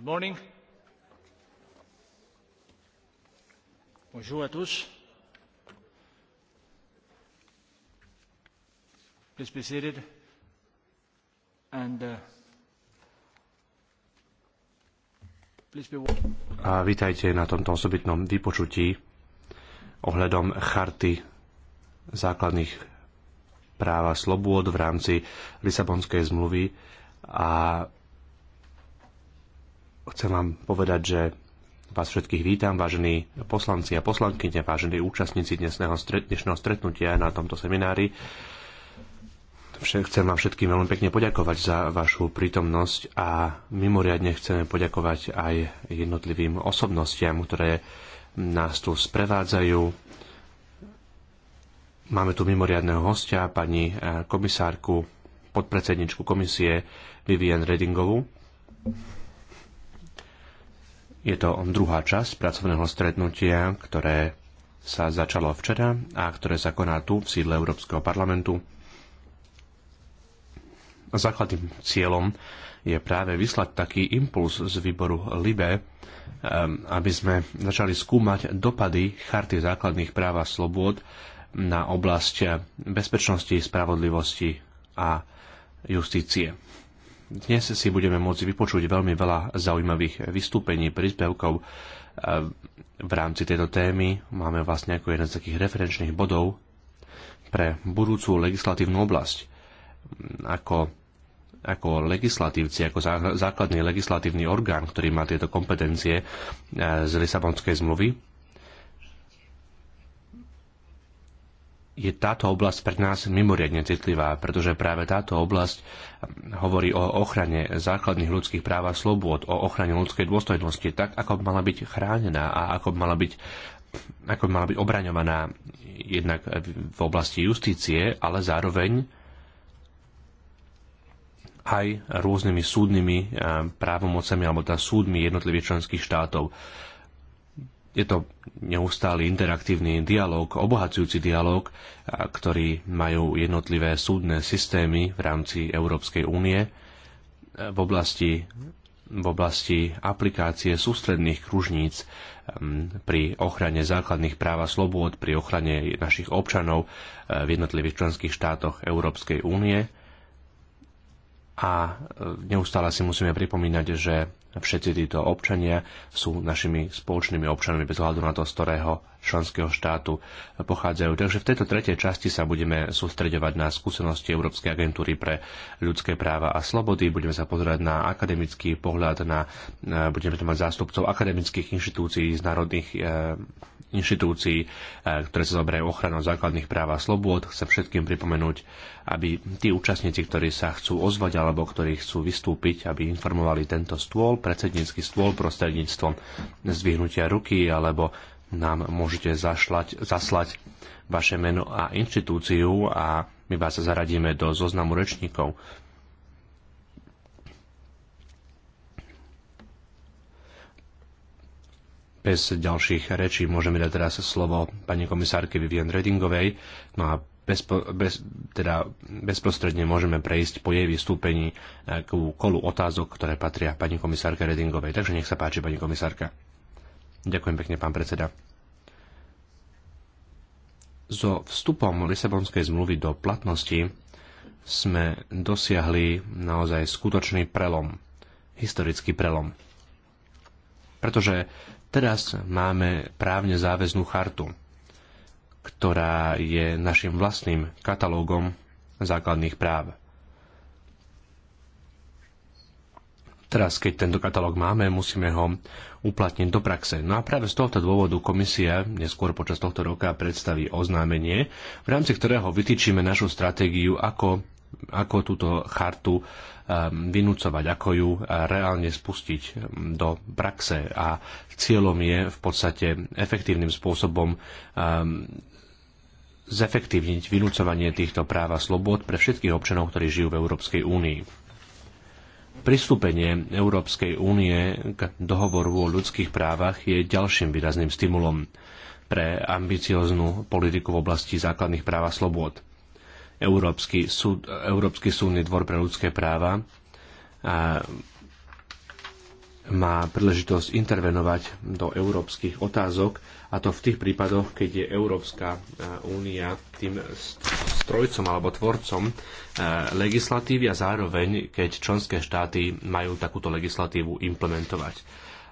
Good morning. Bonjour à tous. Please be seated. And uh, please be A vítajte na tomto osobitnom vypočutí ohľadom charty základných práva a slobôd v rámci Lisabonskej zmluvy a Chcem vám povedať, že vás všetkých vítam, vážení poslanci a poslankyne, vážení účastníci dnesného, dnešného stretnutia na tomto seminári. Chcem vám všetkým veľmi pekne poďakovať za vašu prítomnosť a mimoriadne chceme poďakovať aj jednotlivým osobnostiam, ktoré nás tu sprevádzajú. Máme tu mimoriadného hostia, pani eh, komisárku, podpredsedničku komisie Vivian Redingovú. Je to druhá časť pracovného stretnutia, ktoré sa začalo včera a ktoré sa koná tu v sídle Európskeho parlamentu. Základným cieľom je práve vyslať taký impuls z výboru LIBE, um, aby sme začali skúmať dopady Charty základných práv a slobôd na oblasti bezpečnosti, spravodlivosti a justície. Dnes si budeme môcť vypočuť veľmi veľa zaujímavých vystúpení, príspevkov e, v rámci tejto témy. Máme vlastne ako jeden z takých referenčných bodov pre budúcu legislatívnu oblasť. Ako ako legislatívci, ako základný legislatívny orgán, ktorý má tieto kompetencie e, z Lisabonskej zmluvy, je táto oblasť pre nás mimoriadne citlivá, pretože práve táto oblasť um, hovorí o ochrane základných ľudských práv a slobôd, o ochrane ľudskej dôstojnosti, tak ako by mala byť chránená a ako by mala byť ako by mala byť obraňovaná jednak v oblasti justície, ale zároveň aj rôznymi súdnymi um, právomocami alebo tá teda súdmi jednotlivých členských štátov je to neustály interaktívny dialog, obohacujúci dialog, ktorý majú jednotlivé súdne systémy v rámci Európskej únie e, v oblasti, v oblasti aplikácie sústredných kružníc e, pri ochrane základných práv a slobôd, pri ochrane našich občanov e, v jednotlivých členských štátoch Európskej únie. A neustále si musíme pripomínať, že Všetci títo občania sú našimi spoločnými občanmi bez ohľadu na to, z ktorého členského štátu pochádzajú. Takže v tejto tretej časti sa budeme sústreďovať na skúsenosti Európskej agentúry pre ľudské práva a slobody. Budeme sa pozerať na akademický pohľad, na, eh, budeme tam mať zástupcov akademických inštitúcií z národných eh, inštitúcií, eh, ktoré sa zoberajú ochranou základných práv a slobôd. Chcem všetkým pripomenúť, aby tí účastníci, ktorí sa chcú ozvať alebo ktorí chcú vystúpiť, aby informovali tento stôl, predsednícky stôl prostredníctvom zdvihnutia ruky alebo nám môžete zašlať, zaslať vaše meno a inštitúciu a my vás zaradíme do zoznamu rečníkov. Bez ďalších rečí môžeme dať teraz slovo pani komisárke Vivian Redingovej. No a bez, bez, teda bezprostredne môžeme prejsť po jej vystúpení e, k kolu otázok, ktoré patria pani komisárke Redingovej. Takže nech sa páči, pani komisárka. Ďakujem pekne, pán predseda. So vstupom Lisabonskej zmluvy do platnosti sme dosiahli naozaj skutočný prelom, historický prelom. Pretože Teraz máme právne záväznú chartu, ktorá je našim vlastným katalógom základných práv. Teraz, keď tento katalóg máme, musíme ho uplatniť do praxe. No a práve z tohto dôvodu komisia neskôr počas tohto roka predstaví oznámenie, v rámci ktorého vytýčime našu stratégiu, ako, ako túto chartu Um, vynúcovať, ako ju uh, reálne spustiť um, do praxe. A cieľom je v podstate efektívnym spôsobom um, zefektívniť vynúcovanie týchto práv a slobod pre všetkých občanov, ktorí žijú v Európskej únii. Pristúpenie Európskej únie k dohovoru o ľudských právach je ďalším výrazným stimulom pre ambicioznú politiku v oblasti základných práv a slobôd. Európsky, súd, Európsky súdny dvor pre ľudské práva a má príležitosť intervenovať do európskych otázok, a to v tých prípadoch, keď je Európska e, únia tým strojcom alebo tvorcom e, legislatívy a zároveň, keď členské štáty majú takúto legislatívu implementovať.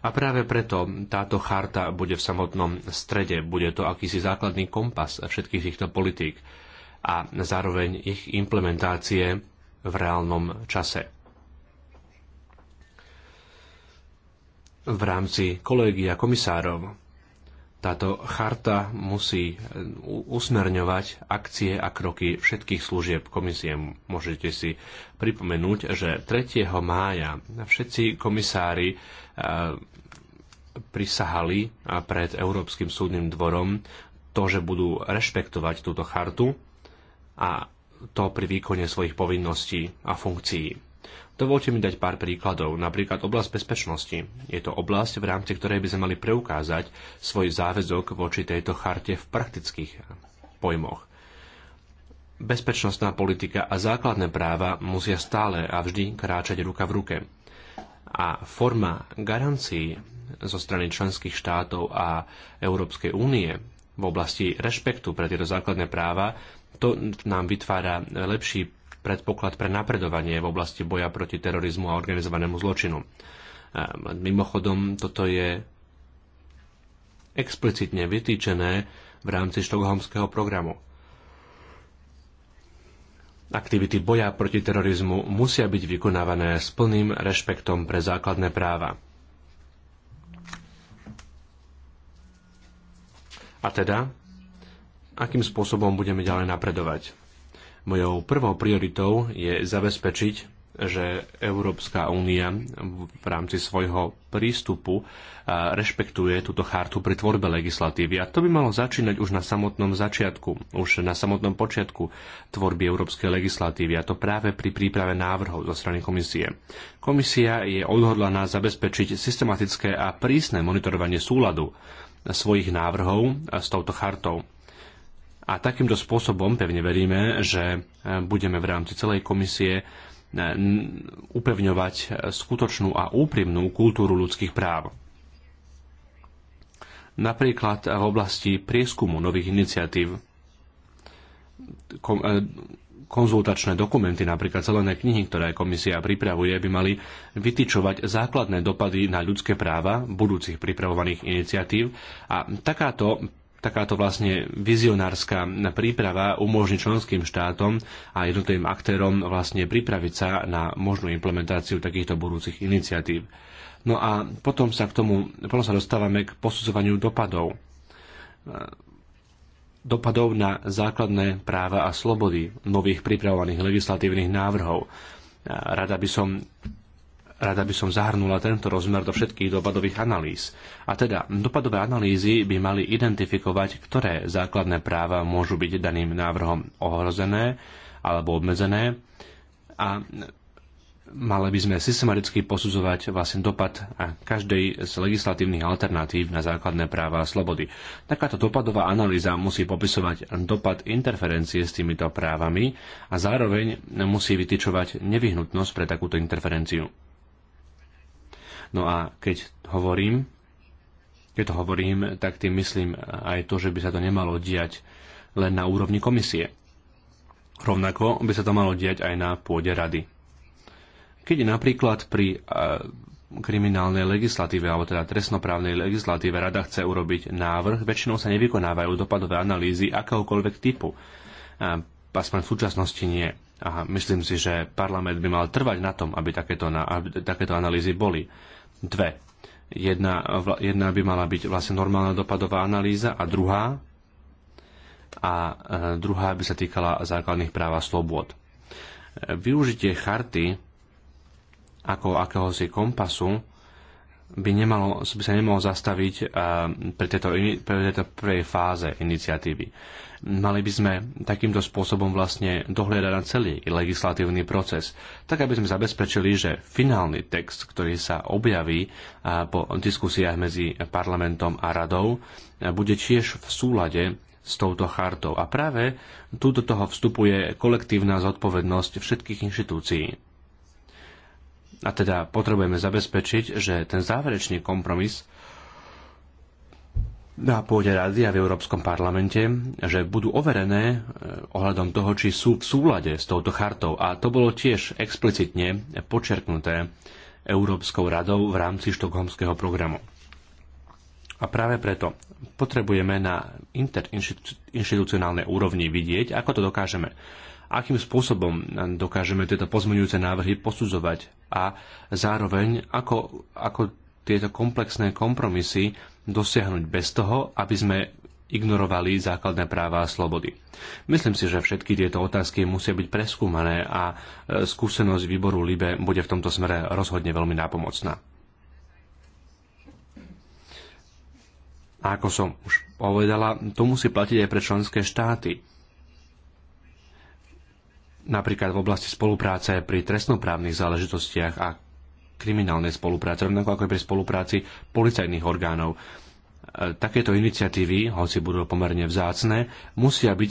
A práve preto táto charta bude v samotnom strede, bude to akýsi základný kompas všetkých týchto politík a zároveň ich implementácie v reálnom čase. V rámci kolégia komisárov táto charta musí e, usmerňovať akcie a kroky všetkých služieb komisie. Môžete si pripomenúť, že 3. mája všetci komisári e, prisahali pred Európskym súdnym dvorom to, že budú rešpektovať túto chartu a to pri výkone svojich povinností a funkcií. Dovolte mi dať pár príkladov, napríklad oblasť bezpečnosti. Je to oblasť, v rámci ktorej by sme mali preukázať svoj záväzok voči tejto charte v praktických pojmoch. Bezpečnostná politika a základné práva musia stále a vždy kráčať ruka v ruke. A forma garancií zo strany členských štátov a Európskej únie v oblasti rešpektu pre tieto základné práva, to nám vytvára lepší predpoklad pre napredovanie v oblasti boja proti terorizmu a organizovanému zločinu. Mimochodom, toto je explicitne vytýčené v rámci štokholmského programu. Aktivity boja proti terorizmu musia byť vykonávané s plným rešpektom pre základné práva. A teda, akým spôsobom budeme ďalej napredovať. Mojou prvou prioritou je zabezpečiť, že Európska únia v rámci svojho prístupu rešpektuje túto chartu pri tvorbe legislatívy. A to by malo začínať už na samotnom začiatku, už na samotnom počiatku tvorby európskej legislatívy, a to práve pri príprave návrhov zo strany komisie. Komisia je odhodlaná zabezpečiť systematické a prísne monitorovanie súladu svojich návrhov e, s touto chartou. A takýmto spôsobom pevne veríme, že e, budeme v rámci celej komisie e, upevňovať skutočnú a úprimnú kultúru ľudských práv. Napríklad v oblasti prieskumu nových iniciatív konzultačné dokumenty, napríklad zelené knihy, ktoré komisia pripravuje, by mali vytyčovať základné dopady na ľudské práva budúcich pripravovaných iniciatív a takáto takáto vlastne vizionárska príprava umožní členským štátom a jednotlivým aktérom vlastne pripraviť sa na možnú implementáciu takýchto budúcich iniciatív. No a potom sa k tomu, potom sa dostávame k posudzovaniu dopadov dopadov na základné práva a slobody nových pripravovaných legislatívnych návrhov. Rada by som Rada by som zahrnula tento rozmer do všetkých dopadových analýz. A teda, dopadové analýzy by mali identifikovať, ktoré základné práva môžu byť daným návrhom ohrozené alebo obmedzené a mali by sme systematicky posudzovať vlastne dopad každej z legislatívnych alternatív na základné práva a slobody. Takáto dopadová analýza musí popisovať dopad interferencie s týmito právami a zároveň musí vytyčovať nevyhnutnosť pre takúto interferenciu. No a keď hovorím, keď to hovorím, tak tým myslím aj to, že by sa to nemalo diať len na úrovni komisie. Rovnako by sa to malo diať aj na pôde rady. Keď napríklad pri eh, kriminálnej legislatíve alebo teda trestnoprávnej legislatíve rada chce urobiť návrh, väčšinou sa nevykonávajú dopadové analýzy akéhokoľvek typu. Eh, aspoň v súčasnosti nie. A myslím si, že parlament by mal trvať na tom, aby takéto, aby takéto analýzy boli. Dve. Jedna, jedna by mala byť vlastne normálna dopadová analýza a druhá a eh, druhá by sa týkala základných práv a slobôd. Využitie charty ako akéhosi kompasu, by, nemalo, by sa nemalo zastaviť eh, pri tejto, pri tejto prvej fáze iniciatívy. Mali by sme takýmto spôsobom vlastne dohliadať na celý legislatívny proces, tak aby sme zabezpečili, že finálny text, ktorý sa objaví eh, po diskusiách medzi parlamentom a radou, eh, bude tiež v súlade s touto chartou. A práve do toho vstupuje kolektívna zodpovednosť všetkých inštitúcií. A teda potrebujeme zabezpečiť, že ten záverečný kompromis na pôde rady a v Európskom parlamente, že budú overené e, ohľadom toho, či sú v súlade s touto chartou. A to bolo tiež explicitne počerknuté Európskou radou v rámci štokholmského programu. A práve preto potrebujeme na interinstitucionálnej úrovni vidieť, ako to dokážeme akým spôsobom dokážeme tieto pozmeňujúce návrhy posudzovať a zároveň ako, ako tieto komplexné kompromisy dosiahnuť bez toho, aby sme ignorovali základné práva a slobody. Myslím si, že všetky tieto otázky musia byť preskúmané a e, skúsenosť výboru LIBE bude v tomto smere rozhodne veľmi nápomocná. A ako som už povedala, to musí platiť aj pre členské štáty napríklad v oblasti spolupráce pri trestnoprávnych záležitostiach a kriminálnej spolupráce, rovnako ako aj pri spolupráci policajných orgánov. E, takéto iniciatívy, hoci budú pomerne vzácne, musia byť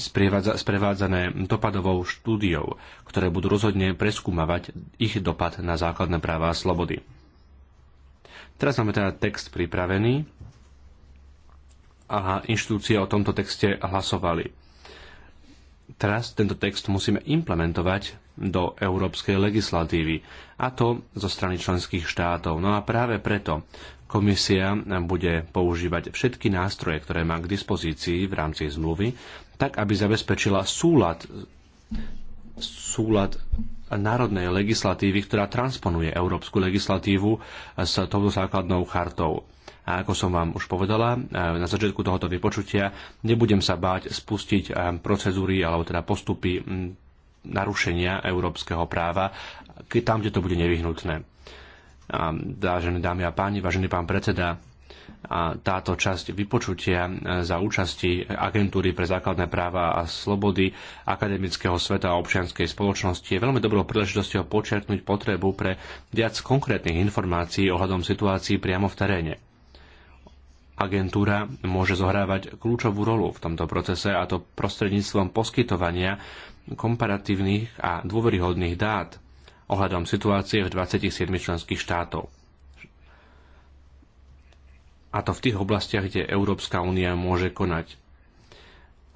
sprevádzané dopadovou štúdiou, ktoré budú rozhodne preskúmavať ich dopad na základné práva a slobody. Teraz máme teda text pripravený a inštitúcie o tomto texte hlasovali teraz tento text musíme implementovať do európskej legislatívy, a to zo strany členských štátov. No a práve preto komisia bude používať všetky nástroje, ktoré má k dispozícii v rámci zmluvy, tak aby zabezpečila súlad, súlad národnej legislatívy, ktorá transponuje európsku legislatívu s touto základnou chartou. A ako som vám už povedala, eh, na začiatku tohoto vypočutia nebudem sa báť spustiť eh, procedúry alebo teda postupy mm, narušenia európskeho práva tam, kde to bude nevyhnutné. A, vážené dámy a páni, vážený pán predseda, a táto časť vypočutia eh, za účasti Agentúry pre základné práva a slobody akademického sveta a občianskej spoločnosti je veľmi dobrou príležitosťou počerknúť potrebu pre viac konkrétnych informácií ohľadom situácií priamo v teréne agentúra môže zohrávať kľúčovú rolu v tomto procese a to prostredníctvom poskytovania komparatívnych a dôveryhodných dát ohľadom situácie v 27 členských štátov. A to v tých oblastiach, kde Európska únia môže konať.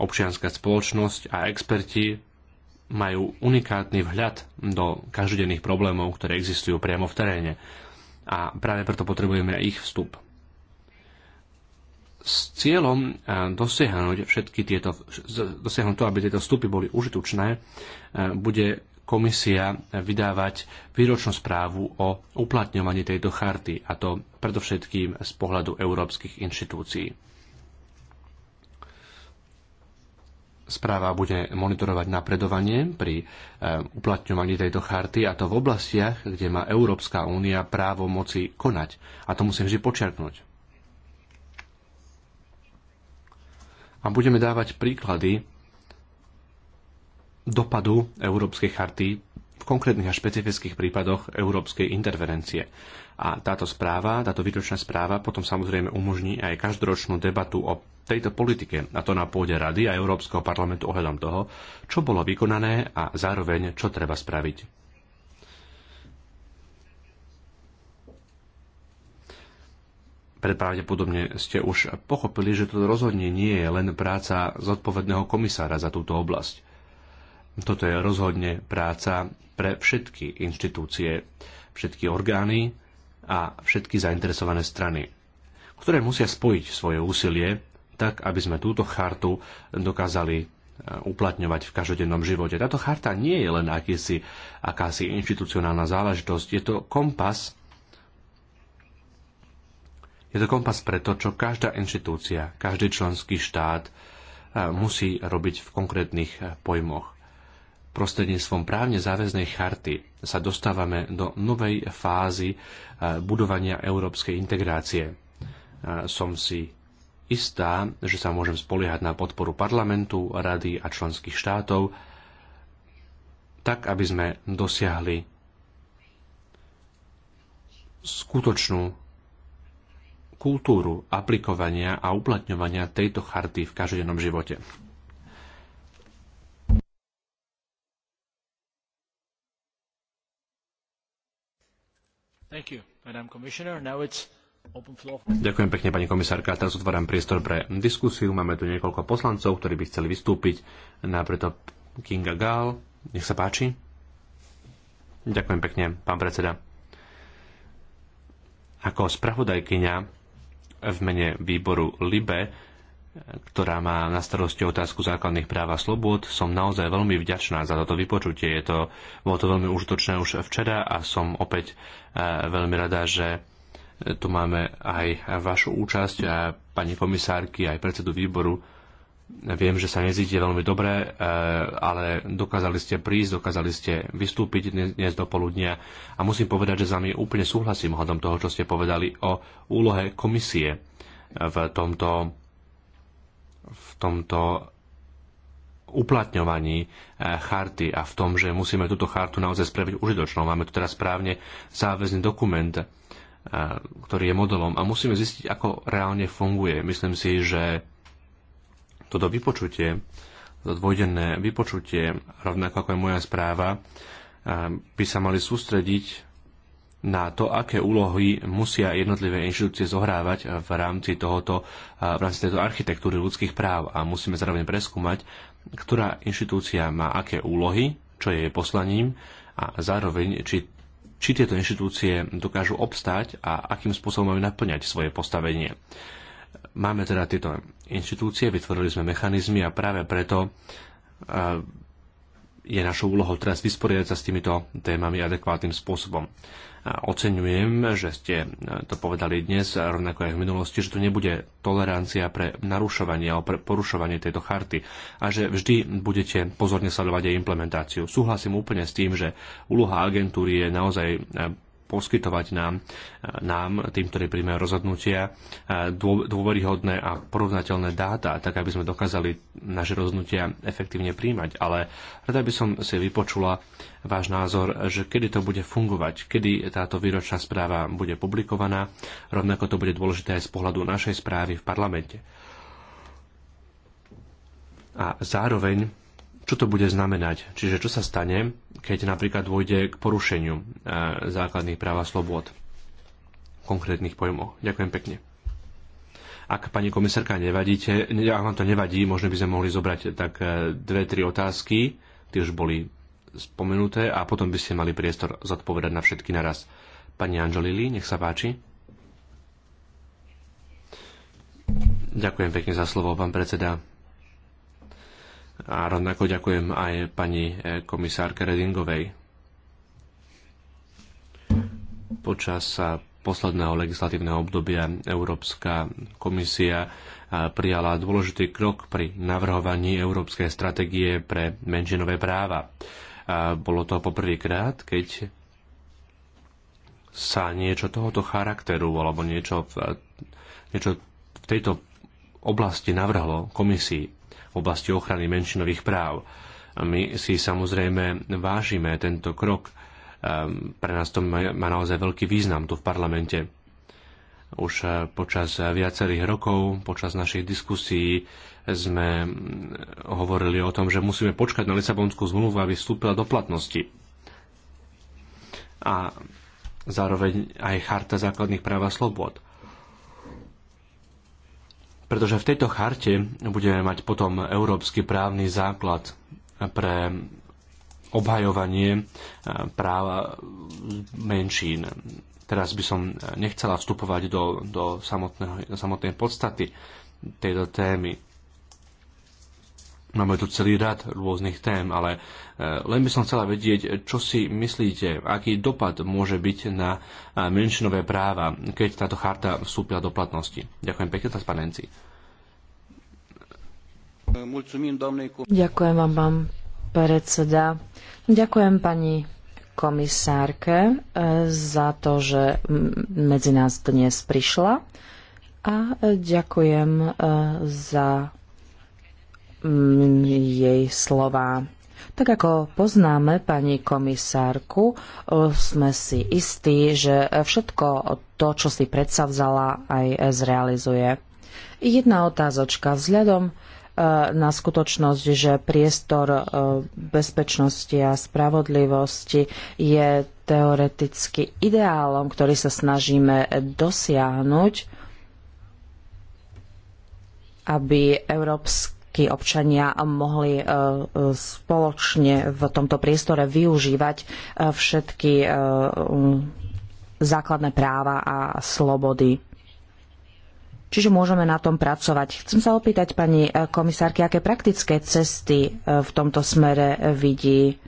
Občianská spoločnosť a experti majú unikátny vhľad do každodenných problémov, ktoré existujú priamo v teréne. A práve preto potrebujeme ich vstup s cieľom e, dosiahnuť všetky tieto, dosiahnuť to, aby tieto vstupy boli užitočné, e, bude komisia vydávať výročnú správu o uplatňovaní tejto charty, a to predovšetkým z pohľadu európskych inštitúcií. Správa bude monitorovať napredovanie pri e, uplatňovaní tejto charty, a to v oblastiach, kde má Európska únia právo moci konať. A to musím vždy počiarknúť a budeme dávať príklady dopadu Európskej charty v konkrétnych a špecifických prípadoch európskej intervencie. A táto správa, táto výročná správa potom samozrejme umožní aj každoročnú debatu o tejto politike, a to na pôde Rady a Európskeho parlamentu ohľadom toho, čo bolo vykonané a zároveň čo treba spraviť. Predpravdepodobne ste už pochopili, že toto rozhodne nie je len práca zodpovedného komisára za túto oblasť. Toto je rozhodne práca pre všetky inštitúcie, všetky orgány a všetky zainteresované strany, ktoré musia spojiť svoje úsilie tak, aby sme túto chartu dokázali e, uplatňovať v každodennom živote. Táto charta nie je len akýsi, akási inštitucionálna záležitosť, je to kompas, je to kompas pre to, čo každá inštitúcia, každý členský štát e, musí robiť v konkrétnych e, pojmoch. Prostredníctvom právne záväznej charty sa dostávame do novej fázy e, budovania európskej integrácie. Som si istá, že sa môžem spoliehať na podporu parlamentu, rady a členských štátov, tak aby sme dosiahli skutočnú kultúru aplikovania a uplatňovania tejto charty v každodennom živote. You, Ďakujem pekne, pani komisárka. Teraz otváram priestor pre diskusiu. Máme tu niekoľko poslancov, ktorí by chceli vystúpiť. Napríklad Kinga Gál. Nech sa páči. Ďakujem pekne, pán predseda. Ako spravodajkyňa v mene výboru LIBE, ktorá má na starosti otázku základných práv a slobôd. Som naozaj veľmi vďačná za toto vypočutie. Je to, bolo to veľmi užitočné už včera a som opäť e, veľmi rada, že tu máme aj vašu účasť, pani komisárky, aj predsedu výboru Viem, že sa nezíte veľmi dobre, eh, ale dokázali ste prísť, dokázali ste vystúpiť dnes do poludnia a musím povedať, že za mňa úplne súhlasím hodom toho, čo ste povedali o úlohe komisie v tomto, v tomto uplatňovaní eh, charty a v tom, že musíme túto chartu naozaj spraviť užitočnou. Máme tu teraz správne záväzný dokument, eh, ktorý je modelom a musíme zistiť, ako reálne funguje. Myslím si, že toto vypočutie, toto dvojdenné vypočutie, rovnako ako je moja správa, by sa mali sústrediť na to, aké úlohy musia jednotlivé inštitúcie zohrávať v rámci, tohoto, v rámci tejto architektúry ľudských práv a musíme zároveň preskúmať, ktorá inštitúcia má aké úlohy, čo je jej poslaním a zároveň, či, či tieto inštitúcie dokážu obstáť a akým spôsobom majú naplňať svoje postavenie. Máme teda tieto inštitúcie, vytvorili sme mechanizmy a práve preto e, je našou úlohou teraz vysporiadať sa s týmito témami adekvátnym spôsobom. Oceňujem, že ste e, to povedali dnes, rovnako aj v minulosti, že tu nebude tolerancia pre narušovanie alebo pre porušovanie tejto charty a že vždy budete pozorne sledovať jej implementáciu. Súhlasím úplne s tým, že úloha agentúry je naozaj e, poskytovať nám, nám tým, ktorí príjmajú rozhodnutia, e, dôveryhodné a porovnateľné dáta, tak aby sme dokázali naše rozhodnutia efektívne príjmať. Ale rada by som si vypočula váš názor, že kedy to bude fungovať, kedy táto výročná správa bude publikovaná, rovnako to bude dôležité aj z pohľadu našej správy v parlamente. A zároveň čo to bude znamenať. Čiže čo sa stane, keď napríklad dôjde k porušeniu e, základných práv a slobôd konkrétnych pojmov. Ďakujem pekne. Ak pani komisárka nevadíte, ak vám to nevadí, možno by sme mohli zobrať tak e, dve, tri otázky, tie už boli spomenuté a potom by ste mali priestor zodpovedať na všetky naraz. Pani Anželili, nech sa páči. Ďakujem pekne za slovo, pán predseda. A rovnako ďakujem aj pani eh, komisárke Redingovej. Počas eh, posledného legislatívneho obdobia Európska komisia eh, prijala dôležitý krok pri navrhovaní Európskej stratégie pre menšinové práva. A bolo to poprvýkrát, keď sa niečo tohoto charakteru alebo niečo niečo v tejto oblasti navrhlo komisii v oblasti ochrany menšinových práv. A my si samozrejme vážime tento krok. Ehm, pre nás to má naozaj veľký význam tu v parlamente. Už e, počas viacerých rokov, počas našich diskusí sme hovorili o tom, že musíme počkať na Lisabonskú zmluvu, aby vstúpila do platnosti. A zároveň aj Charta základných práv a slobod pretože v tejto charte budeme mať potom európsky právny základ pre obhajovanie e, práva menšín. Teraz by som nechcela vstupovať do, do, samotnej podstaty tejto témy. Máme tu celý rad rôznych tém, ale e, len by som chcela vedieť, čo si myslíte, aký dopad môže byť na e, menšinové práva, keď táto charta vstúpila do platnosti. Ďakujem pekne, transparenci. Ďakujem vám, pán predseda. Ďakujem pani komisárke e, za to, že medzi nás dnes prišla a ďakujem za jej slova. Tak ako poznáme pani komisárku, e, sme si istí, že všetko to, čo si predsavzala, aj zrealizuje. Jedna otázočka vzhľadom e, na skutočnosť, že priestor e, bezpečnosti a spravodlivosti je teoreticky ideálom, ktorý sa snažíme dosiahnuť, aby európsky všetky občania mohli e, spoločne v tomto priestore využívať e, všetky e, základné práva a slobody. Čiže môžeme na tom pracovať. Chcem sa opýtať pani komisárky, aké praktické cesty v tomto smere vidí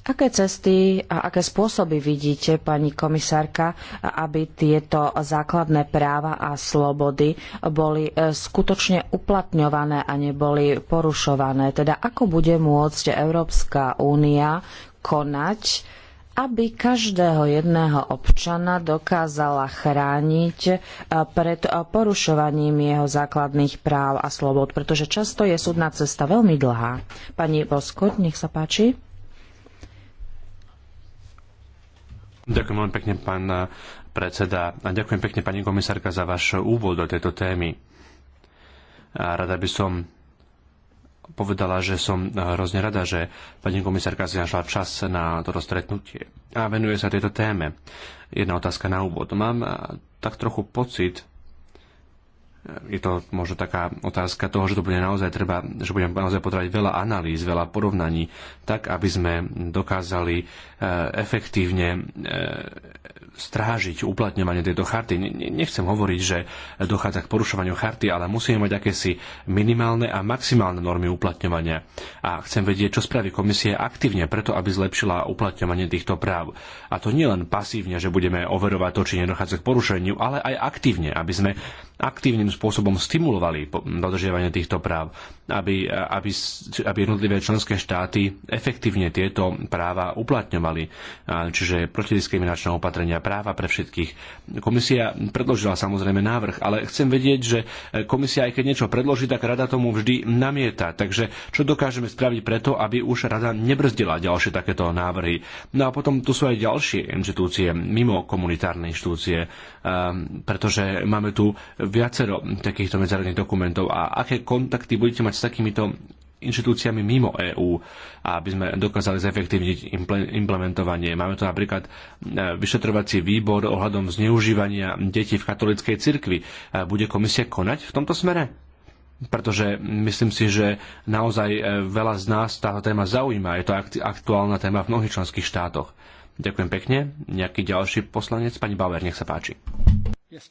Aké cesty a aké spôsoby vidíte, pani komisárka, aby tieto základné práva a slobody boli e, skutočne uplatňované a neboli porušované? Teda ako bude môcť Európska únia konať, aby každého jedného občana dokázala chrániť e, pred porušovaním jeho základných práv a slobod, pretože často je súdna cesta veľmi dlhá. Pani Boskot, nech sa páči. Ďakujem veľmi pekne, pán eh, predseda. A ďakujem pekne, pani komisárka, za váš úvod do tejto témy. A rada by som povedala, že som eh, hrozne rada, že pani komisárka si našla čas na toto stretnutie a venuje sa tejto téme. Jedna otázka na úvod. Mám eh, tak trochu pocit, je to možno taká otázka toho, že to bude naozaj treba, že budeme naozaj potrebovať veľa analýz, veľa porovnaní, tak aby sme dokázali e, efektívne e, strážiť uplatňovanie tejto charty. Nechcem hovoriť, že dochádza k porušovaniu charty, ale musíme mať akési minimálne a maximálne normy uplatňovania. A chcem vedieť, čo spraví Komisie aktívne preto, aby zlepšila uplatňovanie týchto práv. A to nielen pasívne, že budeme overovať to, či nedochádza k porušeniu, ale aj aktívne, aby sme aktívnym spôsobom stimulovali dodržiavanie týchto práv, aby, aby, aby jednotlivé členské štáty efektívne tieto práva uplatňovali, čiže protidiskriminačné opatrenia práva pre všetkých. Komisia predložila samozrejme návrh, ale chcem vedieť, že komisia aj keď niečo predloží, tak rada tomu vždy namieta. Takže čo dokážeme spraviť preto, aby už rada nebrzdila ďalšie takéto návrhy. No a potom tu sú aj ďalšie inštitúcie mimo komunitárne inštitúcie, Ehm, pretože máme tu viacero takýchto medzárodných dokumentov a aké kontakty budete mať s takýmito inštitúciami mimo EÚ, aby sme dokázali zefektívniť implementovanie. Máme tu napríklad e, vyšetrovací výbor ohľadom zneužívania detí v katolickej cirkvi. E, bude komisia konať v tomto smere? pretože myslím si, že naozaj e, veľa z nás táto téma zaujíma. Je to aktuálna téma v mnohých členských štátoch. Ďakujem pekne. Nejaký ďalší poslanec? Pani Bauer, nech sa páči. Yes,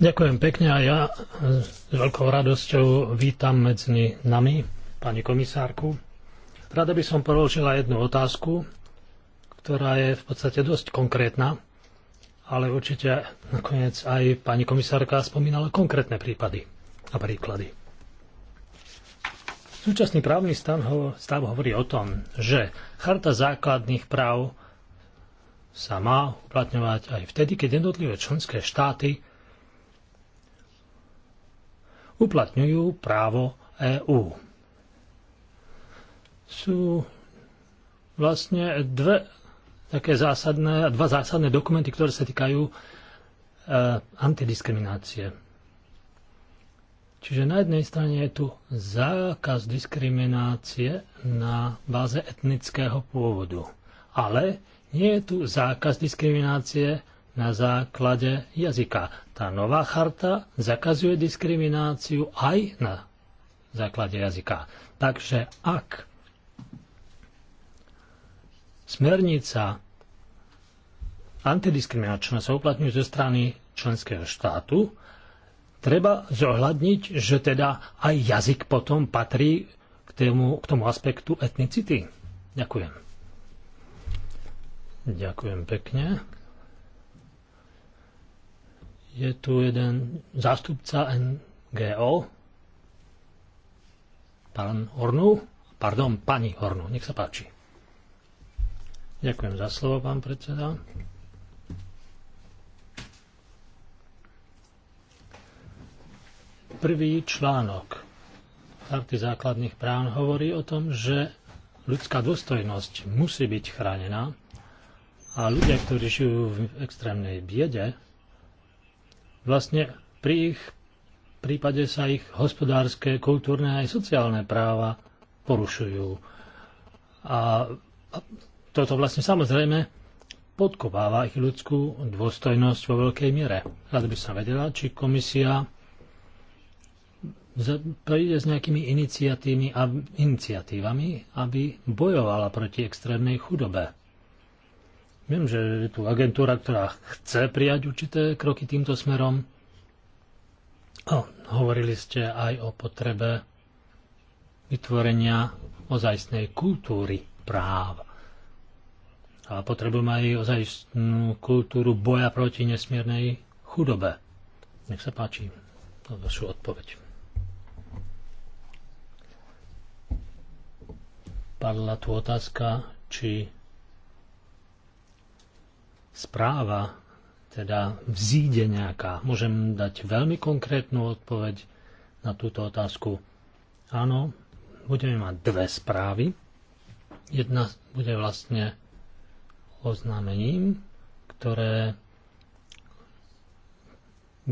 Ďakujem pekne a ja s veľkou radosťou vítam medzi nami pani komisárku. Rada by som položila jednu otázku, ktorá je v podstate dosť konkrétna, ale určite nakoniec aj pani komisárka spomínala konkrétne prípady a príklady. Súčasný právny stav, ho, stav hovorí o tom, že charta základných práv sa má uplatňovať aj vtedy, keď jednotlivé členské štáty uplatňujú právo EÚ. Sú vlastne dve také zásadné, dva zásadné dokumenty, ktoré sa týkajú e, antidiskriminácie. Čiže na jednej strane je tu zákaz diskriminácie na báze etnického pôvodu, ale nie je tu zákaz diskriminácie na základe jazyka. Tá nová charta zakazuje diskrimináciu aj na základe jazyka. Takže ak smernica antidiskriminačná sa uplatňuje zo strany členského štátu, treba zohľadniť, že teda aj jazyk potom patrí k tomu, k tomu aspektu etnicity. Ďakujem. Ďakujem pekne. Je tu jeden zástupca NGO, pán Hornu, pardon, pani Hornu, nech sa páči. Ďakujem za slovo, pán predseda. Prvý článok Charty základných práv hovorí o tom, že ľudská dôstojnosť musí byť chránená a ľudia, ktorí žijú v extrémnej biede, vlastne pri ich prípade sa ich hospodárske, kultúrne aj sociálne práva porušujú. A, a toto vlastne samozrejme podkopáva ich ľudskú dôstojnosť vo veľkej miere. Rád by som vedela, či komisia príde s nejakými iniciatívami, a, iniciatívami, aby bojovala proti extrémnej chudobe. Viem, že je tu agentúra, ktorá chce prijať určité kroky týmto smerom. O, hovorili ste aj o potrebe vytvorenia ozajstnej kultúry práv. A potrebujeme aj ozajstnú kultúru boja proti nesmiernej chudobe. Nech sa páči na vašu odpoveď. Padla tu otázka, či správa teda vzíde nejaká. Môžem dať veľmi konkrétnu odpoveď na túto otázku. Áno, budeme mať dve správy. Jedna bude vlastne oznámením, ktoré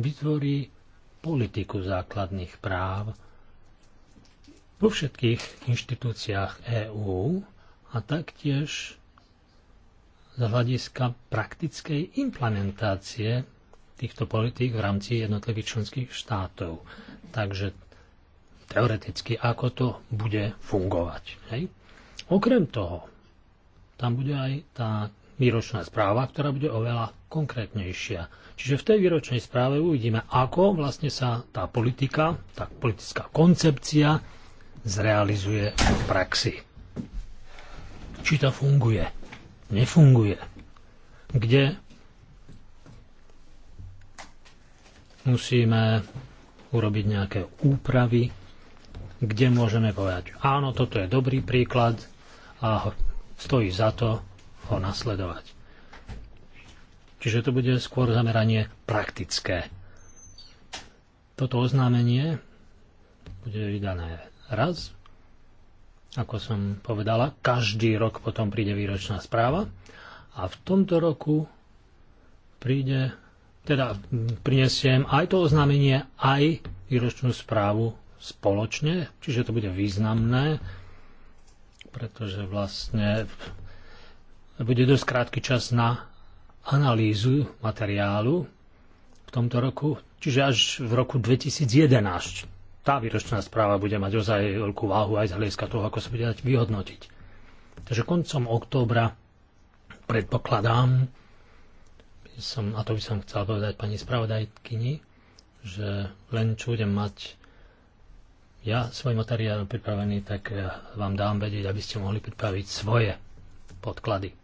vytvorí politiku základných práv vo všetkých inštitúciách EÚ a taktiež z hľadiska praktickej implementácie týchto politík v rámci jednotlivých členských štátov. Takže teoreticky, ako to bude fungovať. Hej? Okrem toho, tam bude aj tá výročná správa, ktorá bude oveľa konkrétnejšia. Čiže v tej výročnej správe uvidíme, ako vlastne sa tá politika, tá politická koncepcia zrealizuje v praxi. Či to funguje? Nefunguje? Kde musíme urobiť nejaké úpravy, kde môžeme povedať, áno, toto je dobrý príklad a stojí za to ho nasledovať. Čiže to bude skôr zameranie praktické. Toto oznámenie bude vydané raz. Ako som povedala, každý rok potom príde výročná správa a v tomto roku príde, teda prinesiem aj to oznámenie, aj výročnú správu spoločne, čiže to bude významné, pretože vlastne bude dosť krátky čas na analýzu materiálu v tomto roku, čiže až v roku 2011 tá výročná správa bude mať ozaj veľkú váhu aj z hľadiska toho, ako sa bude dať vyhodnotiť. Takže koncom októbra predpokladám, som, a to by som chcel povedať pani spravodajkyni, že len čo budem mať ja svoj materiál pripravený, tak eh, vám dám vedieť, aby ste mohli pripraviť svoje podklady.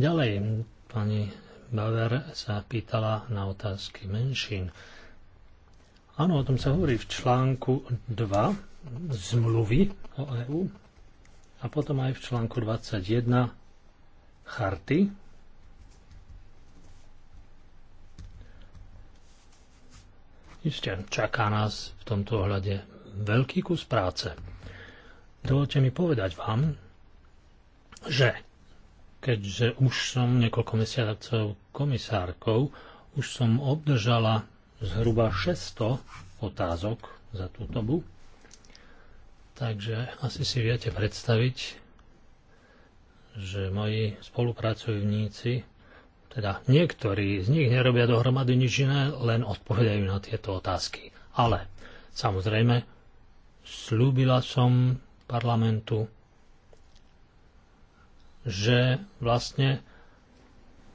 Ďalej, pani Bauer sa pýtala na otázky menšín. Áno, o tom sa hovorí v článku 2 zmluvy o EÚ a potom aj v článku 21 charty. Isté, čaká nás v tomto ohľade veľký kus práce. Dovolte mi povedať vám, že keďže už som niekoľko mesiacov komisárkou, už som obdržala zhruba 600 otázok za tú dobu. Takže asi si viete predstaviť, že moji spolupracovníci, teda niektorí z nich nerobia dohromady nič iné, len odpovedajú na tieto otázky. Ale samozrejme, slúbila som parlamentu, že vlastne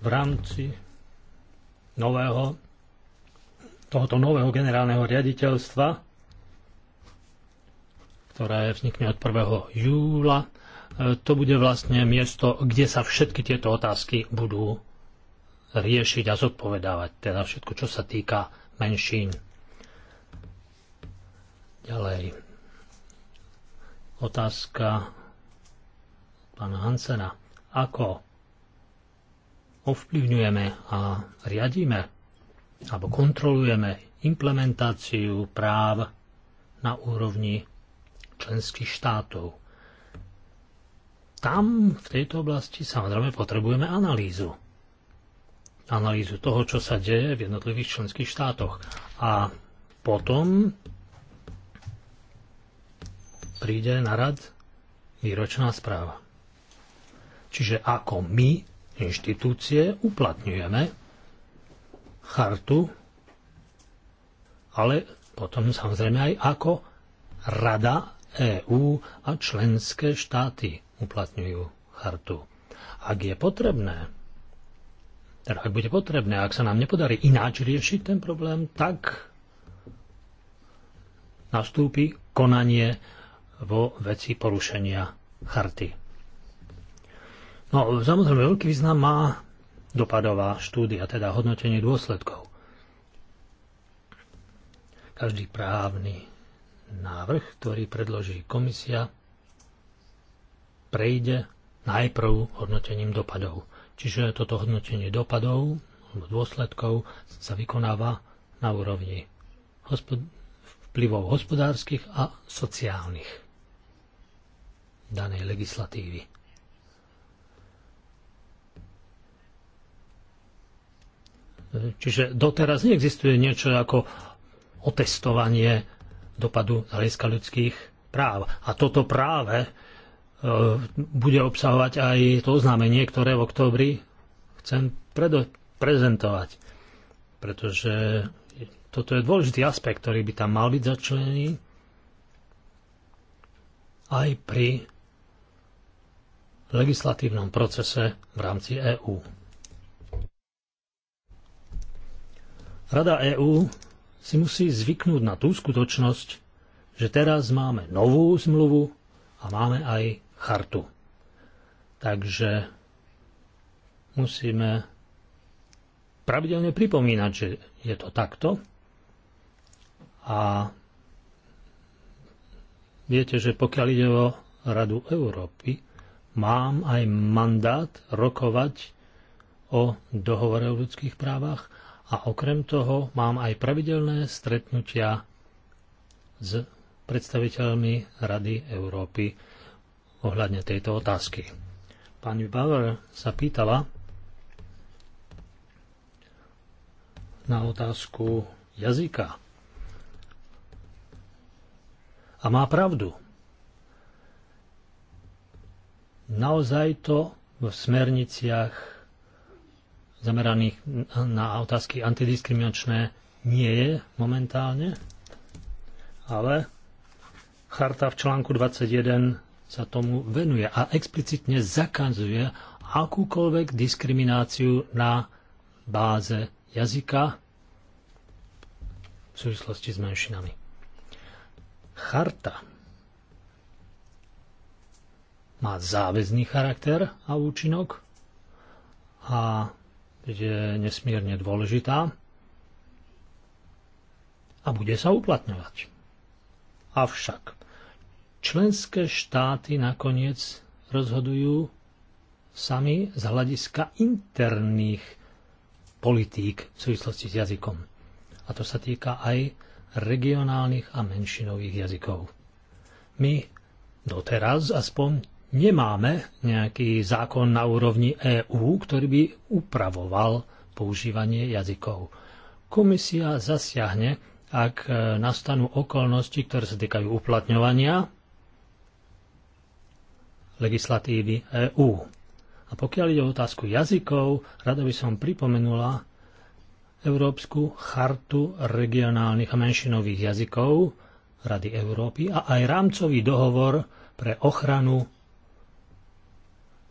v rámci nového tohoto nového generálneho riaditeľstva, ktoré vznikne od 1. júla, e, to bude vlastne miesto, kde sa všetky tieto otázky budú riešiť a zodpovedávať, teda všetko, čo sa týka menšín. Ďalej. Otázka pána Hansena. Ako ovplyvňujeme a riadíme alebo kontrolujeme implementáciu práv na úrovni členských štátov. Tam v tejto oblasti samozrejme potrebujeme analýzu. Analýzu toho, čo sa deje v jednotlivých členských štátoch. A potom príde na rad výročná správa. Čiže ako my, inštitúcie, uplatňujeme chartu, ale potom samozrejme aj ako Rada EÚ a členské štáty uplatňujú chartu. Ak je potrebné, teda ak bude potrebné, ak sa nám nepodarí ináč riešiť ten problém, tak nastúpi konanie vo veci porušenia charty. No, samozrejme, veľký význam má dopadová štúdia, teda hodnotenie dôsledkov. Každý právny návrh, ktorý predloží komisia, prejde najprv hodnotením dopadov. Čiže toto hodnotenie dopadov alebo dôsledkov sa vykonáva na úrovni hospod- vplyvov hospodárskych a sociálnych danej legislatívy. Čiže doteraz neexistuje niečo ako otestovanie dopadu z hľadiska ľudských práv. A toto práve e, bude obsahovať aj to oznámenie, ktoré v oktobri chcem prezentovať. Pretože toto je dôležitý aspekt, ktorý by tam mal byť začlený aj pri legislatívnom procese v rámci EÚ. Rada EÚ si musí zvyknúť na tú skutočnosť, že teraz máme novú zmluvu a máme aj chartu. Takže musíme pravidelne pripomínať, že je to takto. A viete, že pokiaľ ide o Radu Európy, mám aj mandát rokovať o dohovore o ľudských právach a okrem toho mám aj pravidelné stretnutia s predstaviteľmi Rady Európy ohľadne tejto otázky. Pani Bauer sa pýtala na otázku jazyka. A má pravdu. Naozaj to v smerniciach zameraných na otázky antidiskriminačné nie je momentálne, ale charta v článku 21 sa tomu venuje a explicitne zakazuje akúkoľvek diskrimináciu na báze jazyka v súvislosti s menšinami. Charta má záväzný charakter a účinok a je nesmierne dôležitá a bude sa uplatňovať. Avšak členské štáty nakoniec rozhodujú sami z hľadiska interných politík v súvislosti s jazykom. A to sa týka aj regionálnych a menšinových jazykov. My doteraz aspoň nemáme nejaký zákon na úrovni EÚ, ktorý by upravoval používanie jazykov. Komisia zasiahne, ak e, nastanú okolnosti, ktoré sa týkajú uplatňovania legislatívy EÚ. A pokiaľ ide o otázku jazykov, rada by som pripomenula Európsku chartu regionálnych a menšinových jazykov Rady Európy a aj rámcový dohovor pre ochranu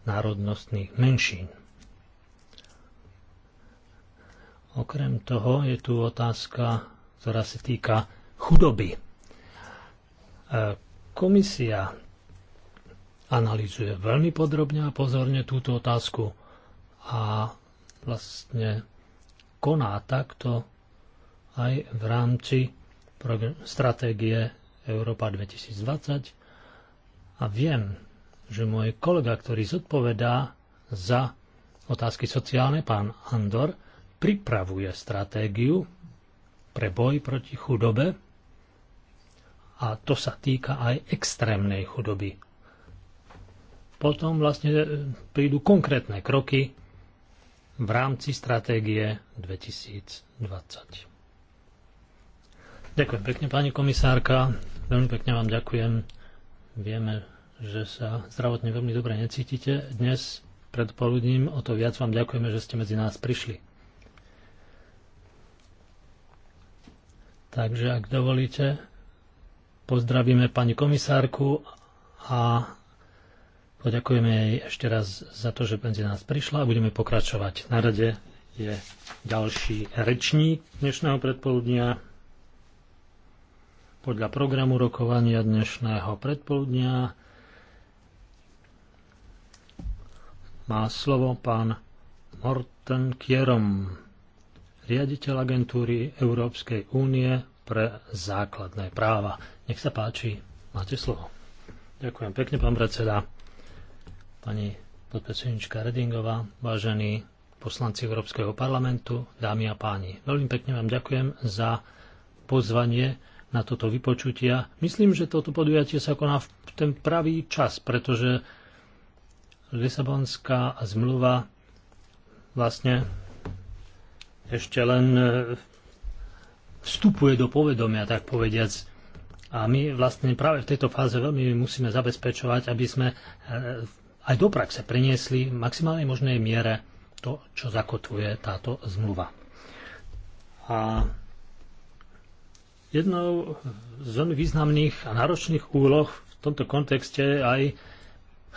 národnostných menšín. Okrem toho je tu otázka, ktorá sa týka chudoby. E, komisia analizuje veľmi podrobne a pozorne túto otázku a vlastne koná takto aj v rámci stratégie Európa 2020 a viem, že môj kolega, ktorý zodpovedá za otázky sociálne, pán Andor, pripravuje stratégiu pre boj proti chudobe a to sa týka aj extrémnej chudoby. Potom vlastne prídu konkrétne kroky v rámci stratégie 2020. Ďakujem pekne, pani komisárka. Veľmi pekne vám ďakujem. Vieme, že sa zdravotne veľmi dobre necítite. Dnes predpoludním o to viac vám ďakujeme, že ste medzi nás prišli. Takže ak dovolíte, pozdravíme pani komisárku a poďakujeme jej ešte raz za to, že medzi nás prišla a budeme pokračovať. Na rade je ďalší rečník dnešného predpoludnia podľa programu rokovania dnešného predpoludnia má slovo pán Morten Kierom, riaditeľ agentúry Európskej únie pre základné práva. Nech sa páči, máte slovo. Ďakujem pekne, pán predseda. Pani podpredsednička Redingová, vážení poslanci Európskeho parlamentu, dámy a páni. Veľmi pekne vám ďakujem za pozvanie na toto vypočutia. Myslím, že toto podujatie sa koná v ten pravý čas, pretože Lisabonská zmluva vlastne ešte len e, vstupuje do povedomia, tak povediac. A my vlastne práve v tejto fáze veľmi musíme zabezpečovať, aby sme e, aj do praxe priniesli v maximálnej možnej miere to, čo zakotvuje táto zmluva. A jednou z veľmi významných a náročných úloh v tomto kontexte je aj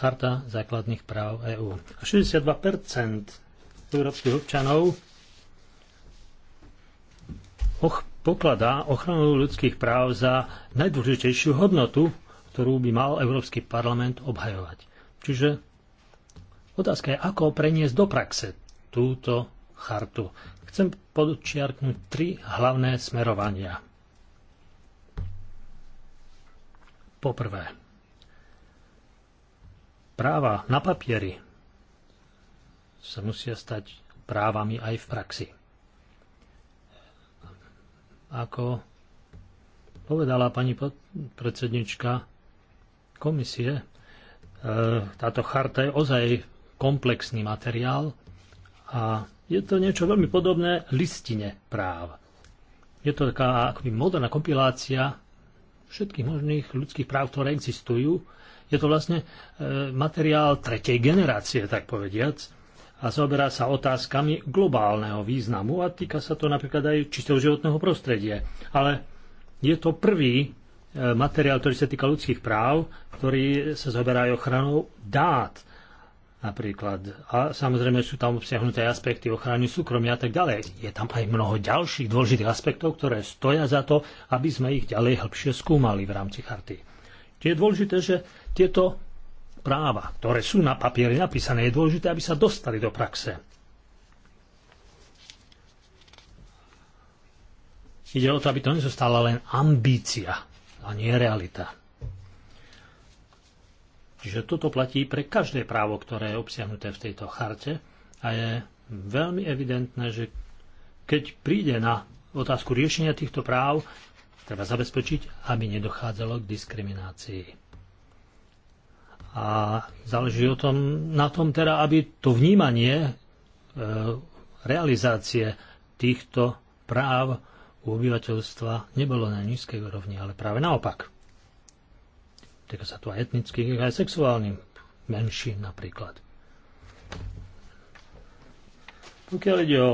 Charta základných práv EÚ. A 62 európskych občanov och, pokladá ochranu ľudských práv za najdôležitejšiu hodnotu, ktorú by mal Európsky parlament obhajovať. Čiže otázka je, ako preniesť do praxe túto chartu. Chcem podčiarknúť tri hlavné smerovania. Poprvé, práva na papieri sa musia stať právami aj v praxi. Ako povedala pani predsednička komisie, e, táto charta je ozaj komplexný materiál a je to niečo veľmi podobné listine práv. Je to taká akoby moderná kompilácia všetkých možných ľudských práv, ktoré existujú je to vlastne e, materiál tretej generácie, tak povediac, a zaoberá sa otázkami globálneho významu a týka sa to napríklad aj čistého životného prostredia. Ale je to prvý e, materiál, ktorý sa týka ľudských práv, ktorý sa zaoberá aj ochranou dát napríklad. A samozrejme sú tam obsiahnuté aspekty ochrany súkromia a tak ďalej. Je tam aj mnoho ďalších dôležitých aspektov, ktoré stoja za to, aby sme ich ďalej hĺbšie skúmali v rámci charty. Čiže je dôležité, že tieto práva, ktoré sú na papieri napísané, je dôležité, aby sa dostali do praxe. Ide o to, aby to nezostala len ambícia a nie realita. Čiže toto platí pre každé právo, ktoré je obsiahnuté v tejto charte a je veľmi evidentné, že keď príde na otázku riešenia týchto práv, treba zabezpečiť, aby nedochádzalo k diskriminácii. A záleží o tom, na tom teda, aby to vnímanie e, realizácie týchto práv u obyvateľstva nebolo na nízkej úrovni, ale práve naopak. Týka sa tu aj etnických, aj sexuálnym menšín napríklad. Pokiaľ ide o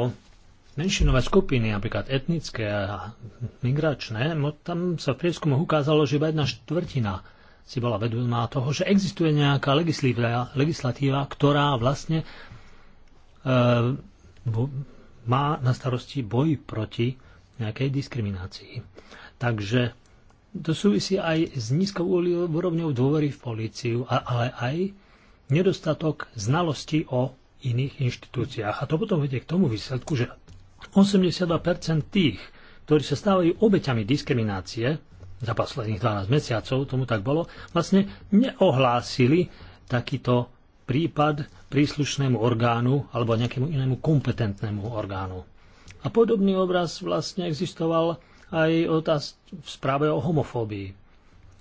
menšinové skupiny, napríklad etnické a migračné, no tam sa v prieskumoch ukázalo, že iba jedna štvrtina si bola vedomá toho, že existuje nejaká legislatíva, legislatíva ktorá vlastne e, bo, má na starosti boj proti nejakej diskriminácii. Takže to súvisí aj s nízkou úrovňou dôvery v políciu, ale aj nedostatok znalosti o iných inštitúciách. A to potom vedie k tomu výsledku, že 82% tých, ktorí sa stávajú obeťami diskriminácie, za posledných 12 mesiacov tomu tak bolo, vlastne neohlásili takýto prípad príslušnému orgánu alebo nejakému inému kompetentnému orgánu. A podobný obraz vlastne existoval aj otáz v správe o homofóbii.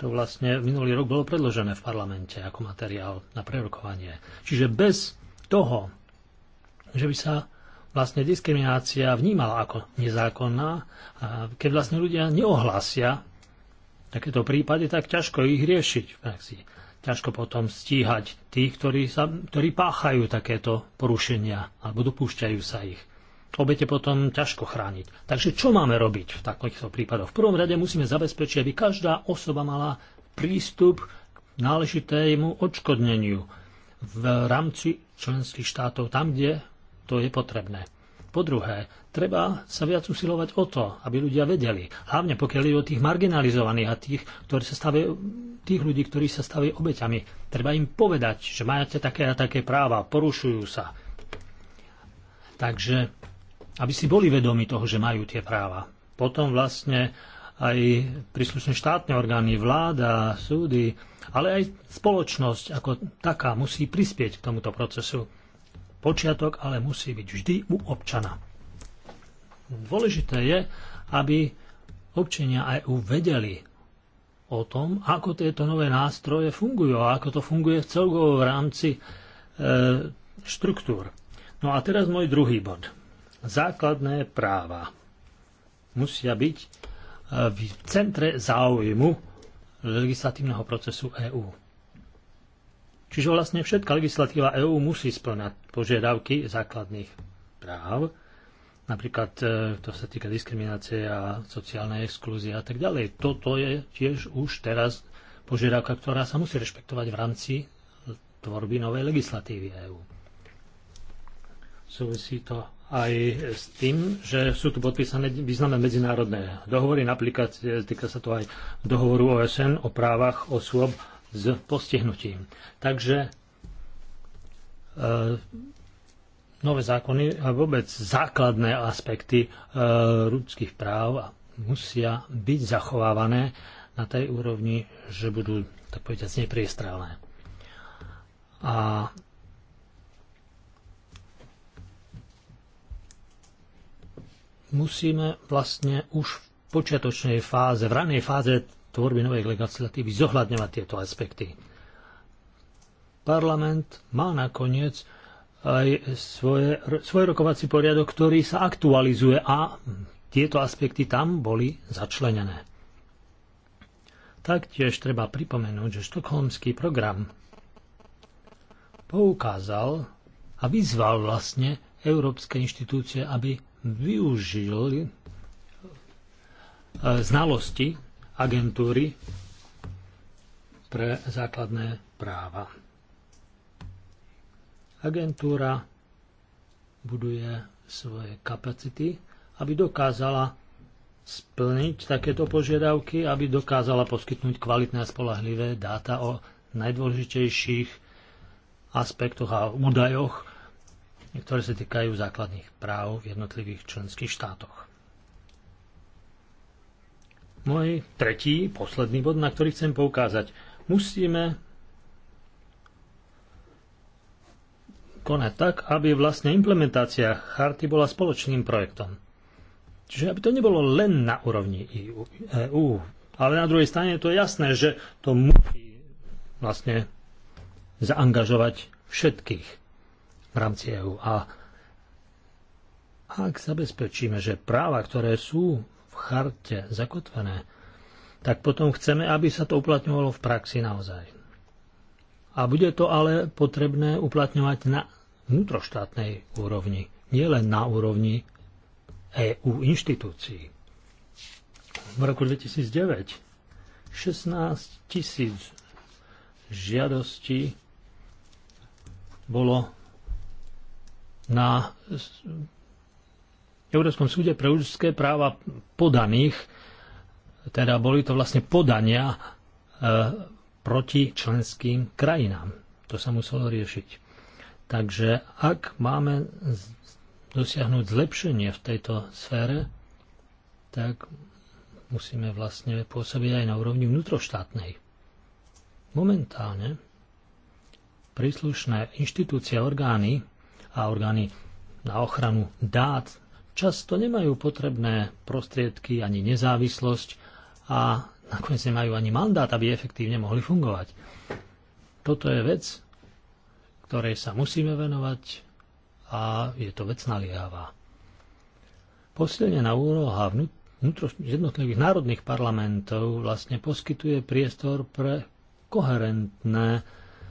To vlastne minulý rok bolo predložené v parlamente ako materiál na prerokovanie. Čiže bez toho, že by sa vlastne diskriminácia vnímala ako nezákonná a keď vlastne ľudia neohlásia takéto prípady, tak ťažko ich riešiť v praxi. Ťažko potom stíhať tých, ktorí, sa, ktorí páchajú takéto porušenia alebo dopúšťajú sa ich. Obete potom ťažko chrániť. Takže čo máme robiť v takýchto prípadoch? V prvom rade musíme zabezpečiť, aby každá osoba mala prístup k náležitému odškodneniu v rámci členských štátov, tam, kde to je potrebné. Po druhé, treba sa viac usilovať o to, aby ľudia vedeli, hlavne pokiaľ ide o tých marginalizovaných a tých, ktorí sa stavajú, tých ľudí, ktorí sa stavajú obeťami. Treba im povedať, že máte také a také práva, porušujú sa. Takže, aby si boli vedomi toho, že majú tie práva. Potom vlastne aj príslušné štátne orgány, vláda, súdy, ale aj spoločnosť ako taká musí prispieť k tomuto procesu počiatok ale musí byť vždy u občana. Dôležité je, aby občania EU vedeli o tom, ako tieto nové nástroje fungujú a ako to funguje v celkovo v rámci e, štruktúr. No a teraz môj druhý bod. Základné práva musia byť e, v centre záujmu legislatívneho procesu EÚ. Čiže vlastne všetká legislatíva EÚ musí splňať požiadavky základných práv, napríklad e, to sa týka diskriminácie a sociálnej exklúzie a tak ďalej. Toto je tiež už teraz požiadavka, ktorá sa musí rešpektovať v rámci tvorby novej legislatívy EÚ. Súvisí to aj s tým, že sú tu podpísané významné medzinárodné dohovory, napríklad e, týka sa to aj dohovoru OSN o právach osôb s postihnutím. Takže e, nové zákony a vôbec základné aspekty e, ľudských práv musia byť zachovávané na tej úrovni, že budú, tak povedať nepriestrelné. A musíme vlastne už v počiatočnej fáze, v ranej fáze tvorby novej legislatívy zohľadňovať tieto aspekty. Parlament má nakoniec aj svoje, svoj rokovací poriadok, ktorý sa aktualizuje a tieto aspekty tam boli začlenené. Taktiež treba pripomenúť, že štokholmský program poukázal a vyzval vlastne európske inštitúcie, aby využili eh, znalosti agentúry pre základné práva. Agentúra buduje svoje kapacity, aby dokázala splniť takéto požiadavky, aby dokázala poskytnúť kvalitné a spolahlivé dáta o najdôležitejších aspektoch a údajoch, ktoré sa týkajú základných práv v jednotlivých členských štátoch môj no tretí, posledný bod, na ktorý chcem poukázať. Musíme konať tak, aby vlastne implementácia charty bola spoločným projektom. Čiže aby to nebolo len na úrovni EU, e ale na druhej strane je to jasné, že to musí vlastne zaangažovať všetkých v rámci EU. A ak zabezpečíme, že práva, ktoré sú charte zakotvené, tak potom chceme, aby sa to uplatňovalo v praxi naozaj. A bude to ale potrebné uplatňovať na vnútroštátnej úrovni, nielen na úrovni EU inštitúcií. V roku 2009 16 tisíc žiadostí bolo na Európskom súde pre ľudské práva podaných, teda boli to vlastne podania e, proti členským krajinám. To sa muselo riešiť. Takže ak máme dosiahnuť zlepšenie v tejto sfére, tak musíme vlastne pôsobiť aj na úrovni vnútroštátnej. Momentálne príslušné inštitúcie, orgány a orgány na ochranu dát často nemajú potrebné prostriedky ani nezávislosť a nakoniec nemajú ani mandát, aby efektívne mohli fungovať. Toto je vec, ktorej sa musíme venovať a je to vec naliehavá. Posilnená úloha vnútro, jednotlivých národných parlamentov vlastne poskytuje priestor pre koherentné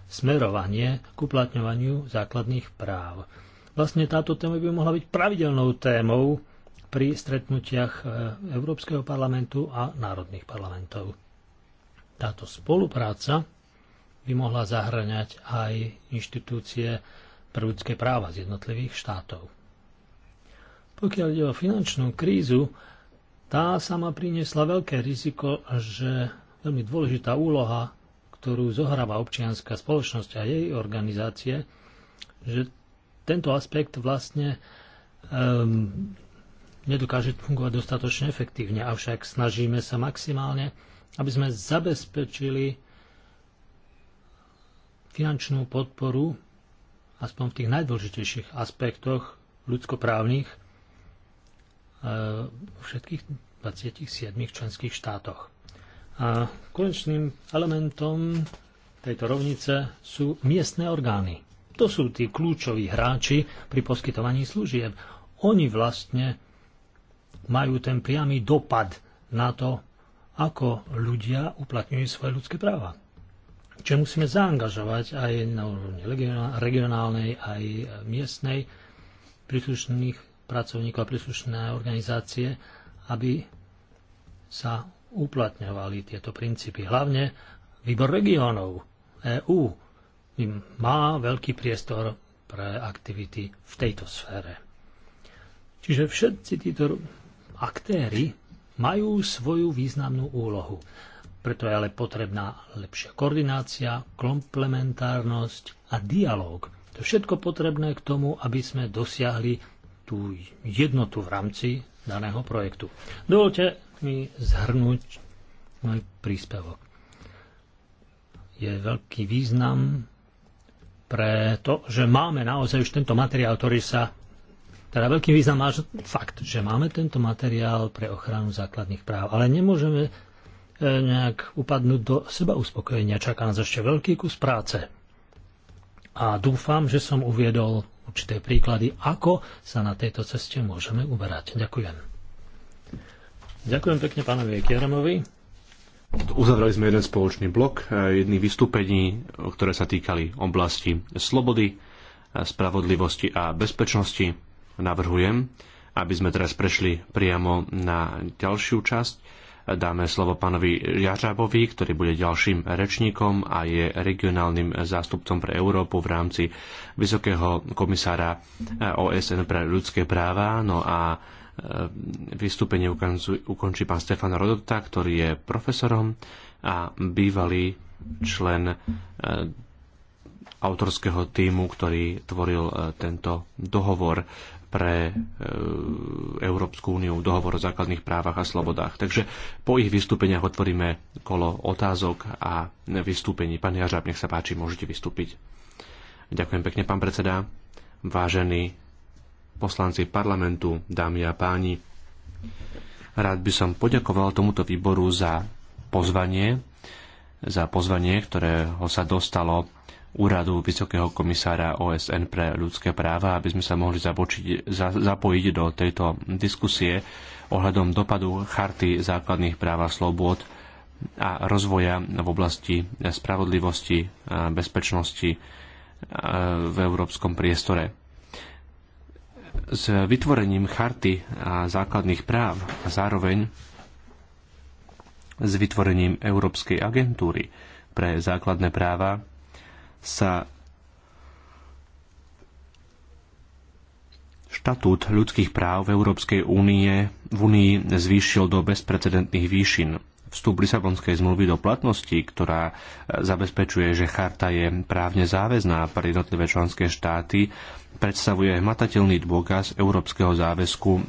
smerovanie k uplatňovaniu základných práv. Vlastne táto téma by mohla byť pravidelnou témou pri stretnutiach e, Európskeho parlamentu a národných parlamentov. Táto spolupráca by mohla zahrňať aj inštitúcie pre ľudské práva z jednotlivých štátov. Pokiaľ ide o finančnú krízu, tá sama priniesla veľké riziko, že veľmi dôležitá úloha, ktorú zohráva občianská spoločnosť a jej organizácie, že tento aspekt vlastne um, nedokáže fungovať dostatočne efektívne, avšak snažíme sa maximálne, aby sme zabezpečili finančnú podporu, aspoň v tých najdôležitejších aspektoch ľudskoprávnych, eh, vo všetkých 27 členských štátoch. A konečným elementom tejto rovnice sú miestne orgány to sú tí kľúčoví hráči pri poskytovaní služieb. Oni vlastne majú ten priamy dopad na to, ako ľudia uplatňujú svoje ľudské práva. čo musíme zaangažovať aj na úrovni regionálnej, aj miestnej príslušných pracovníkov a príslušné organizácie, aby sa uplatňovali tieto princípy. Hlavne výbor regionov EÚ má veľký priestor pre aktivity v tejto sfére. Čiže všetci títo aktéry majú svoju významnú úlohu. Preto je ale potrebná lepšia koordinácia, komplementárnosť a dialog. To je všetko potrebné k tomu, aby sme dosiahli tú jednotu v rámci daného projektu. Dovolte mi zhrnúť môj príspevok. Je veľký význam pre to, že máme naozaj už tento materiál, ktorý sa teda veľký význam má fakt, že máme tento materiál pre ochranu základných práv, ale nemôžeme e, nejak upadnúť do seba uspokojenia. Čaká nás ešte veľký kus práce. A dúfam, že som uviedol určité príklady, ako sa na tejto ceste môžeme uberať. Ďakujem. Ďakujem pekne pánovi Kieremovi. Uzavreli sme jeden spoločný blok, jedný vystúpení, ktoré sa týkali oblasti slobody, spravodlivosti a bezpečnosti. Navrhujem, aby sme teraz prešli priamo na ďalšiu časť. Dáme slovo pánovi Jažabovi, ktorý bude ďalším rečníkom a je regionálnym zástupcom pre Európu v rámci Vysokého komisára OSN pre ľudské práva. No a E, vystúpenie ukončí pán Stefan Rodota, ktorý je profesorom a bývalý člen e, autorského týmu, ktorý tvoril e, tento dohovor pre Európsku úniu, dohovor o základných právach a slobodách. Takže po ich vystúpeniach otvoríme kolo otázok a vystúpení. Pán Jažab, nech sa páči, môžete vystúpiť. Ďakujem pekne, pán predseda. Vážení poslanci parlamentu, dámy a páni. Rád by som poďakoval tomuto výboru za pozvanie, za pozvanie, ktorého sa dostalo úradu Vysokého komisára OSN pre ľudské práva, aby sme sa mohli započiť, za, zapojiť do tejto diskusie ohľadom dopadu charty základných práv a slobôd a rozvoja v oblasti spravodlivosti a bezpečnosti v európskom priestore s vytvorením charty a základných práv a zároveň s vytvorením Európskej agentúry pre základné práva sa štatút ľudských práv v Európskej únie v únii zvýšil do bezprecedentných výšin vstup Lisabonskej zmluvy do platnosti, ktorá e, zabezpečuje, že charta je právne záväzná pre jednotlivé členské štáty, predstavuje hmatateľný dôkaz európskeho záväzku e,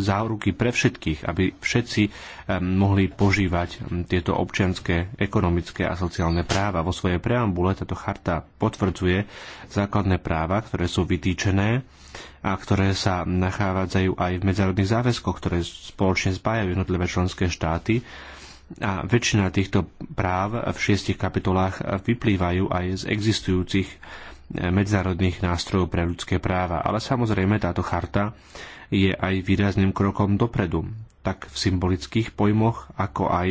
záruky pre všetkých, aby všetci e, mohli požívať tieto občianské, ekonomické a sociálne práva. Vo svojej preambule táto charta potvrdzuje základné práva, ktoré sú vytýčené a ktoré sa nachádzajú aj v medzinárodných záväzkoch, ktoré spoločne spájajú jednotlivé členské štáty. A väčšina týchto práv v šiestich kapitolách vyplývajú aj z existujúcich eh, medzinárodných nástrojov pre ľudské práva. Ale samozrejme táto charta je aj výrazným krokom dopredu, tak v symbolických pojmoch, ako aj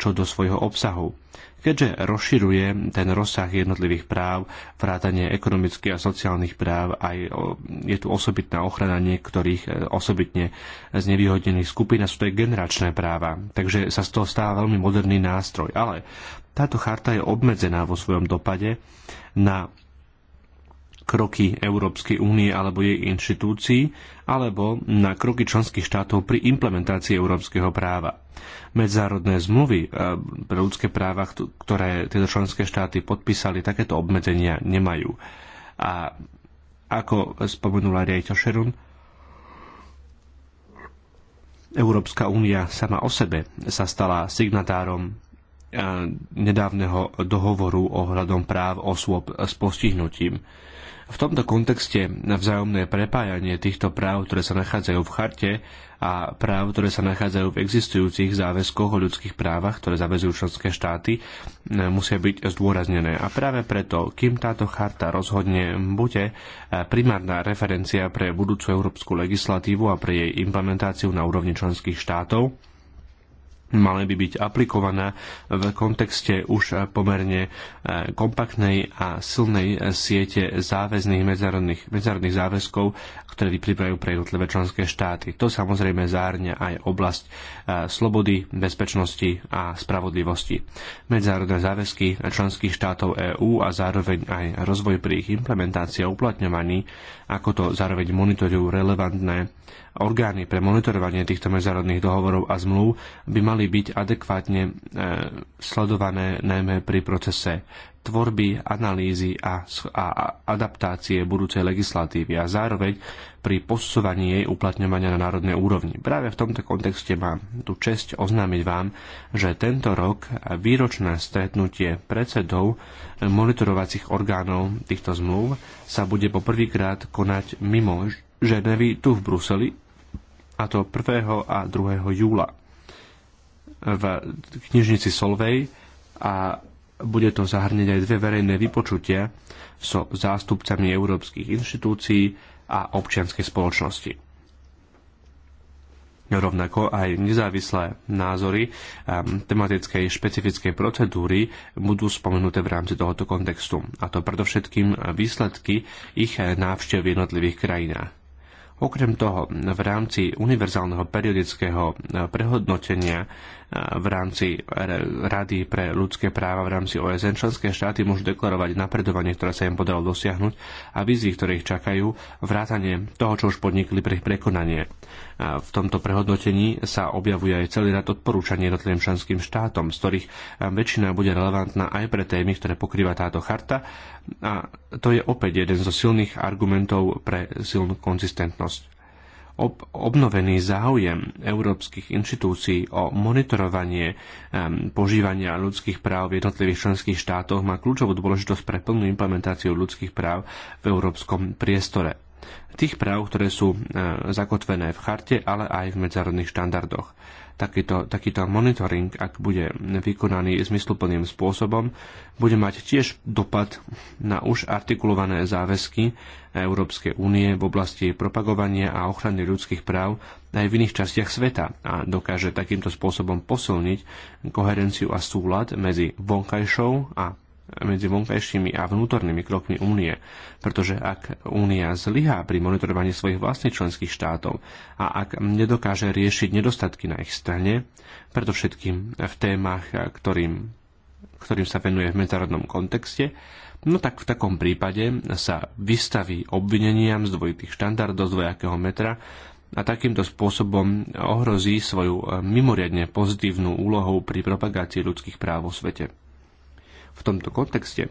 čo do svojho obsahu keďže rozširuje ten rozsah jednotlivých práv, vrátanie ekonomických a sociálnych práv, aj je tu osobitná ochrana niektorých e, osobitne znevýhodnených skupín a sú to aj generačné práva. Takže sa z toho stáva veľmi moderný nástroj. Ale táto charta je obmedzená vo svojom dopade na kroky Európskej únie alebo jej inštitúcií, alebo na kroky členských štátov pri implementácii európskeho práva medzárodné zmluvy eh, pre ľudské práva, ktoré tieto členské štáty podpísali, takéto obmedzenia nemajú. A ako spomenula riaditeľ Šerun, Európska únia sama o sebe sa stala signatárom eh, nedávneho dohovoru ohľadom práv osôb s postihnutím. V tomto kontexte vzájomné prepájanie týchto práv, ktoré sa nachádzajú v charte a práv, ktoré sa nachádzajú v existujúcich záväzkoch o ľudských právach, ktoré zavezujú členské štáty, e, musia byť zdôraznené. A práve preto, kým táto charta rozhodne bude e, primárna referencia pre budúcu európsku legislatívu a pre jej implementáciu na úrovni členských štátov, mali by byť aplikovaná v kontexte už pomerne e, kompaktnej a silnej e, siete záväzných medzárodných, medzárodných záväzkov, ktoré pripravujú pre jednotlivé členské štáty. To samozrejme zárňa aj oblasť e, slobody, bezpečnosti a spravodlivosti. Medzárodné záväzky členských štátov EÚ a zároveň aj rozvoj pri ich implementácii a uplatňovaní, ako to zároveň monitorujú relevantné orgány pre monitorovanie týchto medzárodných dohovorov a zmluv by mali byť adekvátne e, sledované najmä pri procese tvorby, analýzy a, a adaptácie budúcej legislatívy a zároveň pri posúvaní jej uplatňovania na národnej úrovni. Práve v tomto kontexte mám tu čest oznámiť vám, že tento rok výročné stretnutie predsedov monitorovacích orgánov týchto zmluv sa bude poprvýkrát konať mimo Ženevy tu v Bruseli, a to 1. a 2. júla v knižnici Solvej a bude to zahrniť aj dve verejné vypočutia so zástupcami európskych inštitúcií a občianskej spoločnosti. Rovnako aj nezávislé názory ehm, tematickej špecifickej procedúry budú spomenuté v rámci tohoto kontextu, a to predovšetkým výsledky ich návštev v jednotlivých krajinách. Okrem toho, v rámci univerzálneho periodického prehodnotenia v rámci Rady pre ľudské práva v rámci OSN členské štáty môžu deklarovať napredovanie, ktoré sa im podalo dosiahnuť a výzvy, ktoré ich čakajú, vrátanie toho, čo už podnikli pre ich prekonanie. V tomto prehodnotení sa objavuje aj celý rad odporúčaní jednotlivým členským štátom, z ktorých väčšina bude relevantná aj pre témy, ktoré pokrýva táto charta a to je opäť jeden zo silných argumentov pre silnú konzistentnosť ob- obnovený záujem európskych inštitúcií o monitorovanie um, požívania ľudských práv v jednotlivých členských štátoch má kľúčovú dôležitosť pre plnú implementáciu ľudských práv v európskom priestore tých práv, ktoré sú e, zakotvené v charte, ale aj v medzárodných štandardoch. Takýto, takýto monitoring, ak bude vykonaný zmysluplným spôsobom, bude mať tiež dopad na už artikulované záväzky Európskej únie v oblasti propagovania a ochrany ľudských práv aj v iných častiach sveta a dokáže takýmto spôsobom posilniť koherenciu a súlad medzi vonkajšou a medzi vonkajšími a vnútornými krokmi únie, pretože ak únia zlyhá pri monitorovaní svojich vlastných členských štátov a ak nedokáže riešiť nedostatky na ich strane, predovšetkým v témach, ktorým, ktorým sa venuje v medzárodnom kontexte, No tak v takom prípade sa vystaví obvineniam z dvojitých štandardov, z dvojakého metra a takýmto spôsobom ohrozí svoju mimoriadne pozitívnu úlohu pri propagácii ľudských práv vo svete v tomto kontexte e,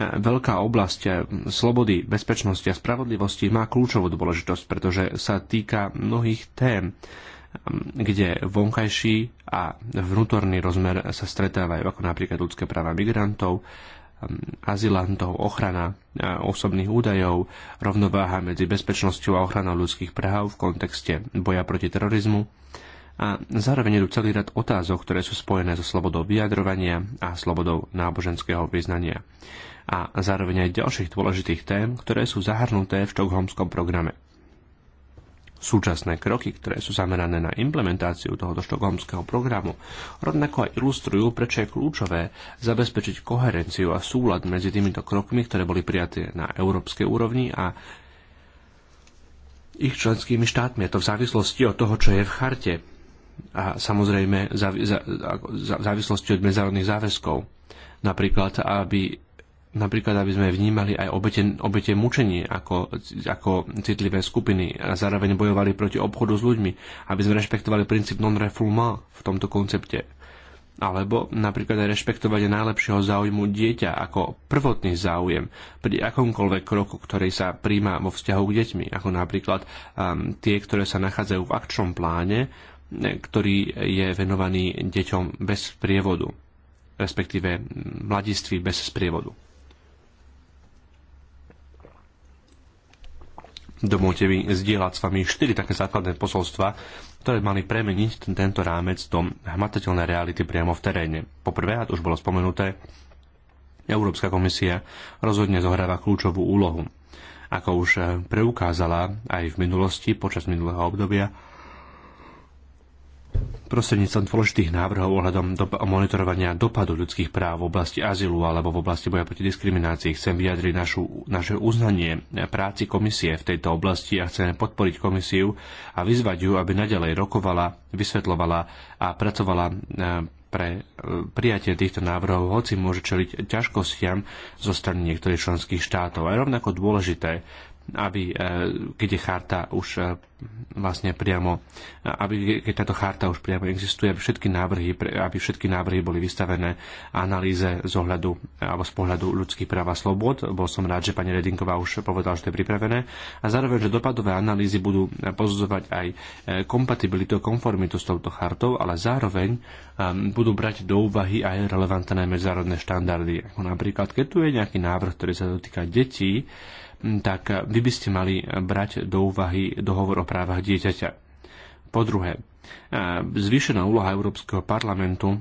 veľká oblasť e, slobody, bezpečnosti a spravodlivosti má kľúčovú dôležitosť, pretože sa týka mnohých tém, e, kde vonkajší a vnútorný rozmer sa stretávajú, ako napríklad ľudské práva migrantov, azylantov, ochrana osobných údajov, rovnováha medzi bezpečnosťou a ochranou ľudských práv v kontexte boja proti terorizmu, a zároveň idú celý rad otázok, ktoré sú spojené so slobodou vyjadrovania a slobodou náboženského vyznania. A zároveň aj ďalších dôležitých tém, ktoré sú zahrnuté v štokholmskom programe. Súčasné kroky, ktoré sú zamerané na implementáciu tohoto štokholmského programu, rovnako aj ilustrujú, prečo je kľúčové zabezpečiť koherenciu a súlad medzi týmito krokmi, ktoré boli prijaté na európskej úrovni a ich členskými štátmi. Je to v závislosti od toho, čo je v charte a samozrejme závislosti od medzinárodných záväzkov. Napríklad, aby Napríklad, aby sme vnímali aj obete, obete mučení ako, ako citlivé skupiny a zároveň bojovali proti obchodu s ľuďmi, aby sme rešpektovali princíp non-refoulement v tomto koncepte. Alebo napríklad aj rešpektovanie najlepšieho záujmu dieťa ako prvotný záujem pri akomkoľvek kroku, ktorý sa príjma vo vzťahu k deťmi, ako napríklad um, tie, ktoré sa nachádzajú v akčnom pláne, E, ktorý je venovaný deťom bez prievodu, respektíve mladiství bez sprievodu. Dovolte mi zdieľať s vami štyri také základné posolstva, ktoré mali premeniť tento rámec do hmatateľnej reality priamo v teréne. Poprvé, a to už bolo spomenuté, Európska komisia rozhodne zohráva kľúčovú úlohu. Ako už e, preukázala aj v minulosti, počas minulého obdobia, prostredníctvom dôležitých návrhov ohľadom do- monitorovania dopadu ľudských práv v oblasti azylu alebo v oblasti boja proti diskriminácii. Chcem vyjadriť našu, naše uznanie práci komisie v tejto oblasti a chceme podporiť komisiu a vyzvať ju, aby nadalej rokovala, vysvetľovala a pracovala e, pre e, prijatie týchto návrhov, hoci môže čeliť ťažkostiam zo strany niektorých členských štátov. A je rovnako dôležité, aby, e, keď je charta už e, vlastne priamo, aby, keď táto charta už priamo existuje, aby všetky návrhy, aby všetky návrhy boli vystavené analýze z ohľadu, alebo z pohľadu ľudských práv a slobod. Bol som rád, že pani Redinková už povedala, že to je pripravené. A zároveň, že dopadové analýzy budú pozudzovať aj e, kompatibilitu a konformitu s touto chartou, ale zároveň ehm, budú brať do úvahy aj relevantné medzinárodné štandardy. Ako napríklad, keď tu je nejaký návrh, ktorý sa dotýka detí, Hm, tak eh, vy by ste mali eh, brať do úvahy dohovor o právach dieťaťa. Po druhé, eh, zvýšená úloha Európskeho parlamentu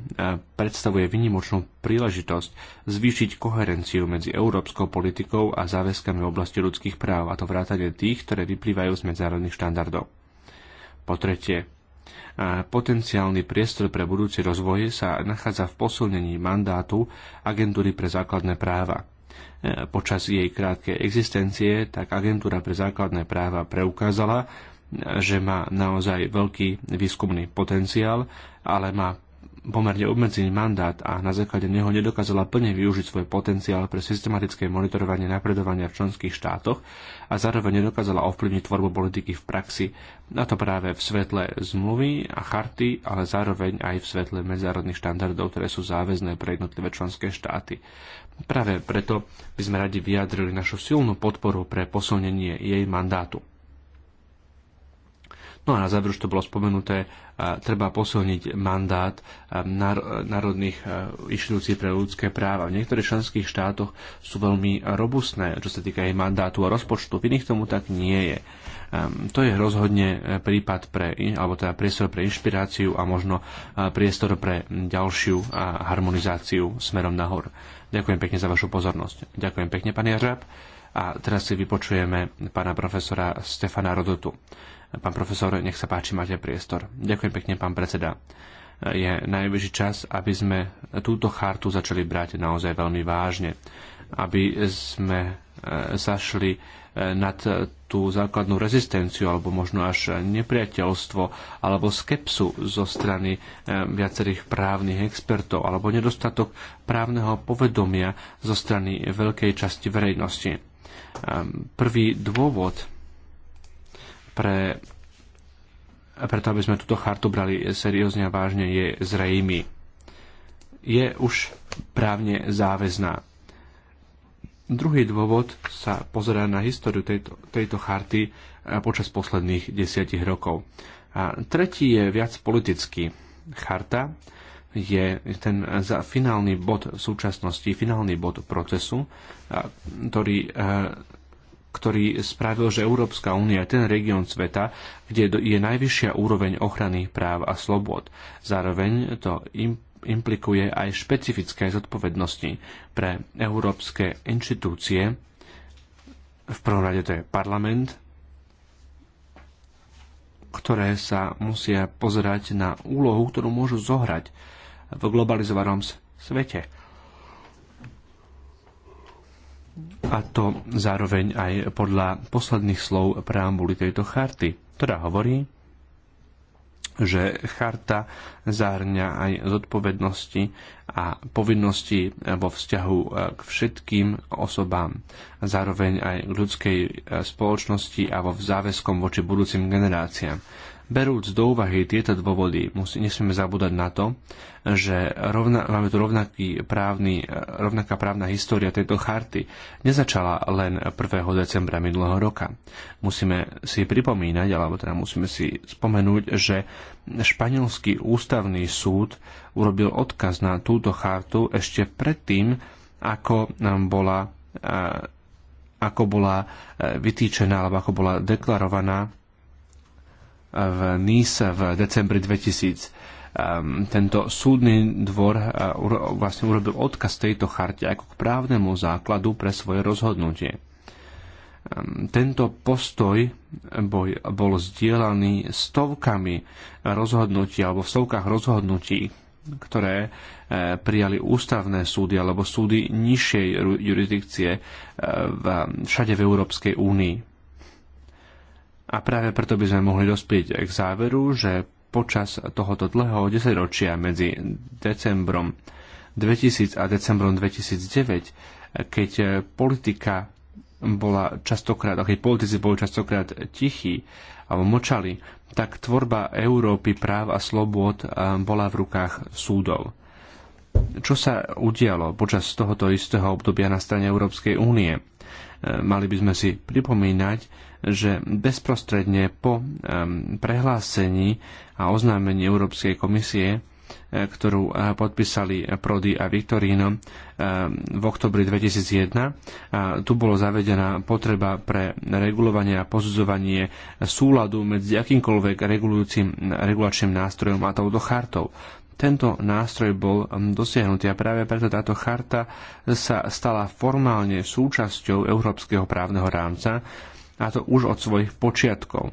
predstavuje vynimočnú príležitosť zvýšiť koherenciu medzi európskou politikou a záväzkami v oblasti ľudských práv, a to vrátane tých, ktoré vyplývajú z medzinárodných štandardov. Po tretie, potenciálny priestor pre budúci rozvoj sa nachádza v posilnení mandátu Agentúry pre základné práva, počas jej krátkej existencie, tak agentúra pre základné práva preukázala, že má naozaj veľký výskumný potenciál, ale má pomerne obmedzený mandát a na základe neho nedokázala plne využiť svoj potenciál pre systematické monitorovanie napredovania v členských štátoch a zároveň nedokázala ovplyvniť tvorbu politiky v praxi, na to práve v svetle zmluvy a charty, ale zároveň aj v svetle medzinárodných štandardov, ktoré sú záväzné pre jednotlivé členské štáty. Práve preto by sme radi vyjadrili našu silnú podporu pre posunenie jej mandátu. No a na záver už to bolo spomenuté, treba posilniť mandát národných inštitúcií pre ľudské práva. V niektorých členských štátoch sú veľmi robustné, čo sa týka aj mandátu a rozpočtu. V iných tomu tak nie je. To je rozhodne e, prípad pre, alebo teda priestor pre inšpiráciu a možno priestor pre ďalšiu harmonizáciu smerom nahor. Ďakujem pekne za vašu pozornosť. Ďakujem pekne, pani Jažab. A teraz si vypočujeme pána profesora Stefana Rodotu Pán profesor, nech sa páči, máte priestor. Ďakujem pekne, pán predseda. Je najvyšší čas, aby sme túto chartu začali brať naozaj veľmi vážne. Aby sme e, zašli e, nad tú základnú rezistenciu alebo možno až nepriateľstvo alebo skepsu zo strany e, viacerých právnych expertov alebo nedostatok právneho povedomia zo strany veľkej časti verejnosti. Ehm, prvý dôvod pre preto, aby sme túto chartu brali seriózne a vážne, je zrejmy. Je už právne záväzná. Druhý dôvod sa pozerá na históriu tejto, tejto charty e, počas posledných desiatich rokov. A tretí je viac politický. Charta je ten finálny bod súčasnosti, finálny bod procesu, ktorý e, ktorý spravil, že Európska únia je ten región sveta, kde je najvyššia úroveň ochrany práv a slobod. Zároveň to implikuje aj špecifické zodpovednosti pre európske inštitúcie, v prvom rade to je parlament, ktoré sa musia pozerať na úlohu, ktorú môžu zohrať v globalizovanom svete a to zároveň aj podľa posledných slov preambuly tejto charty, ktorá hovorí, že charta zahrňa aj zodpovednosti a povinnosti vo vzťahu e, k všetkým osobám, zároveň aj k ľudskej e, spoločnosti a vo záväzkom voči budúcim generáciám. Berúc do úvahy tieto dôvody, musí, nesmieme zabúdať na to, že rovna, máme tu rovnaký právny, rovnaká právna história tejto charty. Nezačala len 1. decembra minulého roka. Musíme si pripomínať, alebo teda musíme si spomenúť, že Španielský ústavný súd urobil odkaz na túto chartu ešte predtým, ako bola ako bola e, vytýčená alebo ako bola deklarovaná v Nice v decembri 2000. Ehm, tento súdny dvor eh, vlastne urobil odkaz tejto charte ako k právnemu základu pre svoje rozhodnutie. Ehm, tento postoj boj, bol zdieľaný stovkami rozhodnutí alebo v stovkách rozhodnutí, ktoré eh, prijali ústavné súdy alebo súdy nižšej jurisdikcie eh, všade v Európskej únii a práve preto by sme mohli dospieť k záveru, že počas tohoto dlhého desaťročia medzi decembrom 2000 a decembrom 2009, keď politika bola častokrát, keď politici boli častokrát tichí alebo močali, tak tvorba Európy práv a slobôd eh, bola v rukách súdov. Čo sa udialo počas tohoto istého obdobia na strane Európskej únie? E, mali by sme si pripomínať, že bezprostredne po e, prehlásení a oznámení Európskej komisie e, ktorú podpísali Prody a Viktorino v oktobri 2001. tu bolo zavedená potreba pre regulovanie a posudzovanie súladu medzi akýmkoľvek regulujúcim regulačným nástrojom a touto chartou tento nástroj bol um, dosiahnutý a práve preto táto charta sa stala formálne súčasťou európskeho právneho rámca a to už od svojich počiatkov.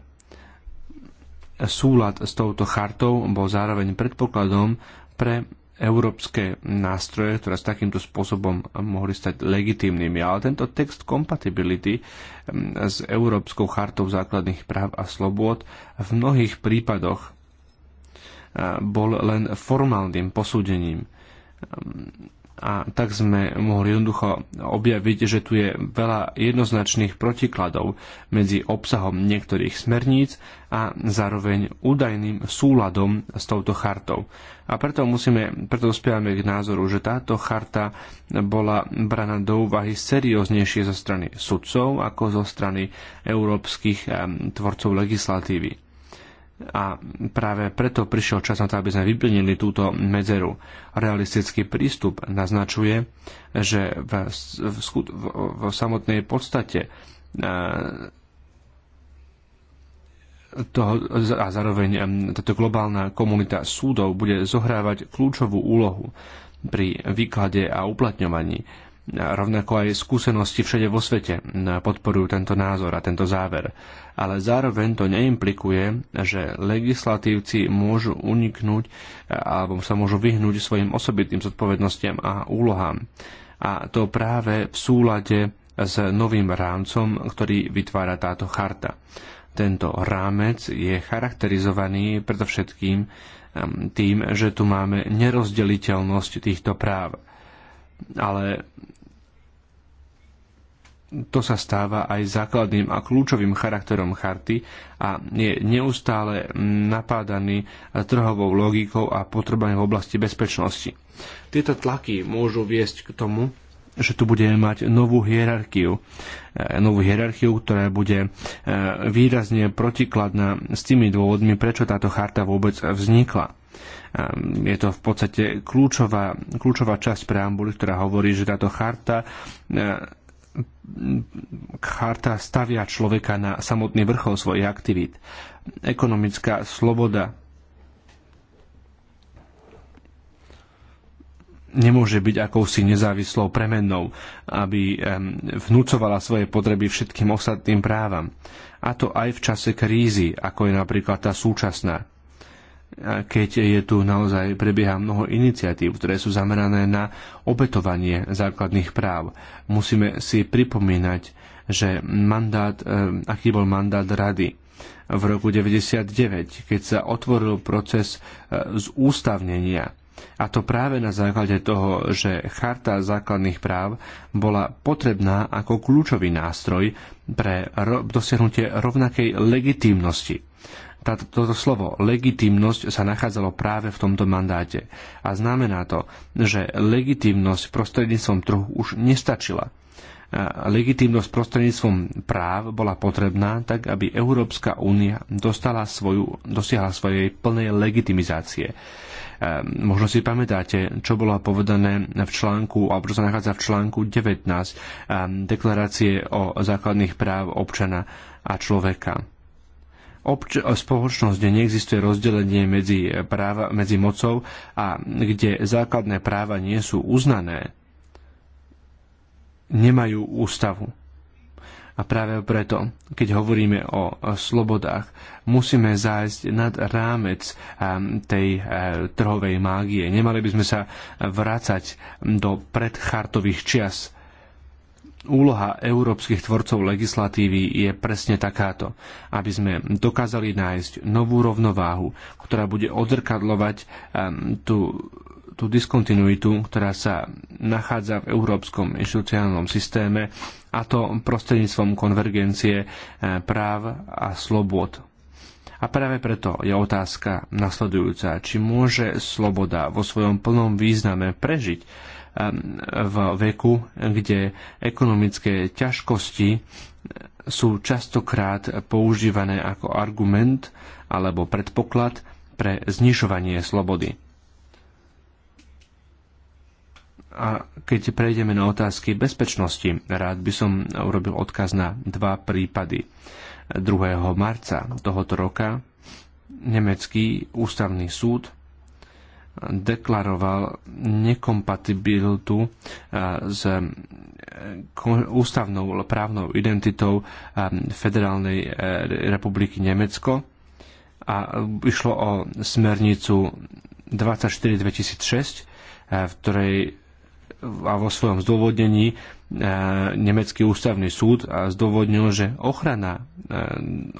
Súlad s touto chartou bol zároveň predpokladom pre európske nástroje, ktoré s takýmto spôsobom um, mohli stať legitímnymi. Ale tento text kompatibility um, s Európskou chartou základných práv a slobôd v mnohých prípadoch bol len formálnym posúdením. A tak sme mohli jednoducho objaviť, že tu je veľa jednoznačných protikladov medzi obsahom niektorých smerníc a zároveň údajným súladom s touto chartou. A preto, musíme, preto spievame k názoru, že táto charta bola braná do úvahy serióznejšie zo strany sudcov ako zo strany európskych tvorcov legislatívy. A práve preto prišiel čas na to, aby sme vyplnili túto medzeru. Realistický prístup naznačuje, že v, v, v, v samotnej podstate e, toho, a zároveň táto globálna komunita súdov bude zohrávať kľúčovú úlohu pri výklade a uplatňovaní rovnako aj skúsenosti všade vo svete podporujú tento názor a tento záver. Ale zároveň to neimplikuje, že legislatívci môžu uniknúť alebo sa môžu vyhnúť svojim osobitným zodpovednostiam a úlohám. A to práve v súlade s novým rámcom, ktorý vytvára táto charta. Tento rámec je charakterizovaný predovšetkým um, tým, že tu máme nerozdeliteľnosť týchto práv ale to sa stáva aj základným a kľúčovým charakterom charty a je neustále napádaný trhovou logikou a potrebami v oblasti bezpečnosti. Tieto tlaky môžu viesť k tomu, že tu budeme mať novú hierarchiu. E, novú hierarchiu, ktorá bude e, výrazne protikladná s tými dôvodmi, prečo táto charta vôbec vznikla. E, je to v podstate kľúčová, kľúčová časť preambuly, ktorá hovorí, že táto charta charta stavia človeka na samotný vrchol svojich aktivít. Ekonomická sloboda nemôže byť akousi nezávislou premennou, aby vnúcovala svoje potreby všetkým ostatným právam. A to aj v čase krízy, ako je napríklad tá súčasná. Keď je tu naozaj prebieha mnoho iniciatív, ktoré sú zamerané na obetovanie základných práv, musíme si pripomínať, že mandát, aký bol mandát rady v roku 99, keď sa otvoril proces e, zústavnenia a to práve na základe toho, že Charta základných práv bola potrebná ako kľúčový nástroj pre dosiahnutie rovnakej legitímnosti Tato, toto slovo legitimnosť sa nachádzalo práve v tomto mandáte a znamená to, že legitimnosť prostredníctvom trhu už nestačila. Legitimnosť prostredníctvom práv bola potrebná tak, aby Európska únia dostala svoju, dosiahla svojej plnej legitimizácie. Ehm, možno si pamätáte, čo bolo povedané v článku, alebo čo sa nachádza v článku 19 ehm, deklarácie o základných práv občana a človeka. Obč- spoločnosť, kde neexistuje rozdelenie medzi, práva, medzi mocou a kde základné práva nie sú uznané, nemajú ústavu a práve preto, keď hovoríme o slobodách, musíme zájsť nad rámec ehm, tej eh, trhovej mágie. Nemali by sme sa vrácať do predchartových čias. Úloha európskych tvorcov legislatívy je presne takáto, aby sme dokázali nájsť novú rovnováhu, ktorá bude odzrkadlovať ehm, tú tú diskontinuitu, ktorá sa nachádza v európskom inštitucionálnom systéme, a to prostredníctvom konvergencie eh, práv a slobod. A práve preto je otázka nasledujúca, či môže sloboda vo svojom plnom význame prežiť ehm, v veku, kde ekonomické ťažkosti eh, sú častokrát používané ako argument alebo predpoklad pre znižovanie slobody. A keď prejdeme na otázky bezpečnosti, rád by som urobil odkaz na dva prípady. 2. marca tohoto roka nemecký ústavný súd deklaroval nekompatibilitu e, s e, ústavnou právnou identitou e, Federálnej republiky Nemecko a išlo o smernicu 24 2006, v ktorej a vo svojom zdôvodnení e, nemecký ústavný súd a zdôvodnil, že ochrana, e,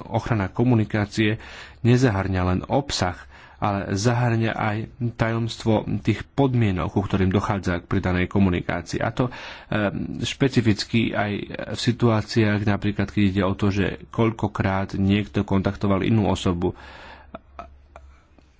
ochrana komunikácie nezahrňa len obsah, ale zahrňa aj tajomstvo tých podmienok, ku ktorým dochádza k pridanej komunikácii. A to e, špecificky aj v situáciách, napríklad keď ide o to, že koľkokrát niekto kontaktoval inú osobu,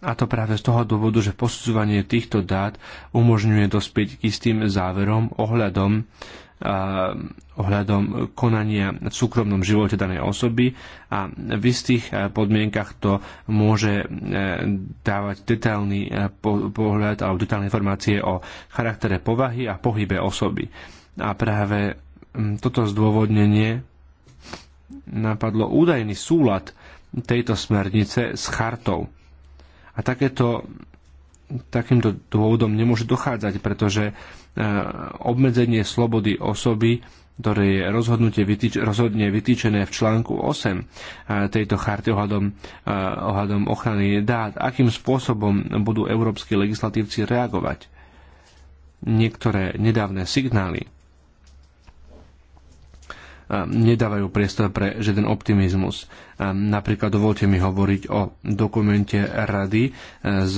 a to práve z toho dôvodu, že posudzovanie týchto dát umožňuje dospieť k istým záverom ohľadom, uh, ohľadom konania v súkromnom živote danej osoby a v istých e, podmienkach to môže e, dávať detailný e, pohľad alebo detailné informácie o charaktere povahy a pohybe osoby. A práve toto zdôvodnenie napadlo údajný súlad tejto smernice s chartou a takéto, takýmto dôvodom nemôže dochádzať, pretože e, obmedzenie slobody osoby ktoré je rozhodnutie vytýč- rozhodne vytýčené v článku 8 e, tejto charty ohľadom, e, ohľadom ochrany dát, akým spôsobom budú európsky legislatívci reagovať. Niektoré nedávne signály nedávajú priestor pre žiaden optimizmus. Napríklad dovolte mi hovoriť o dokumente Rady e, z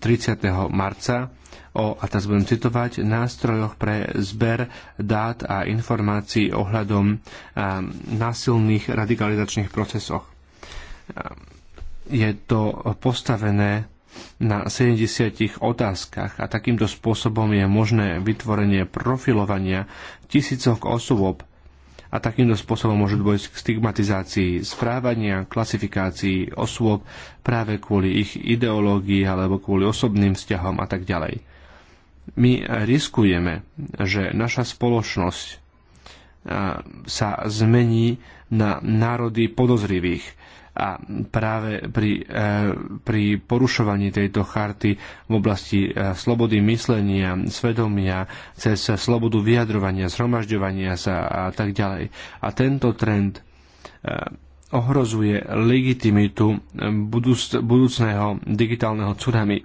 30. marca o, a teraz budem citovať, nástrojoch pre zber dát a informácií ohľadom e, násilných radikalizačných procesoch. E, je to postavené na 70 otázkach a takýmto spôsobom je možné vytvorenie profilovania tisícok osôb, a takýmto spôsobom môže dôjsť k stigmatizácii správania, klasifikácii osôb práve kvôli ich ideológii alebo kvôli osobným vzťahom a tak ďalej. My riskujeme, že naša spoločnosť sa zmení na národy podozrivých, a práve pri, e, pri porušovaní tejto charty v oblasti e, slobody myslenia, svedomia, cez slobodu vyjadrovania, zhromažďovania sa a tak ďalej. A tento trend e, ohrozuje legitimitu budúcného digitálneho tsunami,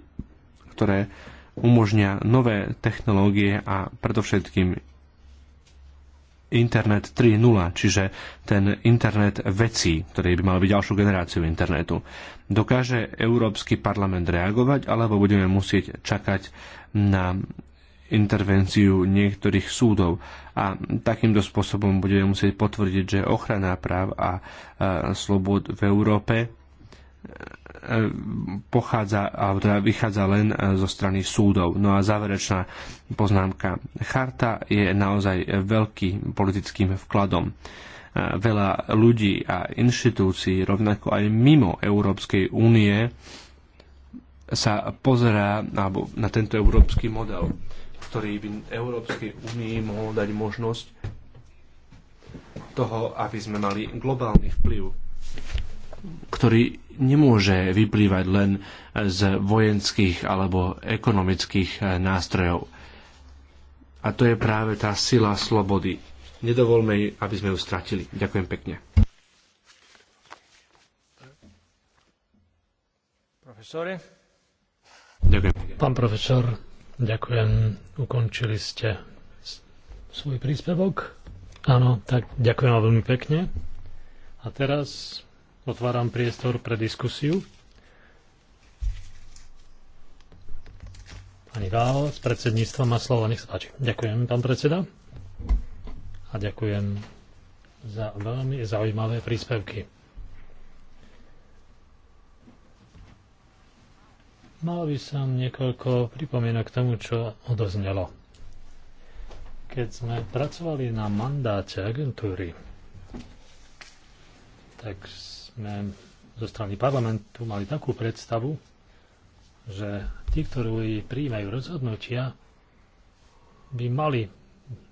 ktoré umožňa nové technológie a predovšetkým Internet 3.0, čiže ten internet vecí, ktorý by mal byť ďalšiu generáciu internetu. Dokáže Európsky parlament reagovať, alebo budeme musieť čakať na intervenciu niektorých súdov a takýmto spôsobom budeme musieť potvrdiť, že ochrana práv a, a slobod v Európe pochádza, alebo teda vychádza len e, zo strany súdov. No a záverečná poznámka. Charta je naozaj veľkým politickým vkladom e, veľa ľudí a inštitúcií, rovnako aj mimo Európskej únie, sa pozerá alebo na tento európsky model, ktorý by Európskej únii mohol dať možnosť toho, aby sme mali globálny vplyv ktorý nemôže vyplývať len z vojenských alebo ekonomických eh, nástrojov. A to je práve tá sila slobody. Nedovolme jej, aby sme ju stratili. Ďakujem pekne. Profesore? Ďakujem. Pán profesor, ďakujem. Ukončili ste svoj príspevok. Áno, tak ďakujem vám veľmi pekne. A teraz Otváram priestor pre diskusiu. Pani Gál z predsedníctva má slovo, nech sa páči. Ďakujem, pán predseda. A ďakujem za veľmi zaujímavé príspevky. Mal by som niekoľko pripomienok k tomu, čo odoznelo. Keď sme pracovali na mandáte agentúry, tak sme zo strany parlamentu mali takú predstavu, že tí, ktorí prijímajú rozhodnutia, by mali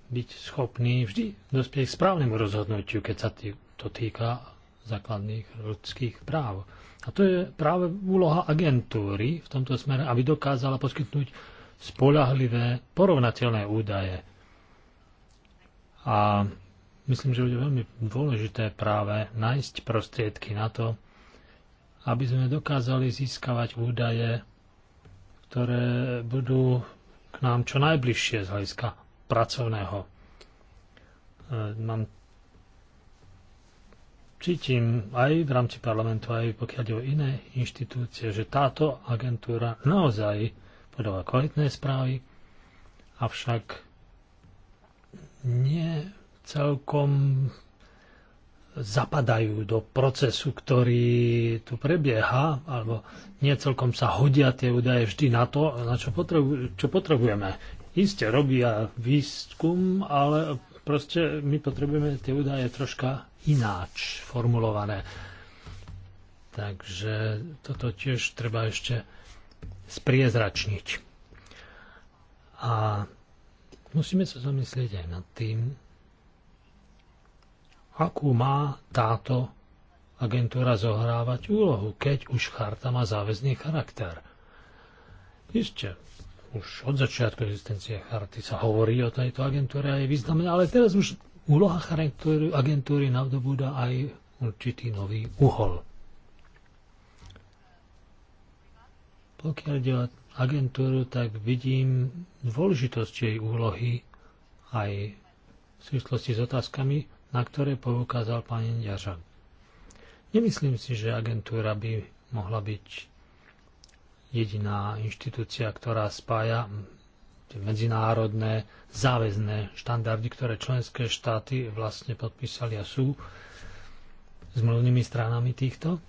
byť schopní vždy dospieť k správnemu rozhodnutiu, keď sa tý, to týka základných ľudských práv. A to je práve úloha agentúry v tomto smere, aby dokázala poskytnúť spolahlivé, porovnateľné údaje. A Myslím, že bude veľmi dôležité práve nájsť prostriedky na to, aby sme dokázali získavať údaje, ktoré budú k nám čo najbližšie z hľadiska pracovného. E, mám cítim aj v rámci parlamentu, aj pokiaľ o iné inštitúcie, že táto agentúra naozaj podáva kvalitné správy, avšak nie celkom zapadajú do procesu, ktorý tu prebieha, alebo nie celkom sa hodia tie údaje vždy na to, na čo, potrebu- čo potrebujeme. Isté robia výskum, ale proste my potrebujeme tie údaje troška ináč formulované. Takže toto tiež treba ešte spriezračniť. A musíme sa zamyslieť aj nad tým, akú má táto agentúra zohrávať úlohu, keď už charta má záväzný charakter. Isté, už od začiatku existencie charty sa hovorí o tejto agentúre a je významná, ale teraz už úloha agentúry, agentúry navdobúda aj určitý nový uhol. Pokiaľ ide o agentúru, tak vidím dôležitosť jej úlohy aj v súvislosti s otázkami na ktoré poukázal pán Jažan. Nemyslím si, že agentúra by mohla byť jediná inštitúcia, ktorá spája medzinárodné záväzné štandardy, ktoré členské štáty vlastne podpísali a sú zmluvnými stranami týchto.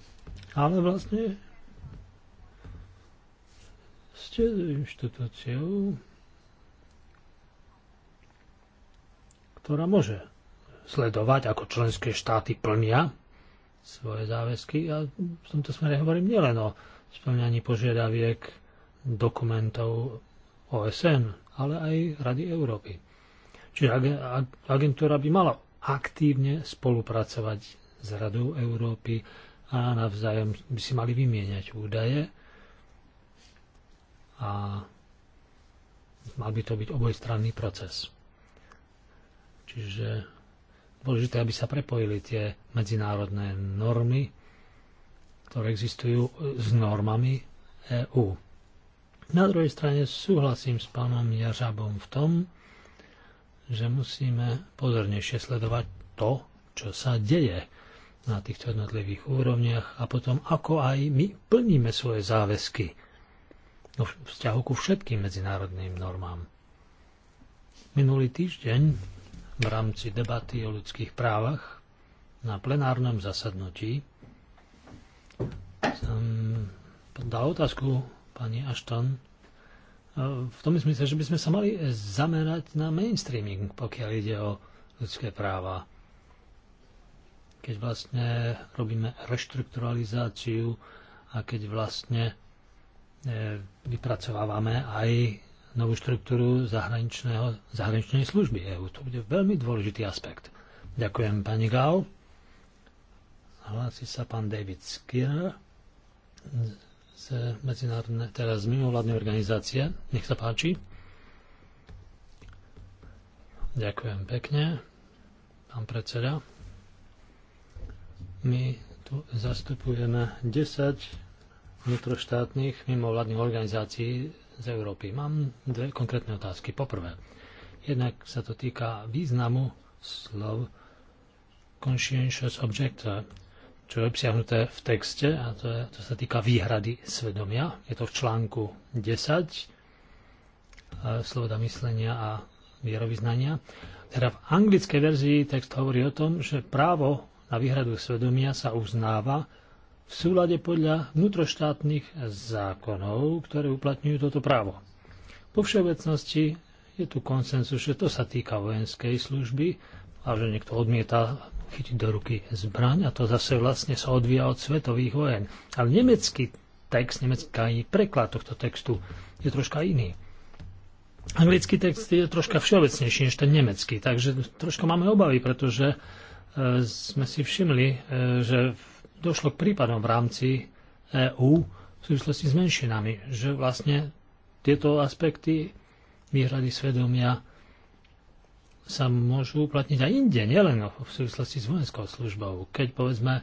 Ale vlastne ste inštitúciou, ktorá môže sledovať, ako členské štáty plnia svoje záväzky. A v tomto smere hovorím nielen o splňaní požiadaviek dokumentov OSN, ale aj Rady Európy. Čiže agentúra by mala aktívne spolupracovať s Radou Európy a navzájom by si mali vymieňať údaje a mal by to byť obojstranný proces. Čiže dôležité, aby sa prepojili tie medzinárodné normy, ktoré existujú e, s normami EÚ. Na druhej strane súhlasím s pánom Jažabom v tom, že musíme pozornejšie sledovať to, čo sa deje na týchto jednotlivých úrovniach a potom ako aj my plníme svoje záväzky vo vzťahu ku všetkým medzinárodným normám. Minulý týždeň v rámci debaty o ľudských právach na plenárnom zasadnutí som dal otázku pani Ashton e, v tom smysle, že by sme sa mali zamerať na mainstreaming, pokiaľ ide o ľudské práva. Keď vlastne robíme reštrukturalizáciu a keď vlastne e, vypracovávame aj novú štruktúru zahraničného zahraničnej služby EÚ. To bude veľmi dôležitý aspekt. Ďakujem, pani Gau. Hlási sa pán David Skinner z medzinárodnej, teraz mimovládnej organizácie. Nech sa páči. Ďakujem pekne, pán predseda. My tu zastupujeme 10 vnútroštátnych mimovládnych organizácií z Európy. Mám dve konkrétne otázky. Poprvé, jednak sa to týka významu slov conscientious objector, čo je obsiahnuté v texte, a to, je, to sa týka výhrady svedomia. Je to v článku 10, e, sloboda myslenia a vierovýznania. Teda v anglickej verzii text hovorí o tom, že právo na výhradu svedomia sa uznáva v súlade podľa vnútroštátnych zákonov, ktoré uplatňujú toto právo. Po všeobecnosti je tu konsensus, že to sa týka vojenskej služby a že niekto odmieta chytiť do ruky zbraň a to zase vlastne sa odvíja od svetových vojen. Ale nemecký text, nemecký preklad tohto textu je troška iný. Anglický text je troška všeobecnejší než ten nemecký, takže troška máme obavy, pretože e, sme si všimli, e, že v došlo k prípadom v rámci EÚ v súvislosti s menšinami, že vlastne tieto aspekty výhrady svedomia sa môžu uplatniť aj inde, nielen v súvislosti s vojenskou službou. Keď povedzme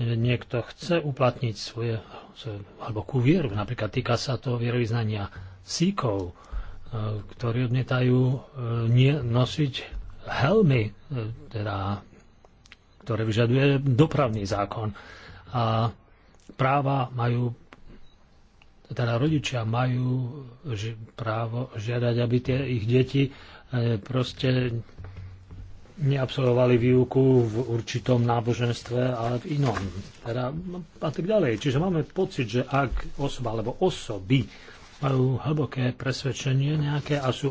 niekto chce uplatniť svoje, svoje alebo ku vieru, napríklad týka sa to vierovýznania síkov, e, ktorí odmietajú e, nosiť helmy, e, teda ktoré vyžaduje dopravný zákon. A práva majú, teda rodičia majú právo žiadať, aby tie ich deti e, proste neabsolvovali výuku v určitom náboženstve, ale v inom. Teda, a tak ďalej. Čiže máme pocit, že ak osoba alebo osoby majú hlboké presvedčenie nejaké a sú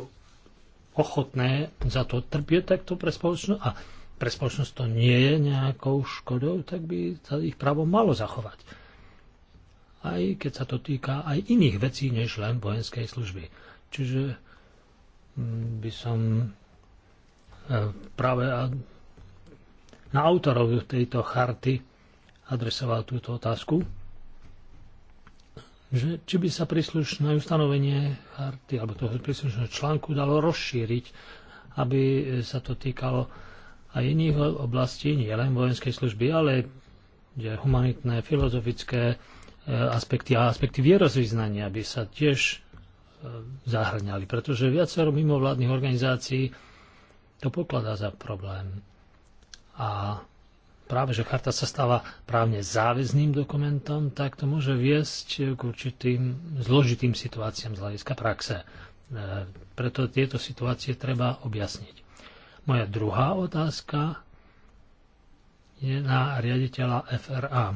ochotné za to trpieť, tak to pre spoločnosť a pre spoločnosť to nie je nejakou škodou, tak by sa ich právo malo zachovať. Aj keď sa to týka aj iných vecí, než len vojenskej služby. Čiže mm, by som e, práve na autorov tejto charty adresoval túto otázku, že či by sa príslušné ustanovenie charty alebo toho príslušného článku dalo rozšíriť, aby sa to týkalo a iných oblastí, nie len vojenskej služby, ale kde humanitné, filozofické e, aspekty a aspekty vierozvýznania by sa tiež e, zahrňali, pretože viacero mimovládnych organizácií to pokladá za problém. A práve, že charta sa stáva právne záväzným dokumentom, tak to môže viesť k určitým zložitým situáciám z hľadiska praxe. E, preto tieto situácie treba objasniť. Moja druhá otázka je na riaditeľa FRA.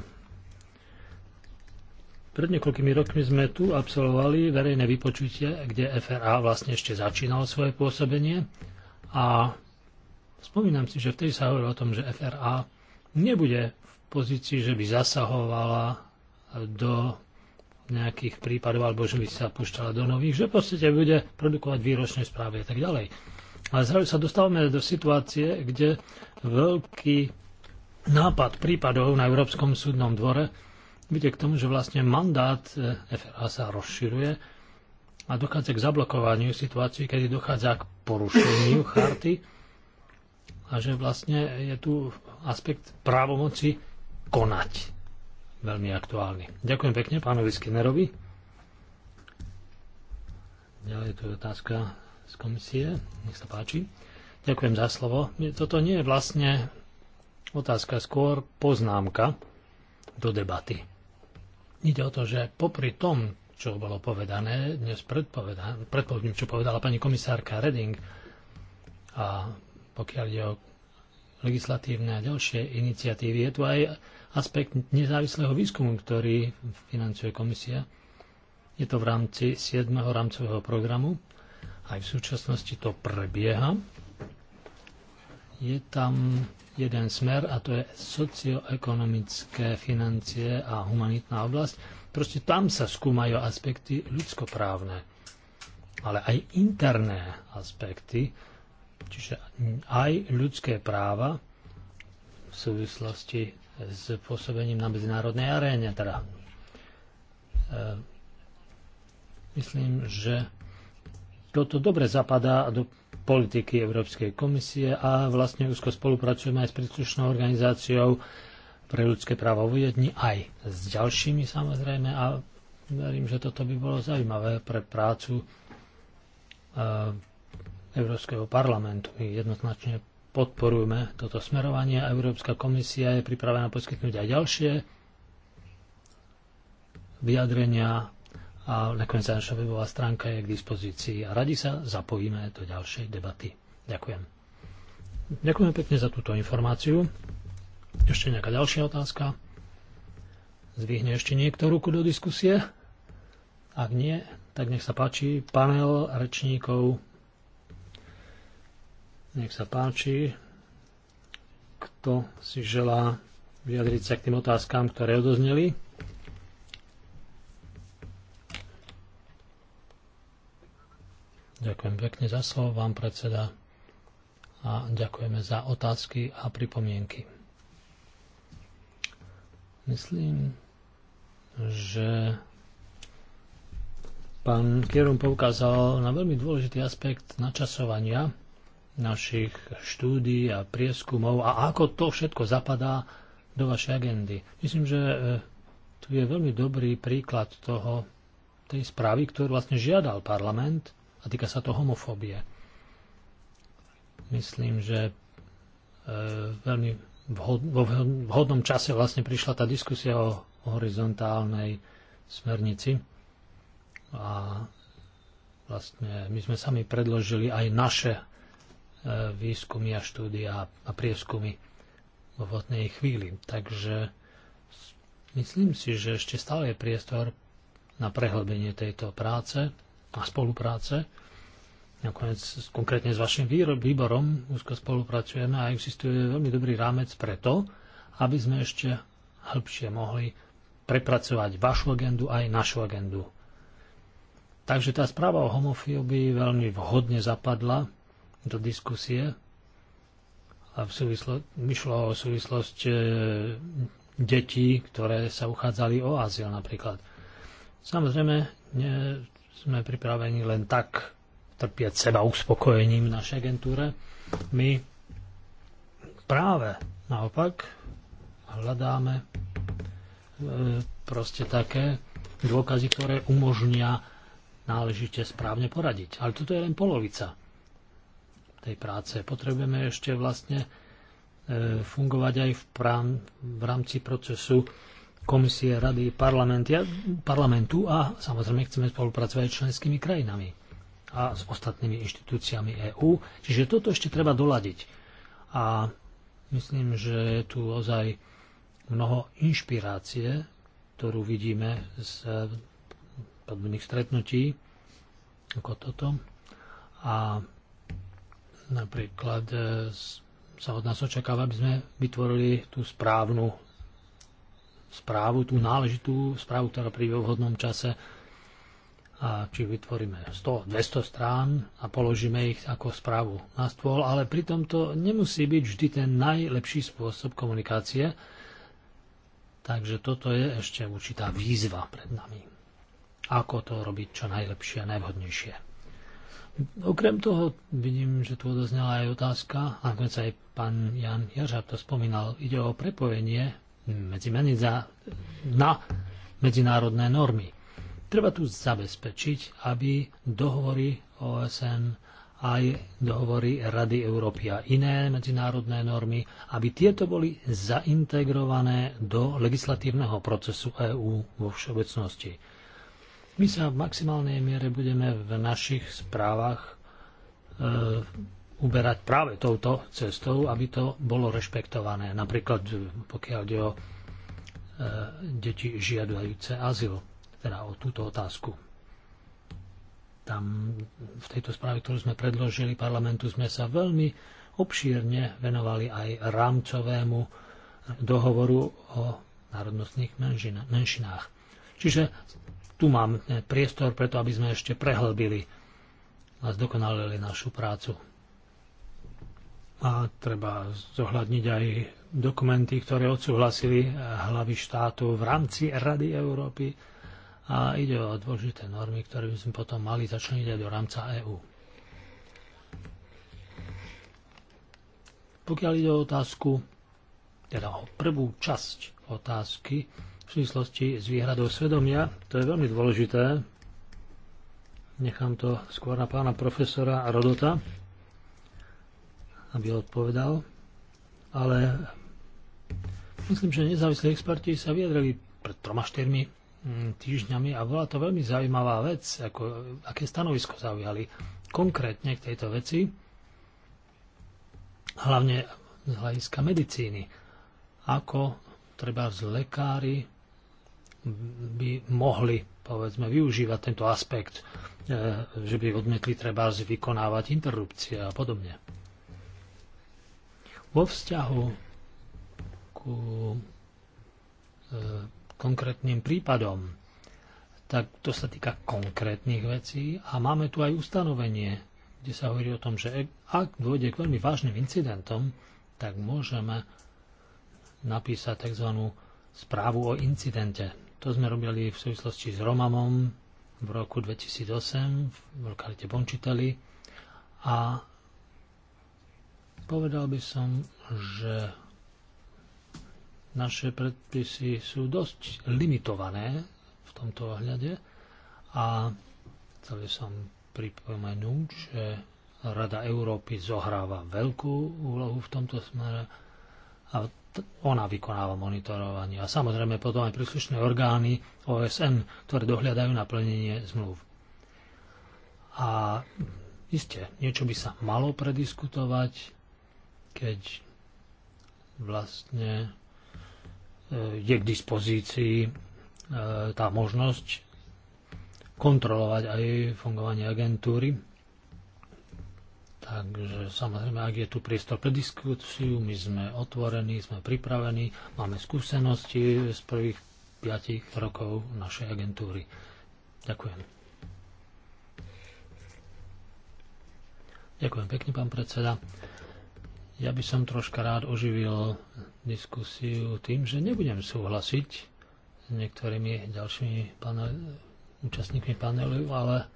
Pred niekoľkými rokmi sme tu absolvovali verejné vypočutie, kde FRA vlastne ešte začínalo svoje pôsobenie a spomínam si, že vtedy sa hovorilo o tom, že FRA nebude v pozícii, že by zasahovala do nejakých prípadov, alebo že by sa púšťala do nových, že v podstate bude produkovať výročné správy a tak ďalej. Ale zrazu sa dostávame do situácie, kde veľký nápad prípadov na Európskom súdnom dvore vidie k tomu, že vlastne mandát e, FRA sa rozširuje a dochádza k zablokovaniu situácií, kedy dochádza k porušeniu charty a že vlastne je tu aspekt právomoci konať veľmi aktuálny. Ďakujem pekne pánovi Skinnerovi. Ďalej tu je otázka z komisie. Nech sa páči. Ďakujem za slovo. Toto nie je vlastne otázka, skôr poznámka do debaty. Ide o to, že popri tom, čo bolo povedané, dnes predpovedám, čo povedala pani komisárka Reding a pokiaľ ide o legislatívne a ďalšie iniciatívy, je tu aj aspekt nezávislého výskumu, ktorý financuje komisia. Je to v rámci 7. rámcového programu aj v súčasnosti to prebieha. Je tam jeden smer a to je socioekonomické financie a humanitná oblasť. Proste tam sa skúmajú aspekty ľudskoprávne, ale aj interné aspekty, čiže aj ľudské práva v súvislosti s pôsobením na medzinárodnej aréne. Teda. E, myslím, že toto dobre zapadá do politiky Európskej komisie a vlastne úzko spolupracujeme aj s príslušnou organizáciou pre ľudské práva v Viedni, aj s ďalšími samozrejme a verím, že toto by bolo zaujímavé pre prácu e, Európskeho parlamentu. My jednoznačne podporujeme toto smerovanie a Európska komisia je pripravená poskytnúť aj ďalšie vyjadrenia a nakoniec naša webová stránka je k dispozícii a radi sa zapojíme do ďalšej debaty. Ďakujem. Ďakujem pekne za túto informáciu. Ešte nejaká ďalšia otázka? Zvihne ešte niekto ruku do diskusie? Ak nie, tak nech sa páči panel rečníkov. Nech sa páči, kto si želá vyjadriť sa k tým otázkám, ktoré odozneli. Ďakujem pekne za slovo, vám predseda, a ďakujeme za otázky a pripomienky. Myslím, že pán Kierum poukázal na veľmi dôležitý aspekt načasovania našich štúdí a prieskumov a ako to všetko zapadá do vašej agendy. Myslím, že e, tu je veľmi dobrý príklad toho, tej správy, ktorú vlastne žiadal parlament a týka sa to homofóbie. Myslím, že e, veľmi vhod, vo vhodnom čase vlastne prišla tá diskusia o horizontálnej smernici a vlastne my sme sami predložili aj naše e, výskumy a štúdia a prieskumy vo vhodnej chvíli. Takže myslím si, že ešte stále je priestor na prehlbenie tejto práce a spolupráce. Nakoniec konkrétne s vašim výborom úzko spolupracujeme a existuje veľmi dobrý rámec pre to, aby sme ešte hĺbšie mohli prepracovať vašu agendu aj našu agendu. Takže tá správa o homofóbii veľmi vhodne zapadla do diskusie a v súvislo, myšlo o súvislosť e, detí, ktoré sa uchádzali o azyl napríklad. Samozrejme, ne, sme pripravení len tak trpieť seba uspokojením v našej agentúre. My práve naopak hľadáme e, proste také dôkazy, ktoré umožnia náležite správne poradiť. Ale toto je len polovica tej práce. Potrebujeme ešte vlastne e, fungovať aj v, prám, v rámci procesu komisie, rady, parlamentu a samozrejme chceme spolupracovať s členskými krajinami a s ostatnými inštitúciami EÚ. Čiže toto ešte treba doladiť. A myslím, že je tu ozaj mnoho inšpirácie, ktorú vidíme z podobných stretnutí ako toto. A napríklad e, sa od nás očakáva, aby sme vytvorili tú správnu správu, tú náležitú správu, ktorá príde v vhodnom čase. A či vytvoríme 100, 200 strán a položíme ich ako správu na stôl, ale pritom to nemusí byť vždy ten najlepší spôsob komunikácie. Takže toto je ešte určitá výzva pred nami. Ako to robiť čo najlepšie a najvhodnejšie. Okrem toho vidím, že tu odoznala aj otázka, a sa aj pán Jan Jaržab to spomínal, ide o prepojenie medzi za, na medzinárodné normy. Treba tu zabezpečiť, aby dohovory OSN aj dohovory Rady Európy a iné medzinárodné normy, aby tieto boli zaintegrované do legislatívneho procesu EÚ vo všeobecnosti. My sa v maximálnej miere budeme v našich správach e, uberať práve touto cestou, aby to bolo rešpektované. Napríklad e, pokiaľ ide o e, deti žiadajúce azyl, teda o túto otázku. Tam v tejto správe, ktorú sme predložili parlamentu, sme sa veľmi obšírne venovali aj rámcovému dohovoru o národnostných menšinách. Čiže tu mám priestor preto, aby sme ešte prehlbili a zdokonalili našu prácu a treba zohľadniť aj dokumenty, ktoré odsúhlasili hlavy štátu v rámci Rady Európy a ide o dôležité normy, ktoré by sme potom mali začleniť aj do rámca EÚ. Pokiaľ ide o otázku, teda o prvú časť otázky v súvislosti s výhradou svedomia, to je veľmi dôležité. Nechám to skôr na pána profesora Rodota aby odpovedal, ale myslím, že nezávislí experti sa vyjadrali pred troma, štyrmi mm, týždňami a bola to veľmi zaujímavá vec, ako, aké stanovisko zaujali konkrétne k tejto veci, hlavne z hľadiska medicíny. Ako treba z lekári by mohli povedzme, využívať tento aspekt, e, že by odmietli treba vykonávať interrupcie a podobne vo vzťahu ku e, konkrétnym prípadom, tak to sa týka konkrétnych vecí a máme tu aj ustanovenie, kde sa hovorí o tom, že e, ak dôjde k veľmi vážnym incidentom, tak môžeme napísať tzv. správu o incidente. To sme robili v súvislosti s Romamom v roku 2008 v lokalite Bončiteli a Povedal by som, že naše predpisy sú dosť limitované v tomto ohľade a chcel by som pripomenúť, že Rada Európy zohráva veľkú úlohu v tomto smere a ona vykonáva monitorovanie a samozrejme potom aj príslušné orgány OSN, ktoré dohľadajú na plnenie zmluv. A iste, niečo by sa malo prediskutovať, keď vlastne e, je k dispozícii e, tá možnosť kontrolovať aj fungovanie agentúry. Takže samozrejme, ak je tu priestor pre diskusiu, my sme otvorení, sme pripravení, máme skúsenosti z prvých 5 rokov našej agentúry. Ďakujem. Ďakujem pekne, pán predseda. Ja by som troška rád oživil diskusiu tým, že nebudem súhlasiť s niektorými ďalšími panel, účastníkmi panelu, ale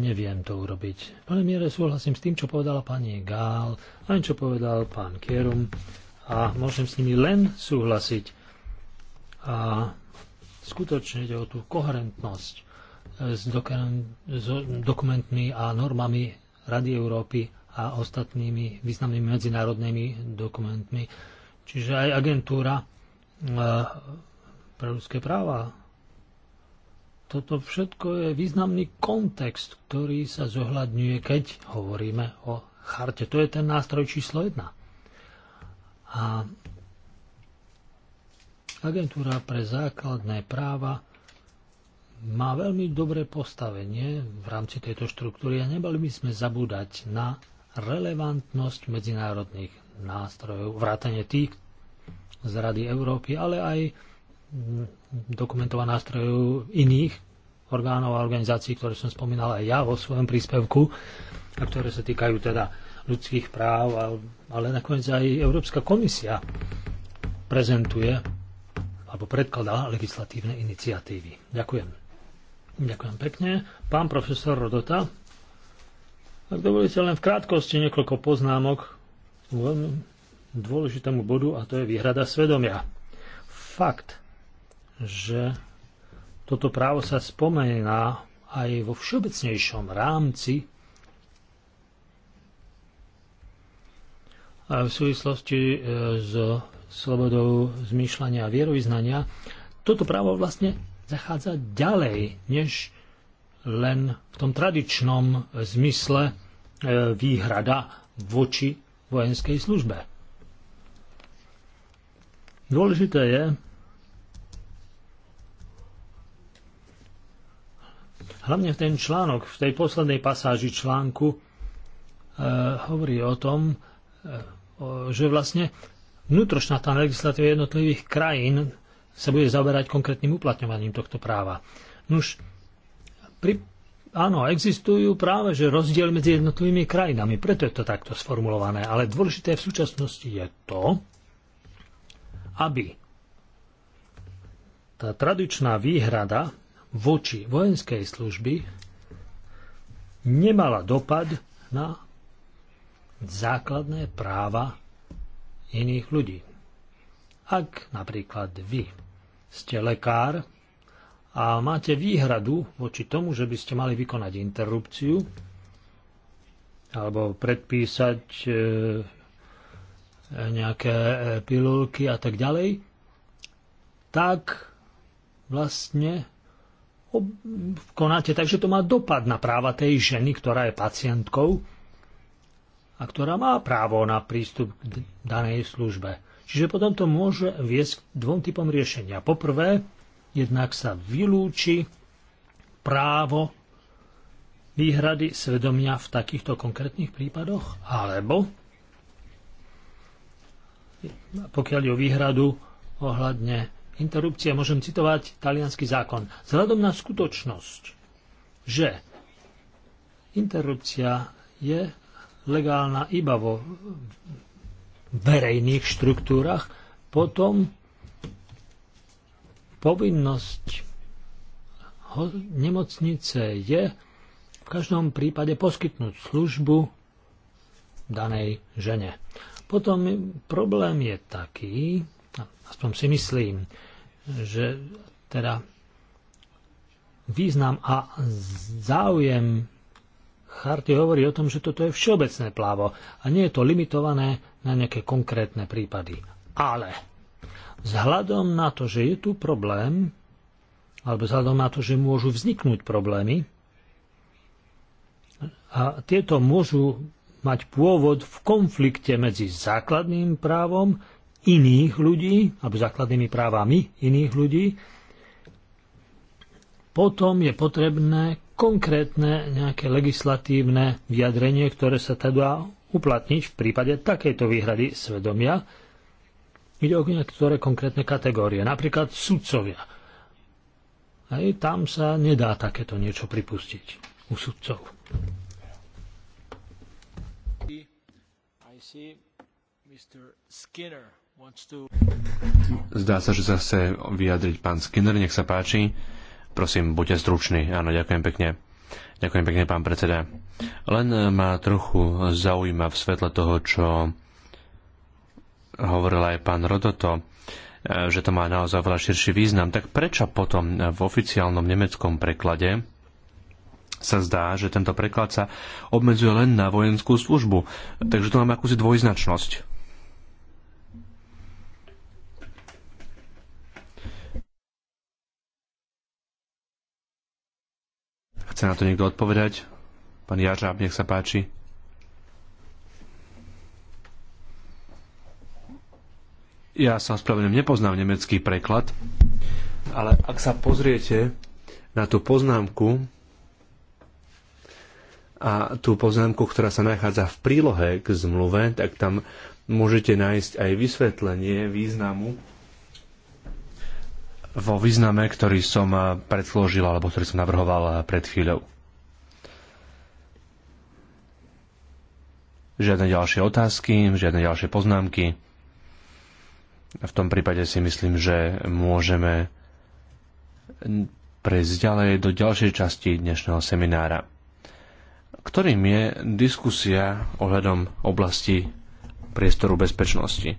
neviem to urobiť. V plnej miere súhlasím s tým, čo povedala pani Gál, aj čo povedal pán Kierum a môžem s nimi len súhlasiť. A skutočne ide o tú koherentnosť s, dokumentmi a normami Rady Európy a ostatnými významnými medzinárodnými dokumentmi. Čiže aj agentúra e, pre ľudské práva. Toto všetko je významný kontext, ktorý sa zohľadňuje, keď hovoríme o charte. To je ten nástroj číslo 1. A agentúra pre základné práva má veľmi dobré postavenie v rámci tejto štruktúry a nebali by sme zabúdať na relevantnosť medzinárodných nástrojov, vrátane tých z Rady Európy, ale aj dokumentov nástrojov iných orgánov a organizácií, ktoré som spomínal aj ja vo svojom príspevku, a ktoré sa týkajú teda ľudských práv, ale nakoniec aj Európska komisia prezentuje alebo predkladá legislatívne iniciatívy. Ďakujem. Ďakujem pekne. Pán profesor Rodota, ak dovolíte len v krátkosti niekoľko poznámok k veľmi dôležitému bodu a to je výhrada svedomia. Fakt, že toto právo sa spomená aj vo všeobecnejšom rámci a v súvislosti e, s slobodou zmýšľania a vierovýznania, toto právo vlastne zachádza ďalej, než len v tom tradičnom e, zmysle e, výhrada voči vojenskej službe. Dôležité je, hlavne v ten článok, v tej poslednej pasáži článku e, hovorí o tom, že vlastne vnútrošná tá legislatíva jednotlivých krajín sa bude zaoberať konkrétnym uplatňovaním tohto práva. Nuž, no pri, áno, existujú práve že rozdiel medzi jednotlivými krajinami, preto je to takto sformulované. Ale dôležité v súčasnosti je to, aby tá tradičná výhrada voči vojenskej služby nemala dopad na základné práva iných ľudí. Ak napríklad vy ste lekár a máte výhradu voči tomu, že by ste mali vykonať interrupciu alebo predpísať e, nejaké e, pilulky a tak ďalej, tak vlastne konáte tak, že to má dopad na práva tej ženy, ktorá je pacientkou a ktorá má právo na prístup k danej službe. Čiže potom to môže viesť k dvom typom riešenia. Poprvé, Jednak sa vylúči právo výhrady svedomia v takýchto konkrétnych prípadoch, alebo pokiaľ je o výhradu ohľadne interrupcie, môžem citovať talianský zákon. Vzhľadom na skutočnosť, že interrupcia je legálna iba vo verejných štruktúrach, potom povinnosť nemocnice je v každom prípade poskytnúť službu danej žene. Potom problém je taký, aspoň si myslím, že teda význam a záujem charty hovorí o tom, že toto je všeobecné právo a nie je to limitované na nejaké konkrétne prípady. Ale vzhľadom na to, že je tu problém, alebo vzhľadom na to, že môžu vzniknúť problémy, a tieto môžu mať pôvod v konflikte medzi základným právom iných ľudí, alebo základnými právami iných ľudí, potom je potrebné konkrétne nejaké legislatívne vyjadrenie, ktoré sa teda uplatniť v prípade takejto výhrady svedomia, Ide o niektoré konkrétne kategórie, napríklad sudcovia. Aj tam sa nedá takéto niečo pripustiť u sudcov. Zdá sa, že sa chce vyjadriť pán Skinner, nech sa páči. Prosím, buďte stručný. Áno, ďakujem pekne. Ďakujem pekne, pán predseda. Len ma trochu zaujíma v svetle toho, čo hovoril aj pán Rodoto, e, že to má naozaj veľa širší význam, tak prečo potom v oficiálnom nemeckom preklade sa zdá, že tento preklad sa obmedzuje len na vojenskú službu. Takže tu máme akúsi dvojznačnosť. Chce na to niekto odpovedať? Pán Jažáb, nech sa páči. Ja sa ospravedlňujem, nepoznám nemecký preklad, ale ak sa pozriete na tú poznámku a tú poznámku, ktorá sa nachádza v prílohe k zmluve, tak tam môžete nájsť aj vysvetlenie významu vo význame, ktorý som predložil alebo ktorý som navrhoval pred chvíľou. Žiadne ďalšie otázky, žiadne ďalšie poznámky. V tom prípade si myslím, že môžeme prejsť ďalej do ďalšej časti dnešného seminára, ktorým je diskusia ohľadom oblasti priestoru bezpečnosti.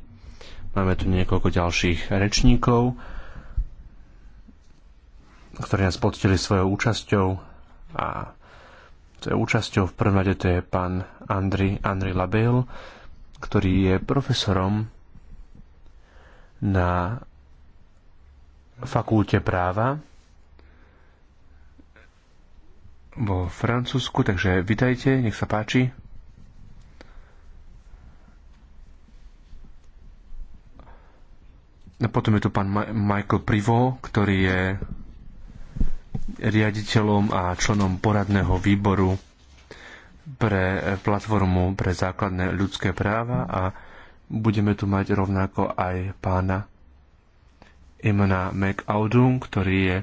Máme tu niekoľko ďalších rečníkov, ktorí nás poctili svojou účasťou a to je účasťou v prvom rade to je pán Andri, Andri Label, ktorý je profesorom na fakulte práva vo Francúzsku, takže vitajte, nech sa páči. A potom je tu pán Ma- Michael Privo, ktorý je riaditeľom a členom poradného výboru pre platformu pre základné ľudské práva a budeme tu mať rovnako aj pána Imana McAudum, ktorý je,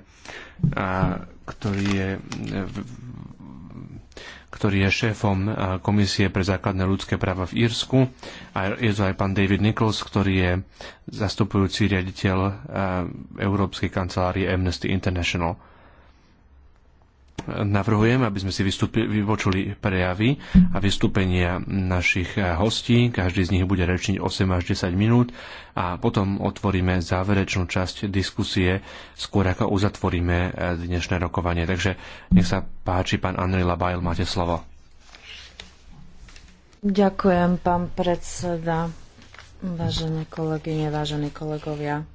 a, ktorý je e, v, ktorý je šéfom Komisie pre základné ľudské práva v Írsku. A je to aj pán David Nichols, ktorý je zastupujúci riaditeľ Európskej kancelárie Amnesty International. Navrhujem, aby sme si vystupi- vypočuli prejavy a vystúpenia našich hostí. Každý z nich bude rečniť 8 až 10 minút a potom otvoríme záverečnú časť diskusie, skôr ako uzatvoríme eh, dnešné rokovanie. Takže nech sa páči, pán Andrej Labajl, máte slovo. Ďakujem, pán predseda. Vážené kolegyne, vážení kolegovia.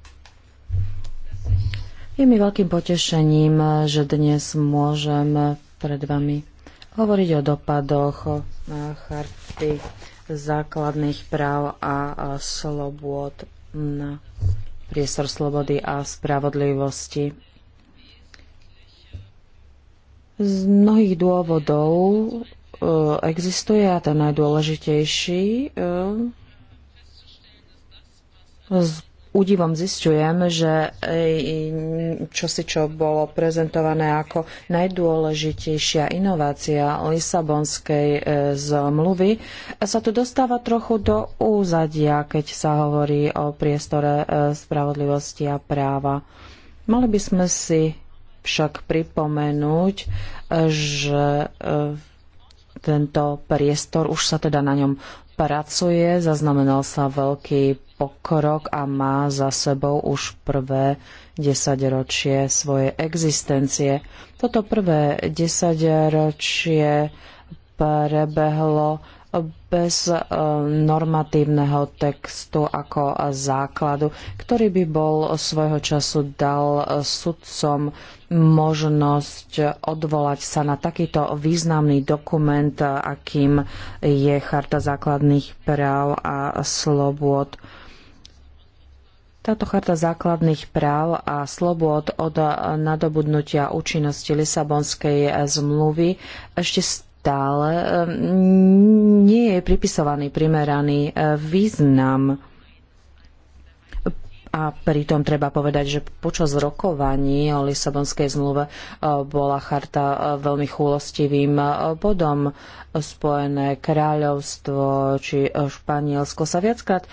Je mi veľkým potešením, že dnes môžem pred vami hovoriť o dopadoch charty základných práv a slobod na priestor slobody a spravodlivosti. Z mnohých dôvodov eh, existuje a ten najdôležitejší eh, údivom zistujem, že čosi, čo bolo prezentované ako najdôležitejšia inovácia Lisabonskej e, zmluvy, sa tu dostáva trochu do úzadia, keď sa hovorí o priestore e, spravodlivosti a práva. Mali by sme si však pripomenúť, e, že tento priestor už sa teda na ňom pracuje, zaznamenal sa veľký pokrok a má za sebou už prvé desaťročie svojej existencie. Toto prvé desaťročie prebehlo bez e, normatívneho textu ako základu, ktorý by bol svojho času dal e, sudcom možnosť odvolať sa na takýto významný dokument, akým je Charta základných práv a slobôd. Táto charta základných práv a slobôd od nadobudnutia účinnosti Lisabonskej zmluvy ešte stále mm, nie je pripisovaný primeraný e, význam. A pritom treba povedať, že počas rokovaní o Lisabonskej zmluve e, bola charta e, veľmi chúlostivým e, bodom. Spojené kráľovstvo či Španielsko sa viackrát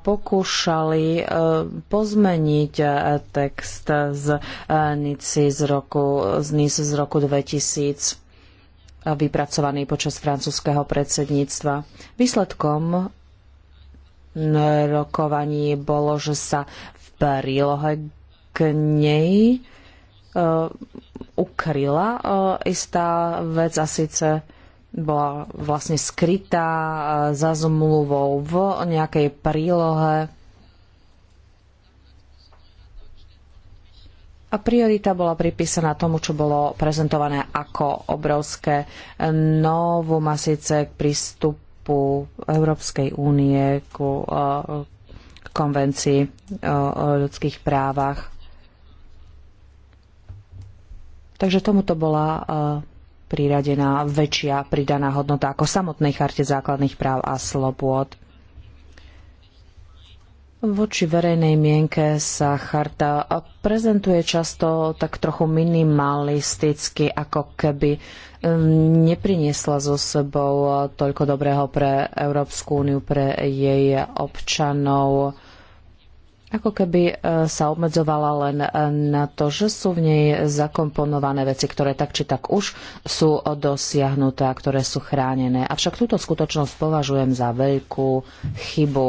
pokúšali pozmeniť text z Nici z roku, z Nice z roku 2000 vypracovaný počas francúzského predsedníctva. Výsledkom rokovaní bolo, že sa v prílohe k nej e, ukryla e, istá vec a síce bola vlastne skrytá e, za zmluvou v nejakej prílohe. A priorita bola pripísaná tomu, čo bolo prezentované ako obrovské novú masice k prístupu prístupu Európskej únie ku konvencii o ľudských právach. Takže tomuto bola priradená väčšia pridaná hodnota ako samotnej charte základných práv a slobôd. Voči verejnej mienke sa charta prezentuje často tak trochu minimalisticky, ako keby um, nepriniesla so sebou toľko dobrého pre Európsku úniu, pre jej občanov ako keby uh, sa obmedzovala len uh, na to, že sú v nej zakomponované veci, ktoré tak či tak už sú dosiahnuté a ktoré sú chránené. Avšak túto skutočnosť považujem za veľkú chybu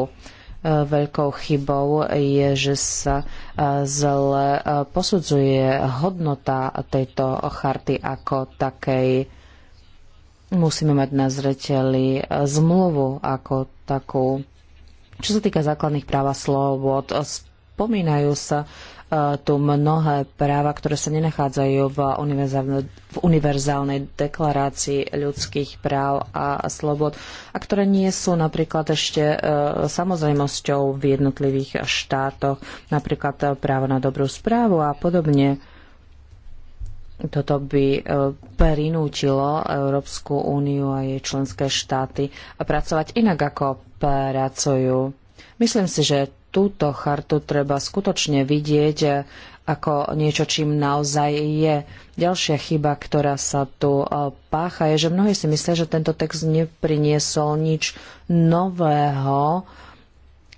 Veľkou chybou je, že sa e, zle e, posudzuje hodnota tejto charty ako takej. Musíme mať na zreteli e, zmluvu ako takú. Čo sa týka základných práv a slobod, spomínajú sa E, tu mnohé práva, ktoré sa nenachádzajú v, univerzálnej, v univerzálnej deklarácii ľudských práv a slobod a ktoré nie sú napríklad ešte e, samozrejmosťou v jednotlivých štátoch, napríklad e, právo na dobrú správu a podobne. Toto by prinútilo Európsku úniu a jej členské štáty pracovať inak, ako pracujú. Myslím si, že túto chartu treba skutočne vidieť ako niečo, čím naozaj je. Ďalšia chyba, ktorá sa tu e, pácha, je, že mnohí si myslia, že tento text nepriniesol nič nového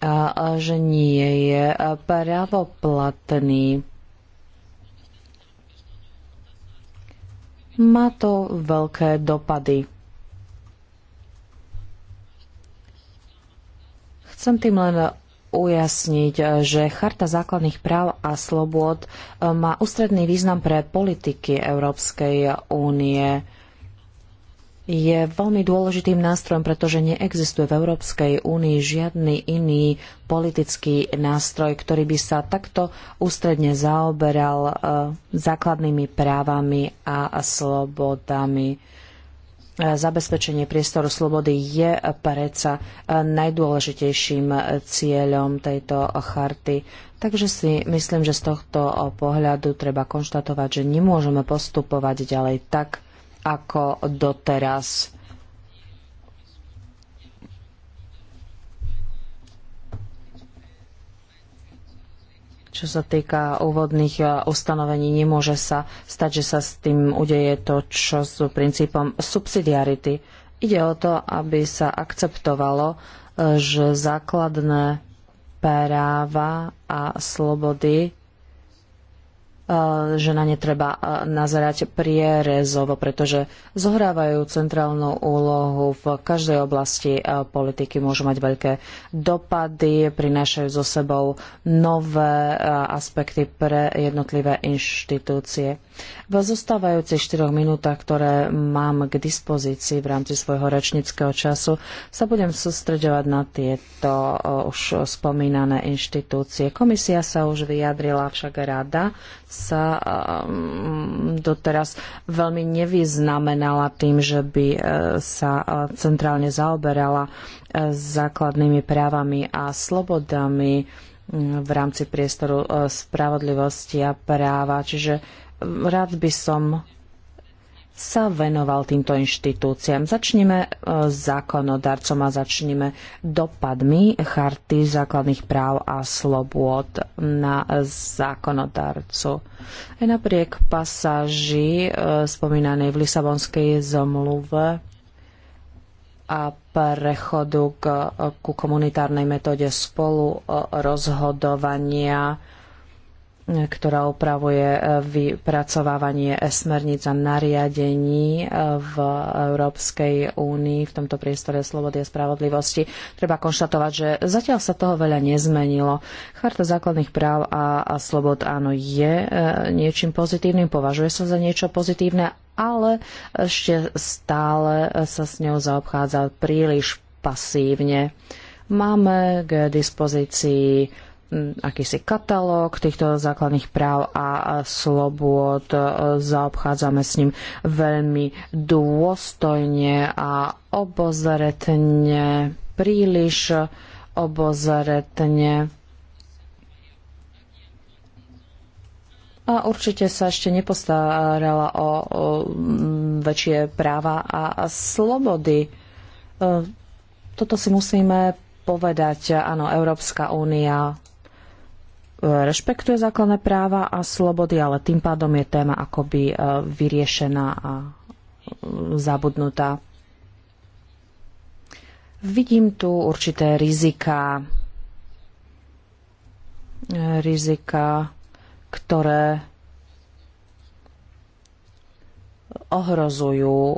a že nie je pravoplatný. Má to veľké dopady. Chcem tým len ujasniť, eh, že Charta základných práv a slobôd eh, má ústredný význam pre politiky Európskej únie je veľmi dôležitým nástrojom, pretože neexistuje v Európskej únii žiadny iný politický nástroj, ktorý by sa takto ústredne zaoberal eh, základnými právami a slobodami zabezpečenie priestoru slobody je predsa e, najdôležitejším cieľom tejto charty. Takže si myslím, že z tohto pohľadu treba konštatovať, že nemôžeme postupovať ďalej tak, ako doteraz. čo sa týka úvodných e, ustanovení, nemôže sa stať, že sa s tým udeje to, čo s princípom subsidiarity. Ide o to, aby sa akceptovalo, e, že základné práva a slobody Eh, že na ne treba eh, nazerať prierezovo, pretože zohrávajú centrálnu úlohu v každej oblasti eh, politiky, môžu mať veľké dopady, prinášajú so sebou nové aspekty pre jednotlivé inštitúcie. V zostávajúcich 4 minútach, ktoré mám k dispozícii v rámci svojho rečníckého času, sa budem sústreďovať na tieto už spomínané inštitúcie. Komisia sa už vyjadrila, však rada sa mm, doteraz veľmi nevyznamenala tým, že by e, sa e, centrálne zaoberala e, základnými právami a slobodami mm, v rámci priestoru spravodlivosti a práva. Čiže rád by som sa venoval týmto inštitúciám. Začnime e, zákonodarcom a začneme dopadmi Charty základných práv a slobôd na zákonodarcu. Aj napriek pasáži e, spomínanej v Lisabonskej zmluve a prechodu k, e, ku komunitárnej metóde spolu rozhodovania ktorá upravuje e, vypracovávanie e, smerníc a nariadení e, v Európskej únii v tomto priestore slobody a spravodlivosti. Treba konštatovať, že zatiaľ sa toho veľa nezmenilo. Charta základných práv a, a slobod áno je niečím pozitívnym, považuje sa za niečo pozitívne, ale ešte stále sa s ňou zaobchádza príliš pasívne. Máme k dispozícii Mm, akýsi katalóg týchto základných práv a slobôd. E, zaobchádzame s ním veľmi dôstojne a obozretne, príliš obozretne. A určite sa ešte nepostarala o, o väčšie práva a, a slobody. E, toto si musíme povedať. Áno, Európska únia rešpektuje základné práva a slobody, ale tým pádom je téma akoby e, vyriešená a e, zabudnutá. Vidím tu určité rizika, e, rizika, ktoré ohrozujú uh,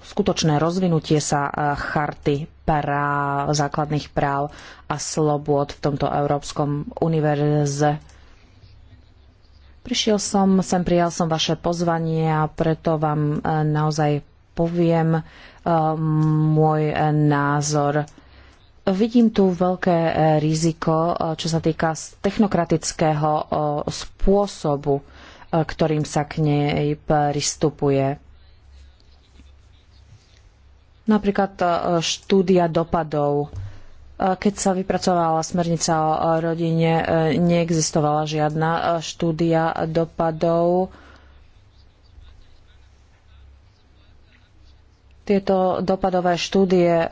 skutočné rozvinutie sa uh, charty práv, základných práv a slobôd v tomto európskom univerze. Prišiel som, sem prijal som vaše pozvanie a preto vám uh, naozaj poviem môj názor. Vidím tu veľké riziko, čo sa týka technokratického spôsobu, ktorým sa k nej pristupuje. Napríklad e, štúdia dopadov. E, keď sa vypracovala smernica o rodine, e, neexistovala žiadna štúdia dopadov. Tieto dopadové štúdie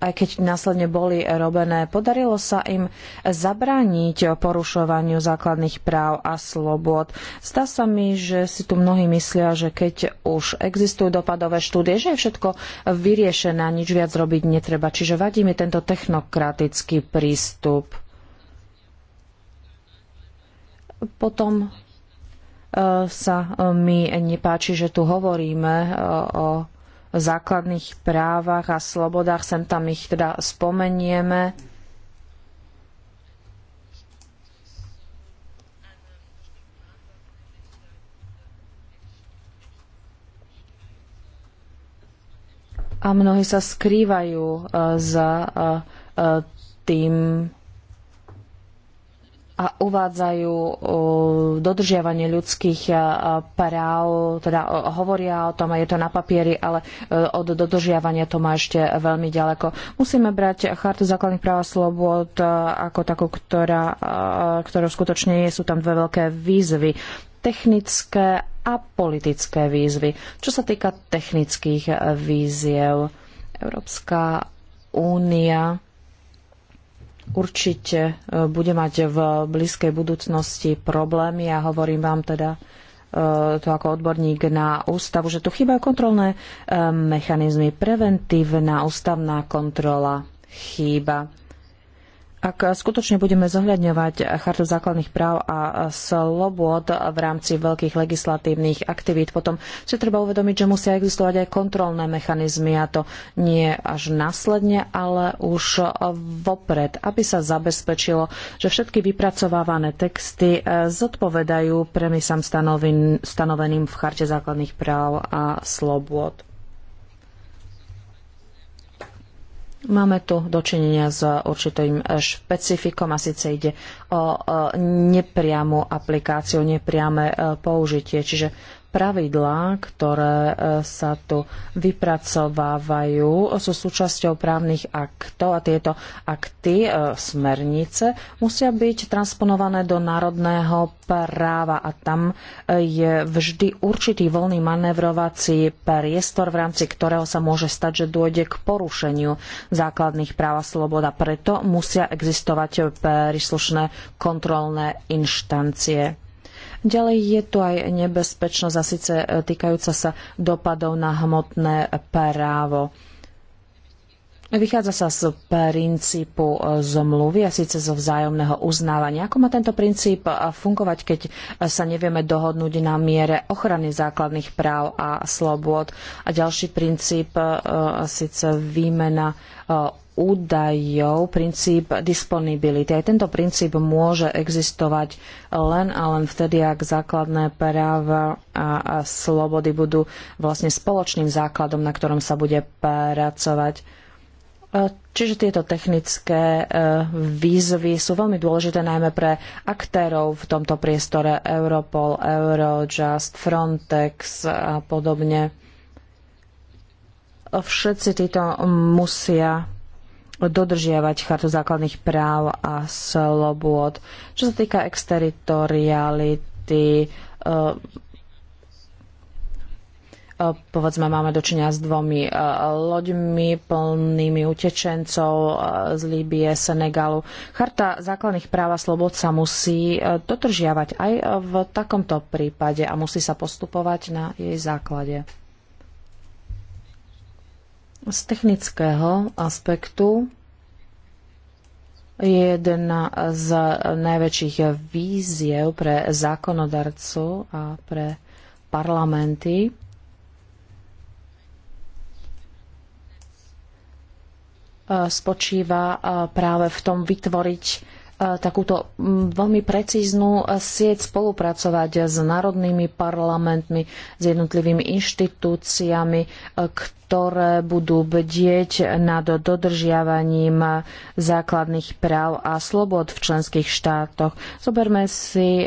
aj keď následne boli robené, podarilo sa im zabrániť porušovaniu základných práv a slobod. Zdá sa mi, že si tu mnohí myslia, že keď už existujú dopadové štúdie, že je všetko vyriešené a nič viac robiť netreba. Čiže vadí mi tento technokratický prístup. Potom e, sa e, mi nepáči, že tu hovoríme e, o základných právach a slobodách, sem tam ich teda spomenieme. A mnohí sa skrývajú eh, za eh, eh, tým a uvádzajú dodržiavanie ľudských práv, teda hovoria o tom a je to na papieri, ale e, od dodržiavania to má ešte veľmi ďaleko. Musíme brať chartu základných práv a slobod e, ako takú, ktorá, e, ktorou skutočne nie Sú tam dve veľké výzvy technické a politické výzvy. Čo sa týka technických výziev, Európska únia určite e, bude mať v blízkej budúcnosti problémy a ja hovorím vám teda e, to ako odborník na ústavu, že tu chýbajú kontrolné e, mechanizmy, preventívna ústavná kontrola chýba. Ak skutočne budeme zohľadňovať Chartu základných práv a slobôd v rámci veľkých legislatívnych aktivít, potom si treba uvedomiť, že musia existovať aj kontrolné mechanizmy a to nie až následne, ale už vopred, aby sa zabezpečilo, že všetky vypracovávané texty eh, zodpovedajú premisám stanoveným v Charte základných práv a slobôd. Máme tu dočinenia s určitým špecifikom a síce ide o e, nepriamu aplikáciu, nepriame e, použitie. Čiže pravidlá, ktoré e, sa tu vypracovávajú, sú súčasťou právnych aktov a tieto akty, e, smernice, musia byť transponované do národného práva a tam e, je vždy určitý voľný manevrovací priestor, v rámci ktorého sa môže stať, že dôjde k porušeniu základných práv a slobod a preto musia existovať príslušné kontrolné inštancie. Ďalej je tu aj nebezpečnosť a síce e, týkajúca sa dopadov na hmotné právo. Vychádza sa z princípu e, zmluvy a síce zo vzájomného uznávania. Ako má tento princíp e, fungovať, keď sa nevieme dohodnúť na miere ochrany základných práv a slobôd? A ďalší princíp, síce výmena údajov, princíp disponibility. Aj tento princíp môže existovať len a len vtedy, ak základné práva a, slobody budú vlastne spoločným základom, na ktorom sa bude pracovať. E, čiže tieto technické e, výzvy sú veľmi dôležité najmä pre aktérov v tomto priestore Europol, Eurojust, Frontex a podobne. Všetci títo musia dodržiavať chartu základných práv a slobôd. Čo sa týka exteritoriality, eh, eh, povedzme, máme dočinia s dvomi eh, loďmi plnými utečencov z Líbie, Senegalu. Charta základných práv a slobod sa musí dodržiavať aj v takomto prípade a musí sa postupovať na jej základe. Z technického aspektu je jedna z najväčších víziev pre zákonodarcu a pre parlamenty spočíva práve v tom vytvoriť takúto veľmi precíznu sieť spolupracovať s národnými parlamentmi, s jednotlivými inštitúciami, ktoré budú bdieť nad dodržiavaním základných práv a slobod v členských štátoch. Zoberme si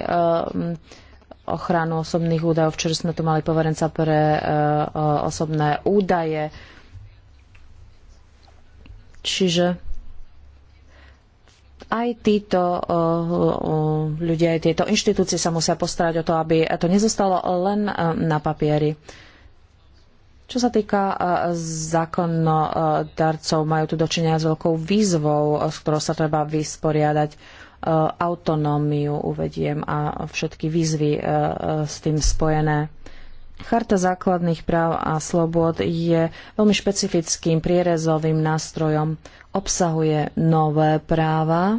ochranu osobných údajov. Včera sme tu mali poverenca pre osobné údaje. Čiže aj títo ľudia, aj tieto inštitúcie sa musia postarať o to, aby to nezostalo len e, na papieri. Čo sa týka e, zákonodarcov, majú tu dočinenia s veľkou výzvou, e, s ktorou sa treba vysporiadať. Autonómiu uvediem a všetky výzvy s tým spojené. Charta základných práv a slobod je veľmi špecifickým prierezovým nástrojom. Obsahuje nové práva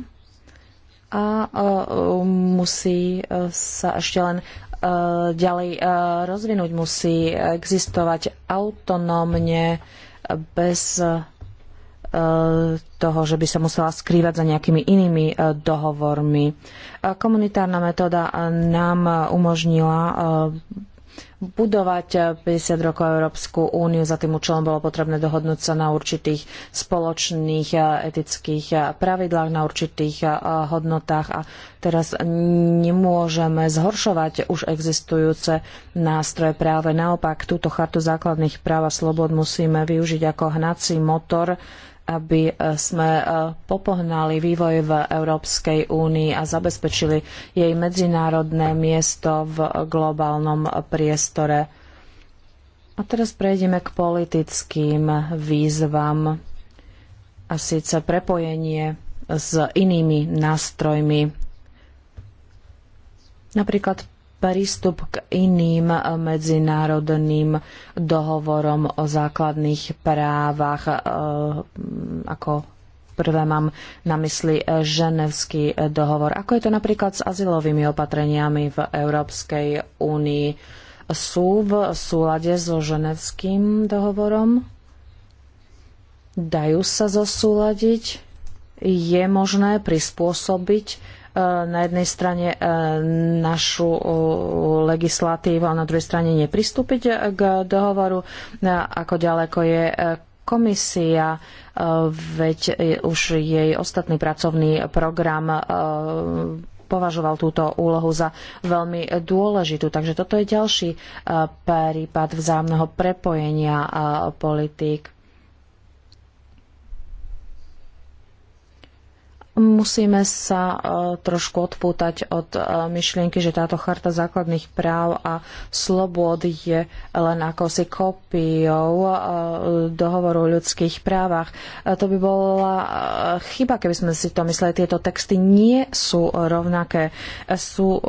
a e, musí e, sa ešte len e, ďalej rozvinúť. Musí existovať autonómne bez toho, že by sa musela skrývať za nejakými inými dohovormi. Komunitárna metóda nám umožnila budovať 50 eh, rokov Európsku úniu. Za tým účelom bolo potrebné dohodnúť sa na určitých spoločných eh, etických eh, pravidlách, na určitých hodnotách a teraz nemôžeme zhoršovať už existujúce nástroje. Práve naopak túto chartu základných práv a slobod musíme využiť ako hnací motor aby e, sme e, popohnali vývoj v Európskej únii a zabezpečili jej medzinárodné miesto v globálnom priestore. A teraz prejdeme k politickým výzvam a síce prepojenie s inými nástrojmi. Napríklad prístup k iným medzinárodným dohovorom o základných právach e, ako prvé mám na mysli ženevský dohovor. Ako je to napríklad s azylovými opatreniami v Európskej únii? Sú v súlade so ženevským dohovorom? Dajú sa zosúladiť? Je možné prispôsobiť Eh, na jednej strane eh, našu eh, legislatívu a na druhej strane nepristúpiť k dohovoru, ako ďaleko je komisia, veď už jej ostatný pracovný program považoval túto úlohu za veľmi dôležitú. Takže toto je ďalší prípad vzájomného prepojenia politík. Musíme sa e, trošku odpútať od e, myšlienky, že táto charta základných práv a slobod je len si kopiou e, dohovoru o ľudských právach. To by bola chyba, keby sme si to mysleli. Tieto texty nie sú rovnaké. Sú,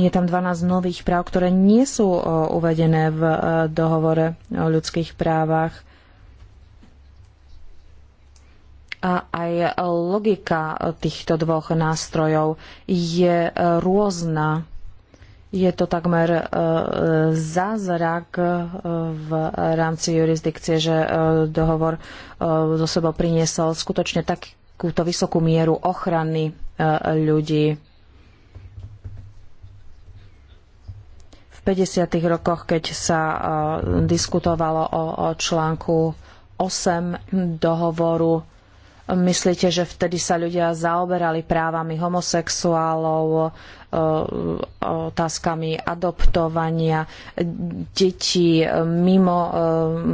je tam 12 nových práv, ktoré nie sú uvedené v dohovore o ľudských právach. aj logika týchto dvoch nástrojov je rôzna. Je to takmer e, zázrak e, v rámci jurisdikcie, že e, dohovor zo sebou priniesol skutočne takúto vysokú mieru ochrany ľudí. V 50. rokoch, keď sa diskutovalo o, článku 8 dohovoru, Myslíte, že vtedy sa ľudia zaoberali právami homosexuálov, Eh, otázkami adoptovania detí mimo eh,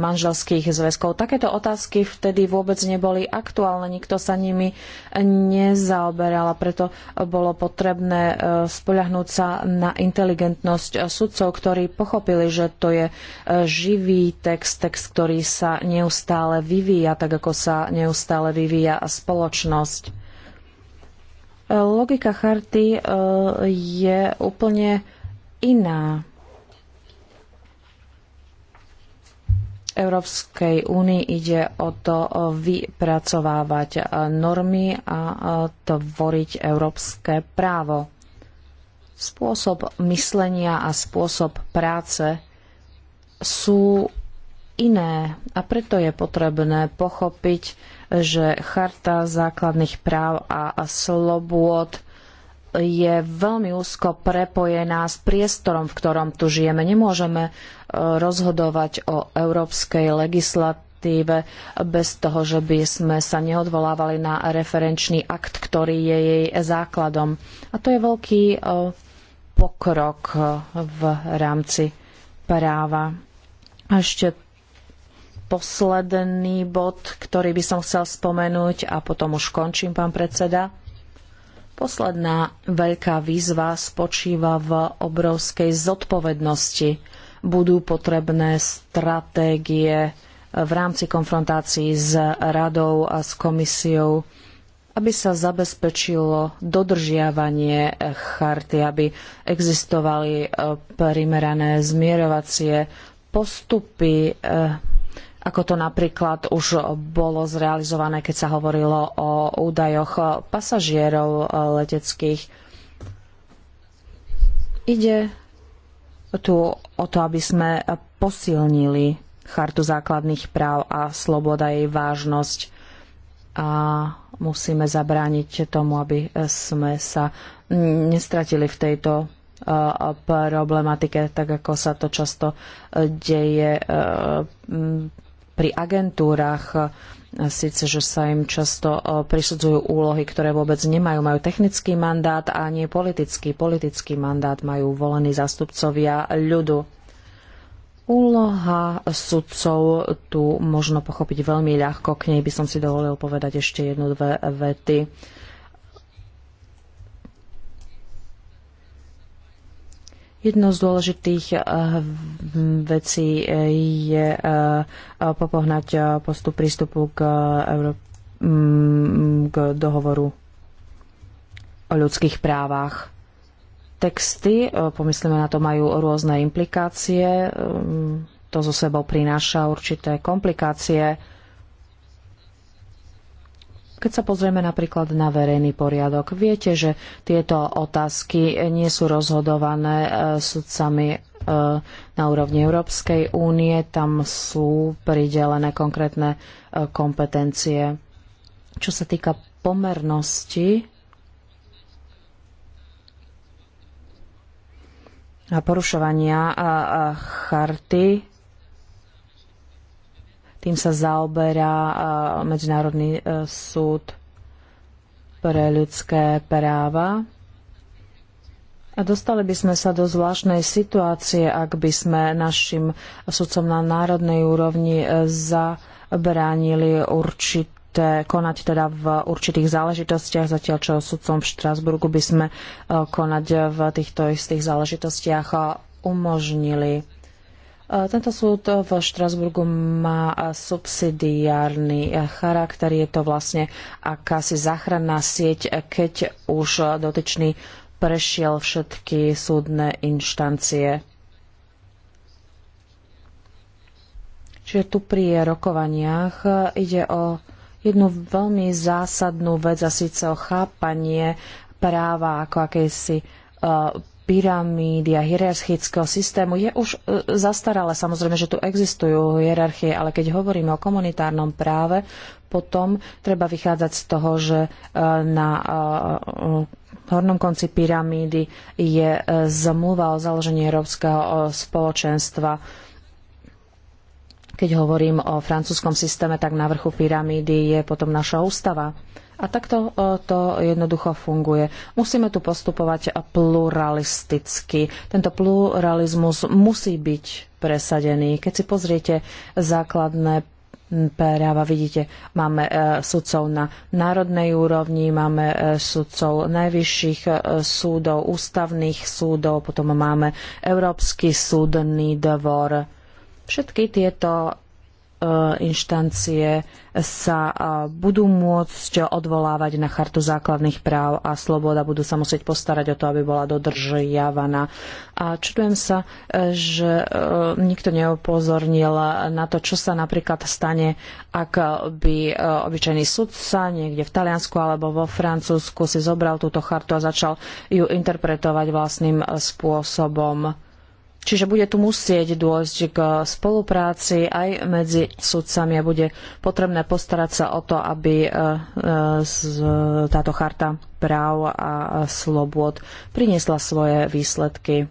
manželských zväzkov. Takéto otázky vtedy vôbec neboli aktuálne, nikto sa nimi nezaoberal a preto bolo potrebné eh, spoľahnúť sa na inteligentnosť sudcov, ktorí pochopili, že to je živý text, text, ktorý sa neustále vyvíja, tak ako sa neustále vyvíja spoločnosť. Logika charty e, je úplne iná. Európskej únii ide o to vypracovávať normy a tvoriť európske právo. Spôsob myslenia a spôsob práce sú iné a preto je potrebné pochopiť, že Charta základných práv a slobôd je veľmi úzko prepojená s priestorom, v ktorom tu žijeme. Nemôžeme e, rozhodovať o európskej legislatíve bez toho, že by sme sa neodvolávali na referenčný akt, ktorý je jej základom. A to je veľký e, pokrok e, v rámci práva. A ešte posledný bod, ktorý by som chcel spomenúť a potom už končím, pán predseda. Posledná veľká výzva spočíva v obrovskej zodpovednosti. Budú potrebné stratégie v rámci konfrontácií s radou a s komisiou aby sa zabezpečilo dodržiavanie charty, aby existovali primerané zmierovacie postupy, eh, ako to napríklad už bolo zrealizované, keď sa hovorilo o údajoch pasažierov leteckých. Ide tu o to, aby sme posilnili chartu základných práv a sloboda jej vážnosť a musíme zabrániť tomu, aby sme sa nestratili v tejto e, problematike, tak ako sa to často deje e, pri agentúrach e, síce, že sa im často e, prisudzujú úlohy, ktoré vôbec nemajú. Majú technický mandát a nie politický. Politický mandát majú volení zástupcovia ľudu. Úloha sudcov tu možno pochopiť veľmi ľahko, k nej by som si dovolil povedať ešte jednu, dve vety. Jedno z dôležitých eh, vecí eh, je eh, popohnať postup prístupu k, Euró- mm, k dohovoru o ľudských právach. Texty, pomyslíme na to, majú rôzne implikácie. To zo sebou prináša určité komplikácie keď sa pozrieme napríklad na verejný poriadok, viete, že tieto otázky nie sú rozhodované e, sudcami e, na úrovni Európskej únie, tam sú pridelené konkrétne e, kompetencie. Čo sa týka pomernosti a porušovania a charty tým sa zaoberá e, Medzinárodný e, súd pre ľudské práva. A dostali by sme sa do zvláštnej situácie, ak by sme našim sudcom na národnej úrovni e, zabránili určitú konať teda v určitých záležitostiach, zatiaľ čo sudcom v Štrasburgu by sme konať v týchto istých záležitostiach umožnili. Tento súd v Štrasburgu má subsidiárny charakter. Je to vlastne akási záchranná sieť, keď už dotyčný prešiel všetky súdne inštancie. Čiže tu pri rokovaniach ide o jednu veľmi zásadnú vec a síce o chápanie práva ako akejsi e, pyramídy a hierarchického systému je už e, zastaralé. Samozrejme, že tu existujú hierarchie, ale keď hovoríme o komunitárnom práve, potom treba vychádzať z toho, že e, na e, hornom konci pyramídy je zmluva o založení Európskeho spoločenstva. Keď hovorím o francúzskom systéme, tak na vrchu pyramídy je potom naša ústava. A takto e, to jednoducho funguje. Musíme tu postupovať pluralisticky. Tento pluralizmus musí byť presadený. Keď si pozriete základné práva. Vidíte, máme e, sudcov na národnej úrovni, máme e, sudcov najvyšších súdov, ústavných súdov, potom máme Európsky súdny dvor. Všetky tieto Eh, inštancie sa eh, budú môcť odvolávať na chartu základných práv a sloboda, budú sa musieť postarať o to, aby bola dodržiavaná. A čudujem sa, eh, že nikto neupozornil na to, čo sa napríklad stane, ak by obyčajný sudca niekde v Taliansku alebo vo Francúzsku si zobral túto chartu a začal ju interpretovať vlastným spôsobom Čiže bude tu musieť dôjsť k spolupráci aj medzi sudcami a bude potrebné postarať sa o to, aby e, e, táto charta práv a slobôd priniesla svoje výsledky.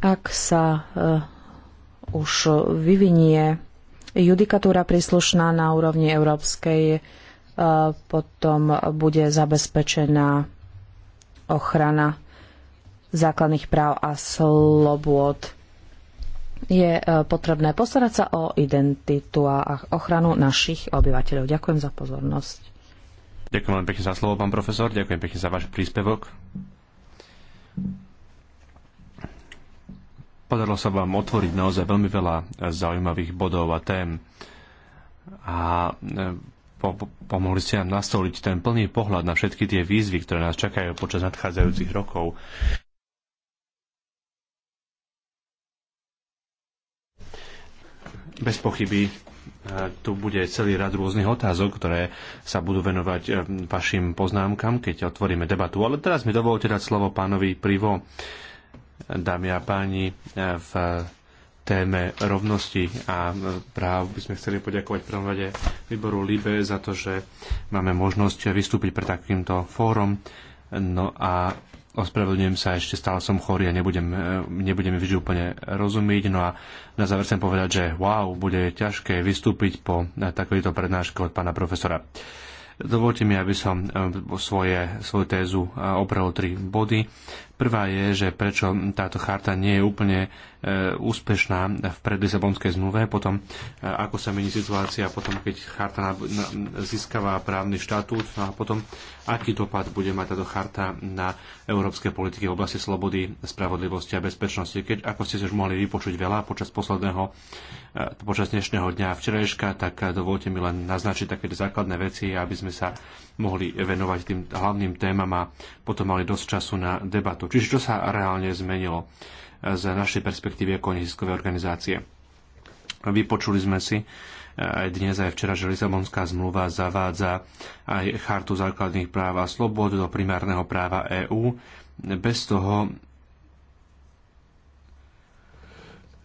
Ak sa e, už vyvinie judikatúra príslušná na úrovni európskej, potom bude zabezpečená ochrana základných práv a slobôd. Je e, potrebné postarať sa o identitu a ochranu našich obyvateľov. Ďakujem za pozornosť. Ďakujem veľmi pekne za slovo, pán profesor. Ďakujem pekne za váš príspevok. Podarilo sa vám otvoriť naozaj veľmi veľa e, zaujímavých bodov a tém. A e, po, pomohli ste nám nastoliť ten plný pohľad na všetky tie výzvy, ktoré nás čakajú počas nadchádzajúcich rokov. Bez pochyby e, tu bude celý rad rôznych otázok, ktoré sa budú venovať e, vašim poznámkam, keď otvoríme debatu. Ale teraz mi dovolte dať slovo pánovi Privo, dámy a páni, e, v téme rovnosti a práv by sme chceli poďakovať prvom rade výboru LIBE za to, že máme možnosť vystúpiť pre takýmto fórom. No a ospravedlňujem sa, ešte stále som chorý a nebudem, e, nebudem vždy úplne rozumieť. No a na záver chcem povedať, že wow, bude ťažké vystúpiť po e, takovejto prednáške od pána profesora. Dovolte mi, aby som e, svoje, svoju tézu opravil tri body. Prvá je, že prečo táto charta nie je úplne e, úspešná v predlisabonskej zmluve, potom e, ako sa mení situácia, potom keď charta na, na, získava právny štatút, no a potom aký dopad bude mať táto charta na európske politiky v oblasti slobody, spravodlivosti a bezpečnosti. Keď, ako ste si už mohli vypočuť veľa počas posledného, e, počas dnešného dňa včerajška, tak e, dovolte mi len naznačiť také základné veci, aby sme sa mohli venovať tým hlavným témam a potom mali dosť času na debatu. Čiže čo sa reálne zmenilo z našej perspektívy ako neziskové organizácie? Vypočuli sme si aj e, dnes, aj včera, že Lisabonská zmluva zavádza aj chartu základných práv a slobod do primárneho práva EÚ bez toho,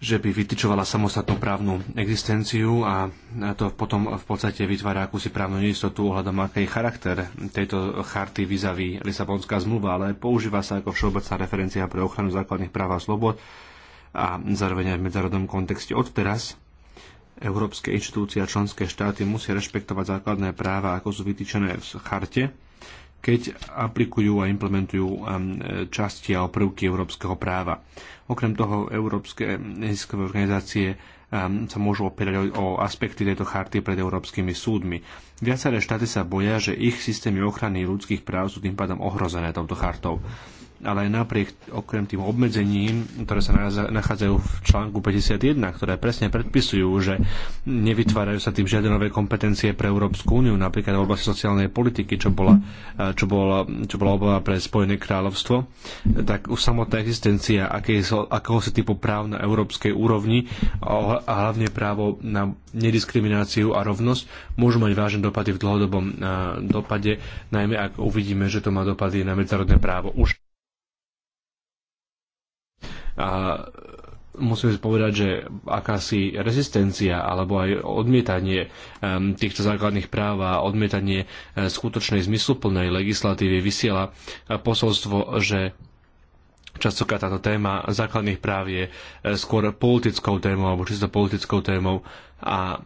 že by vytyčovala samostatnú právnu existenciu a to potom v podstate vytvára akúsi právnu neistotu ohľadom, aký je charakter tejto charty vizaví Lisabonská zmluva, ale používa sa ako všeobecná referencia pre ochranu základných práv a slobod a zároveň aj v medzárodnom kontexte. Odteraz európske inštitúcie a členské štáty musia rešpektovať základné práva, ako sú vytýčené v charte keď aplikujú a implementujú um, časti a prvky európskeho práva. Okrem toho, európske neziskové organizácie um, sa môžu opierať o aspekty tejto charty pred európskymi súdmi. Viaceré štáty sa boja, že ich systémy ochrany ľudských práv sú tým pádom ohrozené touto chartou ale aj napriek okrem tým obmedzením, ktoré sa nachádzajú v článku 51, ktoré presne predpisujú, že nevytvárajú sa tým žiadne nové kompetencie pre Európsku úniu, napríklad v oblasti sociálnej politiky, čo bola, eh, čo bola, čo bola obava pre Spojené kráľovstvo, tak už samotná existencia akéhosi typu práv na európskej úrovni a hlavne právo na nediskrimináciu a rovnosť môžu mať vážne dopady v dlhodobom eh, dopade, najmä ak uvidíme, že to má dopady na medzinárodné právo už musíme si povedať, že akási rezistencia alebo aj odmietanie týchto základných práv a odmietanie e, skutočnej zmysluplnej legislatívy vysiela e, posolstvo, že častokrát táto téma základných práv je e, skôr politickou témou alebo čisto politickou témou a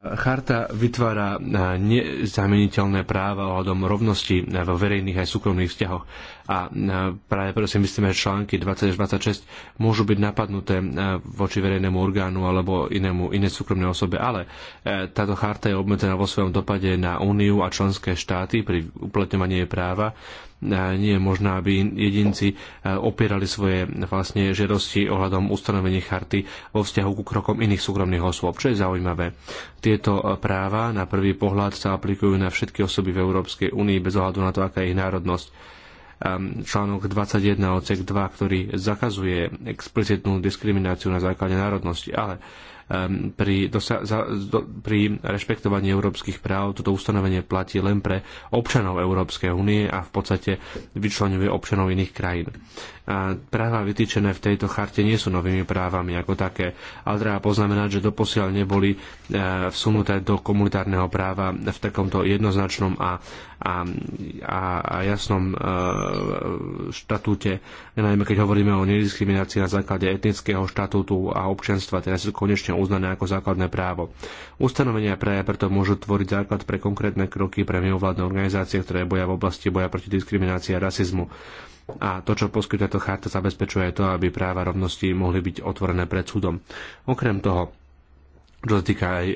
Charta vytvára eh, nezameniteľné práva ohľadom rovnosti eh, vo verejných aj súkromných vzťahoch a e, práve preto si myslíme, že články 20 až 26 môžu byť napadnuté e, voči verejnému orgánu alebo inému, iné súkromnej osobe, ale e, táto charta je obmedzená vo svojom dopade na Úniu a členské štáty pri uplatňovaní jej práva nie je možné, aby jedinci opierali svoje vlastne žiadosti ohľadom ustanovení charty vo vzťahu ku krokom iných súkromných osôb, čo je zaujímavé. Tieto práva na prvý pohľad sa aplikujú na všetky osoby v Európskej únii bez ohľadu na to, aká je ich národnosť Ehm, článok 21 odsek 2, ktorý zakazuje explicitnú diskrimináciu na základe národnosti, ale ehm, pri, dosa, za, do, pri rešpektovaní európskych práv toto ustanovenie platí len pre občanov Európskej únie a v podstate vyčlenuje občanov iných krajín práva vytýčené v tejto charte nie sú novými právami ako také, ale treba poznamenať, že doposiaľ neboli e, vsunuté do komunitárneho práva v takomto jednoznačnom a, a, a, jasnom e, štatúte, najmä keď hovoríme o nediskriminácii na základe etnického štatútu a občianstva, teraz sú konečne uznané ako základné právo. Ustanovenia práve preto môžu tvoriť základ pre konkrétne kroky pre mimovládne organizácie, ktoré boja v oblasti boja proti diskriminácii a rasizmu a to, čo poskytuje to charta, zabezpečuje to, aby práva rovnosti mohli byť otvorené pred súdom. Okrem toho, čo sa týka aj e,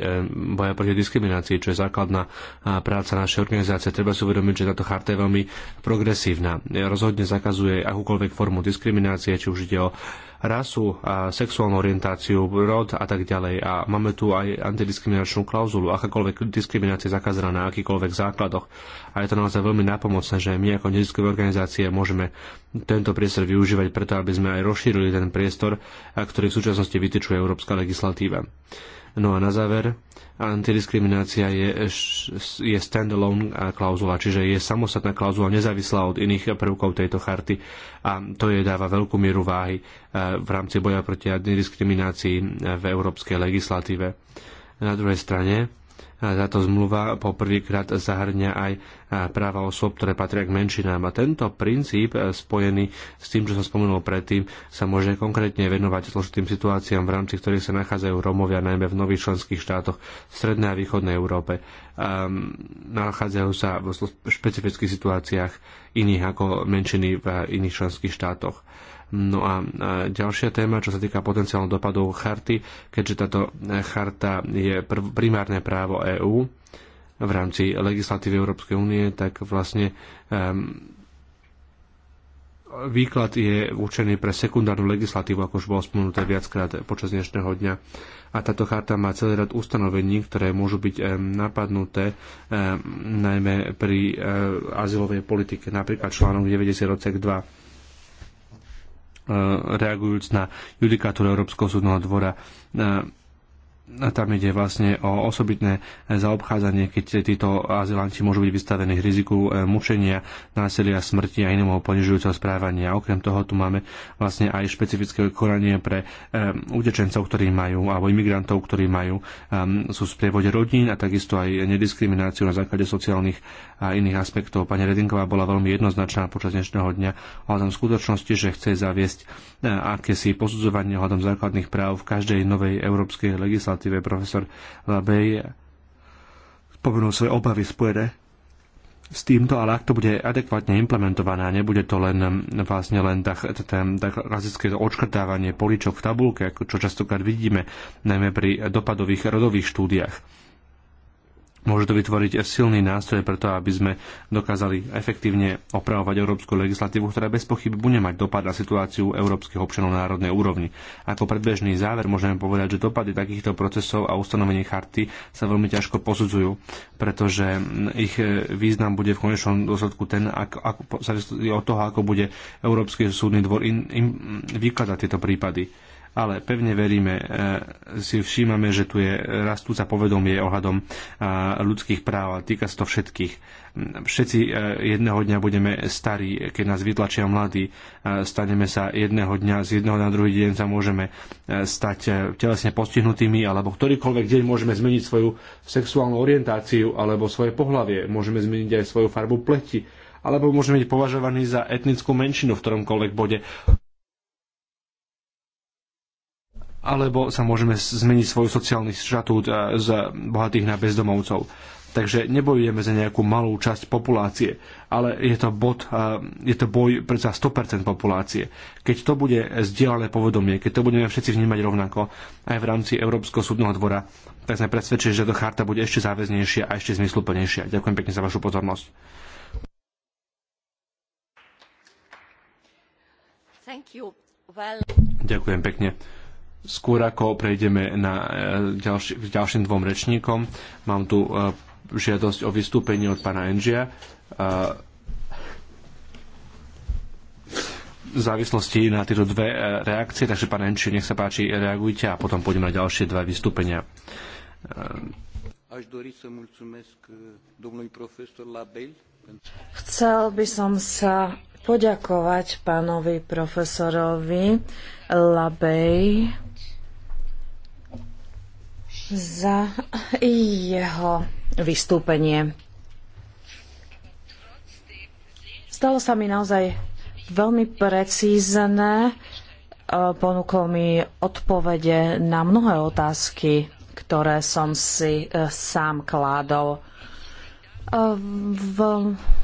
boja proti diskriminácii, čo je základná e, práca našej organizácie. Treba si uvedomiť, že táto charta je veľmi progresívna. E, rozhodne zakazuje akúkoľvek formu diskriminácie, či už ide o rasu, a sexuálnu orientáciu, rod a tak ďalej. A máme tu aj antidiskriminačnú klauzulu. Akákoľvek diskriminácia je zakázaná na akýkoľvek základoch. A je to naozaj veľmi napomocné, že my ako neziskové organizácie môžeme tento priestor využívať preto, aby sme aj rozšírili ten priestor, ktorý v súčasnosti vytyčuje európska legislatíva. No a na záver, antidiskriminácia je, je stand-alone klauzula, čiže je samostatná klauzula nezávislá od iných prvkov tejto charty a to jej dáva veľkú mieru váhy eh, v rámci boja proti antidiskriminácii eh, v európskej legislatíve. Na druhej strane, táto zmluva poprvýkrát zahrňa aj práva osôb, ktoré patria k menšinám. A tento princíp e, spojený s tým, čo som spomenul predtým, sa môže konkrétne venovať zložitým situáciám, v rámci ktorých sa nachádzajú Romovia, najmä v nových členských štátoch v Strednej a Východnej Európe. Um, nachádzajú sa v špecifických situáciách iných ako menšiny v iných členských štátoch No a ďalšia téma, čo sa týka potenciálnych dopadov charty, keďže táto e, charta je primárne právo EÚ v rámci legislatívy Európskej únie, tak vlastne um, výklad je určený pre sekundárnu legislatívu, ako už bolo spomenuté viackrát počas dnešného dňa. A táto charta má celý rad ustanovení, ktoré môžu byť napadnuté najmä pri e, azylovej politike, napríklad článok 90 2 reagujúc na judikatúru Európskeho súdneho dvora tam ide vlastne o osobitné zaobchádzanie, keď títo azylanti môžu byť vystavení riziku e, mučenia, násilia, smrti a iného ponižujúceho správania. Okrem toho tu máme vlastne aj špecifické konanie pre e, utečencov, ktorí majú, alebo imigrantov, ktorí majú, sú v prievode rodín a takisto aj nediskrimináciu na základe sociálnych a iných aspektov. Pani Redinková bola veľmi jednoznačná počas dnešného dňa hľadom skutočnosti, že chce zaviesť e, akési posudzovanie hľadom základných práv v každej novej európskej legislatívy legislatíve. Profesor Labej spomenul svoje obavy spojené s týmto, ale ak to bude adekvátne implementované a nebude to len hm, vlastne len tak, tak, tak klasické odškrtávanie políčok v tabulke, ako čo častokrát vidíme, najmä pri dopadových rodových štúdiách Môže to vytvoriť silný nástroj preto, aby sme dokázali efektívne opravovať európsku legislatívu, ktorá bez pochyby bude mať dopad na situáciu európskych občanov na národnej úrovni. Ako predbežný záver môžeme povedať, že dopady takýchto procesov a ustanovenie charty sa veľmi ťažko posudzujú, pretože ich význam bude v konečnom dôsledku ten, ako, ako, od toho, ako bude Európsky súdny dvor in, in, vykladať tieto prípady ale pevne veríme, e, si všímame, že tu je rastúca povedomie ohľadom e, ľudských práv a týka sa to všetkých. Všetci e, jedného dňa budeme starí, keď nás vytlačia mladí, staneme sa jedného dňa, z jedného na druhý deň sa môžeme stať telesne postihnutými, alebo ktorýkoľvek deň môžeme zmeniť svoju sexuálnu orientáciu alebo svoje pohlavie, môžeme zmeniť aj svoju farbu pleti, alebo môžeme byť považovaní za etnickú menšinu v ktoromkoľvek bode alebo sa môžeme zmeniť svoj sociálny štatút eh, z bohatých na bezdomovcov. Takže nebojujeme za nejakú malú časť populácie, ale je to, bod, eh, je to boj za 100% populácie. Keď to bude zdieľané povedomie, keď to budeme všetci vnímať rovnako, aj v rámci Európskeho súdneho dvora, tak sme presvedčili, že to charta bude ešte záväznejšia a ešte zmysluplnejšia. Ďakujem pekne za vašu pozornosť. Well... Ďakujem pekne. Skôr ako prejdeme na e, ďalši, k ďalším dvom rečníkom, mám tu e, žiadosť o vystúpenie od pána Enžia. E, v závislosti na tieto dve reakcie, takže pán Enžia, nech sa páči, reagujte a potom pôjdeme na ďalšie dva vystúpenia. Chcel by som sa poďakovať pánovi profesorovi Labej za jeho vystúpenie. Stalo sa mi naozaj veľmi precízne, e, ponúkol mi odpovede na mnohé otázky, ktoré som si e, sám kládol. E, v,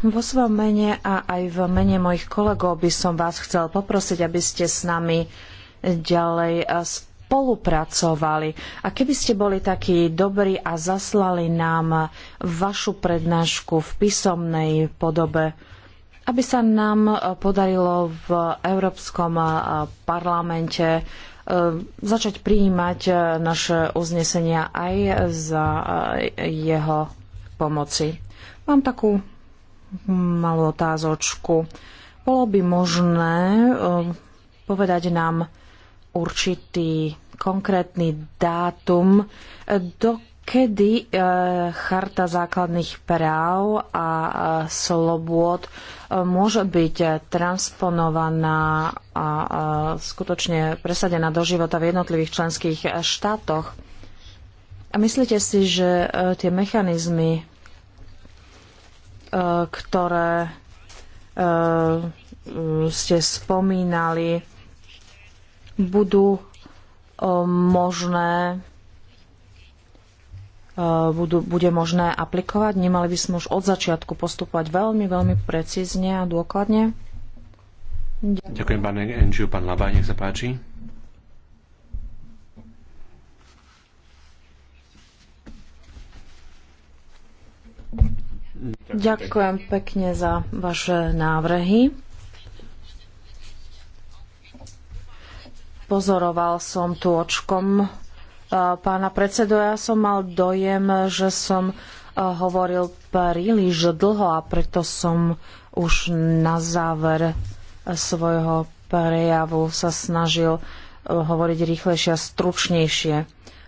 vo svojom mene a aj v mene mojich kolegov by som vás chcel poprosiť, aby ste s nami ďalej spolupracovali spolupracovali. A keby ste boli takí dobrí a zaslali nám vašu prednášku v písomnej podobe, aby sa nám e, podarilo v Európskom e, parlamente e, začať prijímať naše uznesenia aj za jeho pomoci. Mám takú malú otázočku. Bolo by možné povedať nám, určitý konkrétny dátum, do kedy e, Charta základných práv a e, slobôd e, môže byť transponovaná a skutočne presadená do života v jednotlivých členských štátoch. A myslíte si, že tie mechanizmy, ktoré ste spomínali, budú eh, možné eh, budú, bude možné aplikovať. Nemali by sme už od začiatku postupovať veľmi, veľmi precízne a dôkladne. Ďakujem, Ďakujem pán Enžiu, pán Labaj, nech sa páči. Ďakujem pekne za vaše návrhy. Pozoroval som tu očkom e, pána predsedu. Ja som mal dojem, že som e, hovoril príliš dlho a preto som už na záver svojho prejavu sa snažil e, hovoriť rýchlejšie a stručnejšie.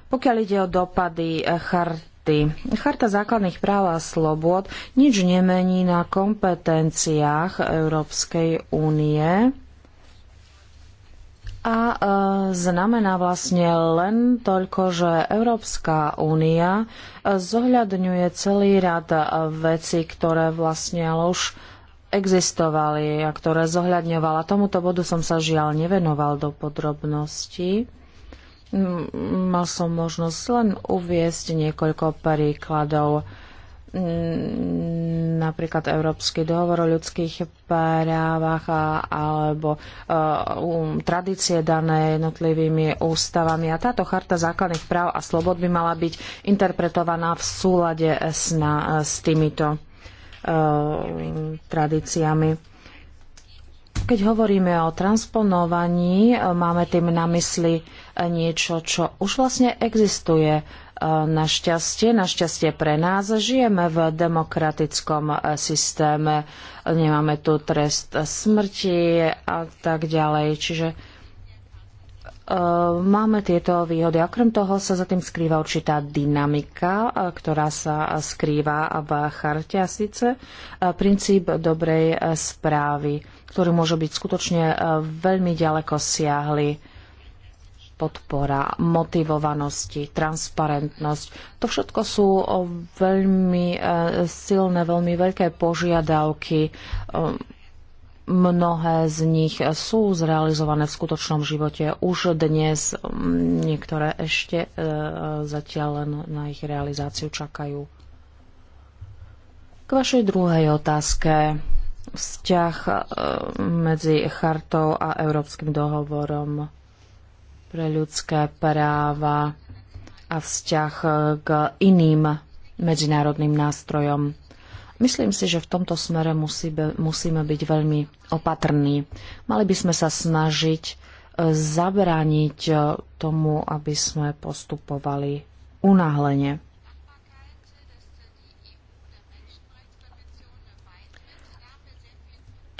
Pokiaľ ide o dopady charty, charty. Charta základných práv a slobôd nič nemení na kompetenciách Európskej únie a e, znamená vlastne len toľko, že Európska únia e, zohľadňuje celý rad e, vecí, ktoré vlastne ale už existovali a ktoré zohľadňovala. Tomuto bodu som sa žiaľ nevenoval do podrobností. Mal som možnosť len uviesť niekoľko príkladov. Mm, napríklad Európsky dohovor o ľudských právach alebo e, um, tradície dané jednotlivými ústavami. A táto charta základných práv a slobod by mala byť interpretovaná v súlade s, na, s týmito e, tradíciami. Keď hovoríme o transponovaní, e, máme tým na mysli niečo, čo už vlastne existuje Našťastie, našťastie pre nás, žijeme v demokratickom e, systéme, nemáme tu trest smrti a tak ďalej. Čiže e, máme tieto výhody. Okrem toho sa za tým skrýva určitá dynamika, e, ktorá sa skrýva v charte a síce princíp dobrej správy, ktorý môže byť skutočne veľmi ďaleko siahly podpora, motivovanosti, transparentnosť. To všetko sú veľmi e, silné, veľmi veľké požiadavky. E, mnohé z nich sú zrealizované v skutočnom živote už dnes, niektoré ešte e, zatiaľ len na ich realizáciu čakajú. K vašej druhej otázke vzťah medzi chartou a európskym dohovorom pre ľudské práva a vzťah k iným medzinárodným nástrojom. Myslím si, že v tomto smere musíme, musíme byť veľmi opatrní. Mali by sme sa snažiť e, zabrániť e, tomu, aby sme postupovali unáhlenie.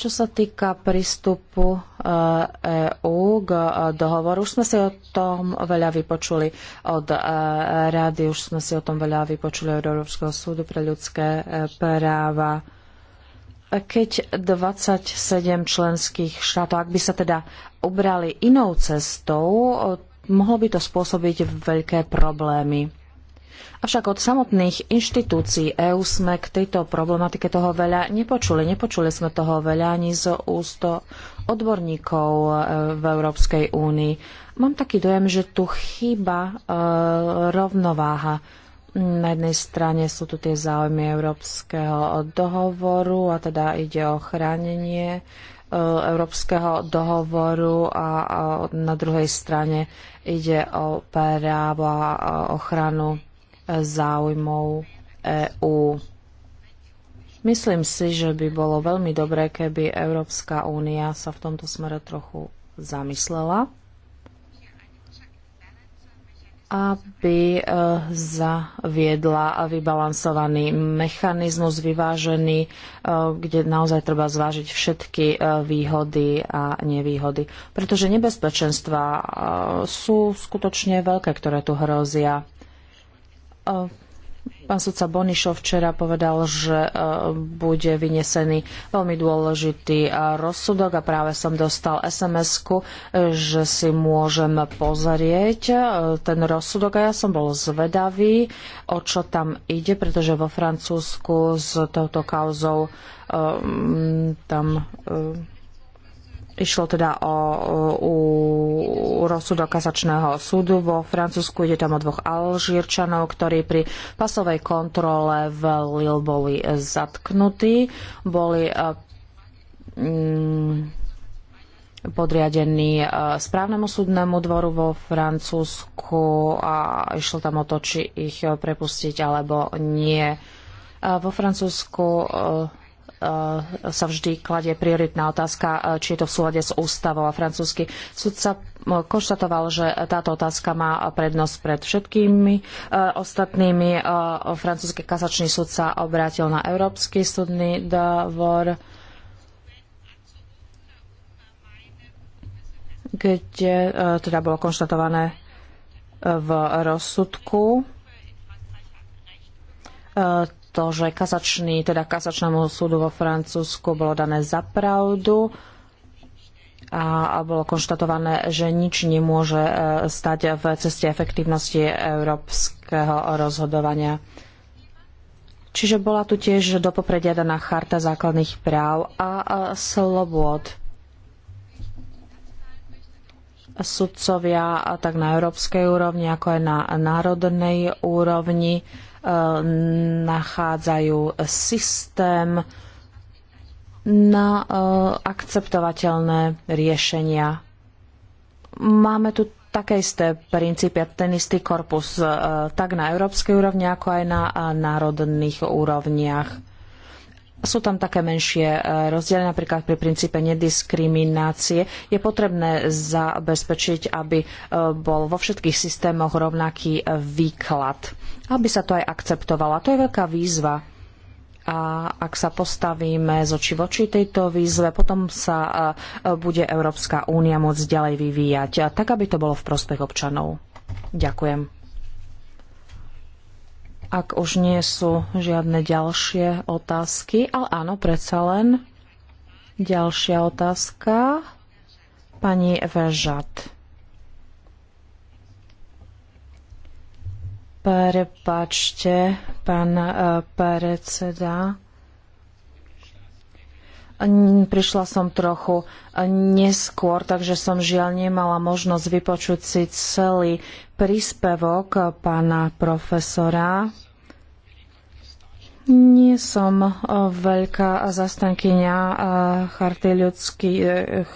Čo sa týka prístupu EÚ eh, e k eh, dohovoru, už sme si o tom veľa vypočuli od eh, Rady, už sme si o tom veľa vypočuli od Európskeho súdu pre ľudské práva. Keď 27 členských štátov, ak by sa teda ubrali inou cestou, mohlo by to spôsobiť veľké problémy. Avšak od samotných inštitúcií EÚ sme k tejto problematike toho veľa nepočuli. Nepočuli sme toho veľa ani z ústo odborníkov e, v Európskej únii. Mám taký dojem, že tu chýba e, rovnováha. Na jednej strane sú tu tie záujmy Európskeho dohovoru a teda ide o chránenie e, Európskeho dohovoru a na druhej strane ide o práva a ochranu záujmov EÚ. Myslím si, že by bolo veľmi dobré, keby Európska únia sa v tomto smere trochu zamyslela, aby e, zaviedla vybalansovaný mechanizmus vyvážený, e, kde naozaj treba zvážiť všetky e, výhody a nevýhody. Pretože nebezpečenstva sú skutočne veľké, ktoré tu hrozia. Pán sudca Bonišov včera povedal, že e, bude vynesený veľmi dôležitý e, rozsudok a práve som dostal sms e, že si môžem pozrieť ten rozsudok a ja som bol zvedavý, o čo tam ide, pretože vo Francúzsku s touto kauzou tam Išlo teda o, o, o rozsudok kasačného súdu vo Francúzsku. Ide tam o dvoch Alžírčanov, ktorí pri pasovej kontrole v Lille boli zatknutí. Boli e, mm, podriadený e, správnemu súdnemu dvoru vo Francúzsku a išlo tam o to, či ich prepustiť alebo nie. Vo Francúzsku e, Eh, sa vždy kladie prioritná otázka, eh, či je to v súlade s ústavou a francúzsky sudca eh, konštatoval, že táto otázka má prednosť pred všetkými ostatnými. Francúzsky kasačný súd sa obrátil na Európsky súdny dvor, kde teda bolo konštatované v rozsudku to, že kasačný, teda kasačnému súdu vo Francúzsku bolo dané za pravdu a, bolo konštatované, že nič nemôže e, stať v ceste efektívnosti európskeho rozhodovania. Čiže bola tu tiež do popredia daná charta základných práv a slobôd. Sudcovia tak na európskej úrovni, ako aj na národnej úrovni Eh, nachádzajú systém na eh, akceptovateľné riešenia. Máme tu také isté princípy a ten istý korpus eh, tak na európskej úrovni, ako aj na národných úrovniach sú tam také menšie e, rozdiely, napríklad pri princípe nediskriminácie. Je potrebné zabezpečiť, aby e, bol vo všetkých systémoch rovnaký e, výklad, aby sa to aj akceptovalo. A to je veľká výzva a ak sa postavíme z oči voči tejto výzve, potom sa bude Európska únia môcť ďalej vyvíjať, tak aby to bolo v prospech občanov. Ďakujem. Ak už nie sú žiadne ďalšie otázky, ale áno, predsa len ďalšia otázka. Pani Vežat. Prepačte, pán e, predseda. Prišla som trochu e, neskôr, takže som žiaľ nemala možnosť vypočuť si celý príspevok pána profesora. Nie som eh, veľká zastankyňa eh, charty ľudských eh,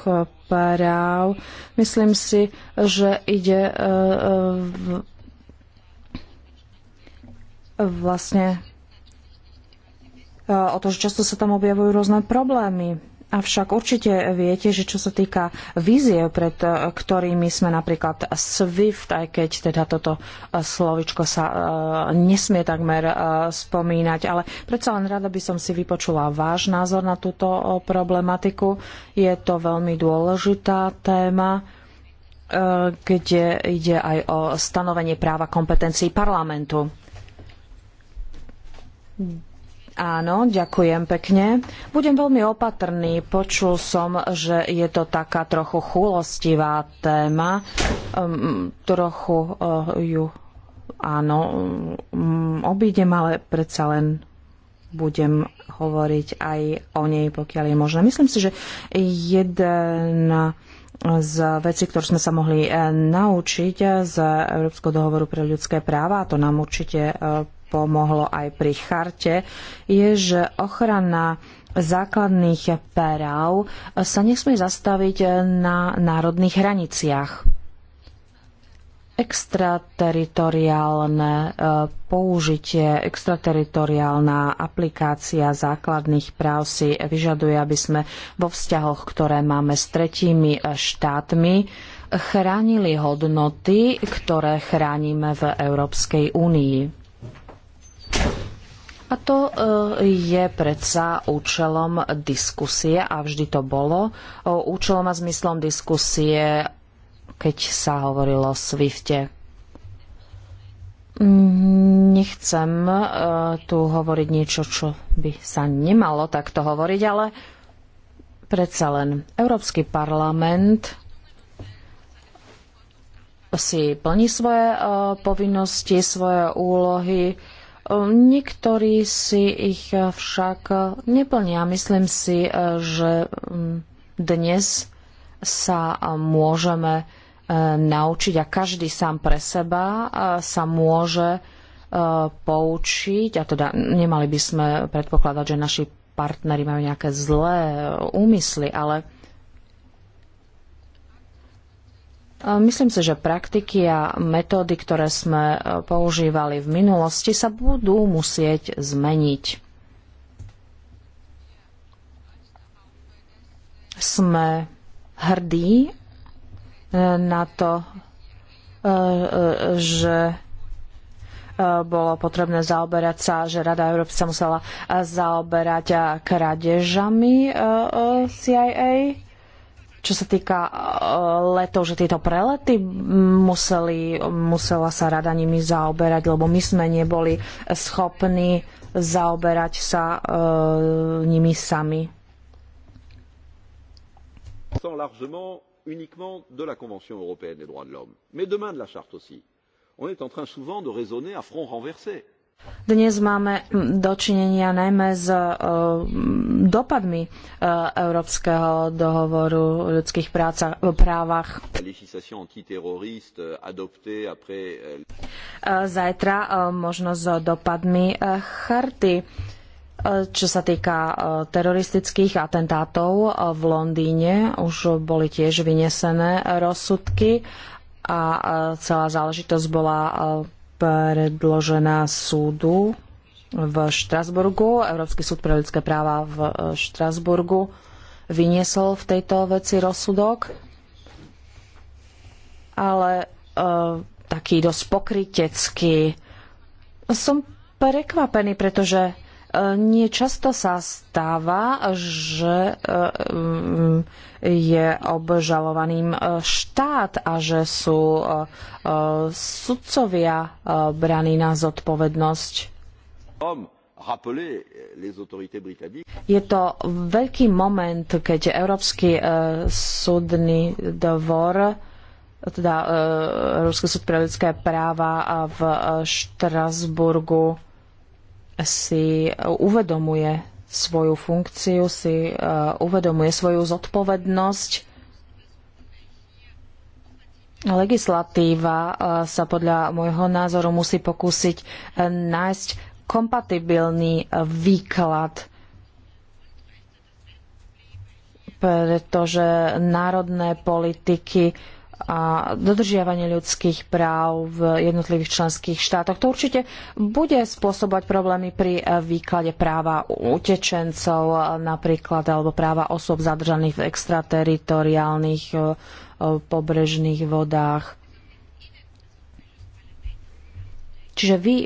práv. Myslím si, že ide vlastne o to, že často sa tam objavujú rôzne problémy Avšak určite viete, že čo sa týka vízie, pred eh, ktorými sme napríklad SWIFT, aj keď teda toto eh, slovičko sa eh, nesmie takmer spomínať, ale predsa len rada by som si vypočula váš názor na túto problematiku. Je to veľmi dôležitá téma kde ide aj o stanovenie práva kompetencií parlamentu. Áno, ďakujem pekne. Budem veľmi opatrný. Počul som, že je to taká trochu chulostivá téma. Um, trochu uh, ju, áno, um, obídem, ale predsa len budem hovoriť aj o nej, pokiaľ je možné. Myslím si, že jeden z vecí, ktorú sme sa mohli eh, naučiť z Európskeho dohovoru pre ľudské práva, a to nám určite eh, pomohlo aj pri charte, je, že ochrana základných práv sa nesmie zastaviť na národných hraniciach. Extrateritoriálne e, použitie, extrateritoriálna aplikácia základných práv si vyžaduje, aby sme vo vzťahoch, ktoré máme s tretími e, štátmi, chránili hodnoty, ktoré chránime v Európskej únii. A to e, je predsa účelom diskusie a vždy to bolo. E, účelom a zmyslom diskusie, keď sa hovorilo o Swifte. Mm, nechcem e, tu hovoriť niečo, čo by sa nemalo takto hovoriť, ale predsa len Európsky parlament si plní svoje povinnosti, svoje úlohy Ehm, niektorí si ich eh, však eh, neplnia. Myslím si, eh, že mm, dnes sa môžeme naučiť a každý sám pre seba sa môže poučiť, a teda nemali by sme predpokladať, že naši partneri majú nejaké zlé úmysly, ale E, myslím si, že praktiky a metódy, ktoré sme e, používali v minulosti, sa budú musieť zmeniť. Sme hrdí e, na to, že bolo potrebné zaoberať sa, že Rada Európy sa musela zaoberať krádežami CIA čo sa týka e, letov, že tieto prelety museli, musela sa rada nimi zaoberať, lebo my sme neboli schopní zaoberať sa e, nimi sami. largement uniquement de la Convention européenne des droits de l'homme, mais demain de la Charte aussi. On est en train souvent de raisonner à front renversé dnes máme dočinenia najmä s e, dopadmi e, Európskeho dohovoru o ľudských právach. E, zajtra možno s dopadmi charty. Čo sa týka teroristických atentátov v Londýne, už boli tiež vynesené rozsudky a celá záležitosť bola predložená súdu v Štrasburgu. Európsky súd pre ľudské práva v e, Štrasburgu vyniesol v tejto veci rozsudok, ale e, taký dosť pokrytecký. Som prekvapený, pretože Niečasto sa stáva, že eh, je obžalovaným eh, štát a že sú eh, sudcovia braní na zodpovednosť. Je to veľký moment, keď Európsky súdny dvor teda Európsky súd pre ľudské práva v Štrasburgu si uh, uvedomuje svoju funkciu, si uh, uvedomuje svoju zodpovednosť. Legislatíva uh, sa podľa môjho názoru musí pokúsiť nájsť kompatibilný výklad pretože národné politiky a dodržiavanie ľudských práv v jednotlivých členských štátoch. To určite bude spôsobovať problémy pri výklade práva utečencov napríklad alebo práva osôb zadržaných v extrateritoriálnych e, e, pobrežných vodách. Čiže vy,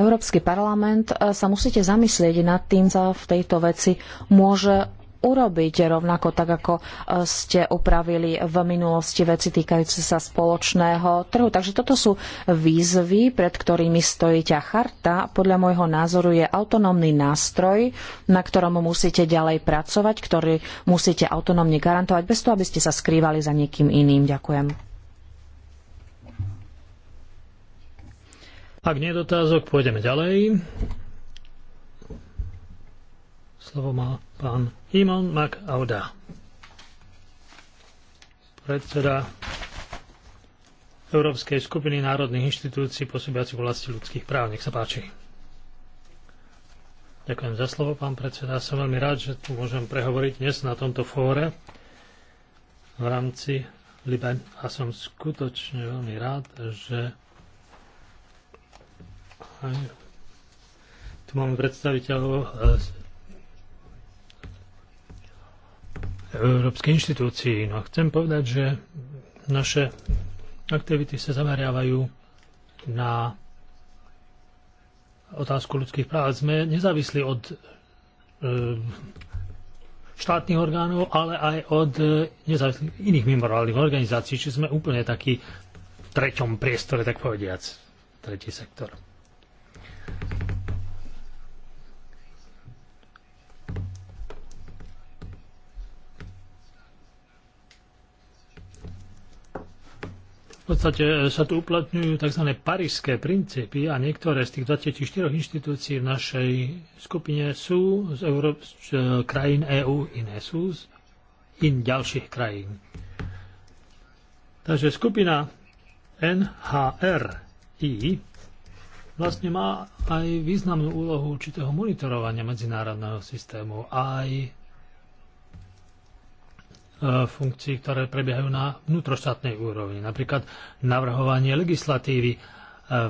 Európsky parlament, e, sa musíte zamyslieť nad tým, sa v tejto veci môže urobiť, rovnako tak, ako e, ste upravili v minulosti veci týkajúce sa spoločného trhu. Takže toto sú výzvy, pred ktorými stojí. ťa charta, podľa môjho názoru, je autonómny nástroj, na ktorom musíte ďalej pracovať, ktorý musíte autonómne garantovať, bez toho, aby ste sa skrývali za niekým iným. Ďakujem. Ak nie dotázok, pôjdeme ďalej. Slovo má pán Imon Makauda, predseda Európskej skupiny národných inštitúcií posúbiacich vlasti ľudských práv. Nech sa páči. Ďakujem za slovo, pán predseda. Som veľmi rád, že tu môžem prehovoriť dnes na tomto fóre v rámci Liban. A som skutočne veľmi rád, že tu máme predstaviteľov eh, európskej inštitúcií. No a chcem povedať, že naše aktivity sa zameriavajú na otázku ľudských práv. Sme nezávislí od e, štátnych orgánov, ale aj od e, nezávislých iných mimorálnych organizácií, či sme úplne takí v treťom priestore, tak povediac, tretí sektor. V podstate e, sa tu uplatňujú tzv. parížské princípy a niektoré z tých 24 inštitúcií v našej skupine sú z, Európ- z e, krajín EÚ, iné sú z in ďalších krajín. Takže skupina NHRI vlastne má aj významnú úlohu určitého monitorovania medzinárodného systému, aj E, funkcií, ktoré prebiehajú na vnútroštátnej úrovni. Napríklad navrhovanie legislatívy e,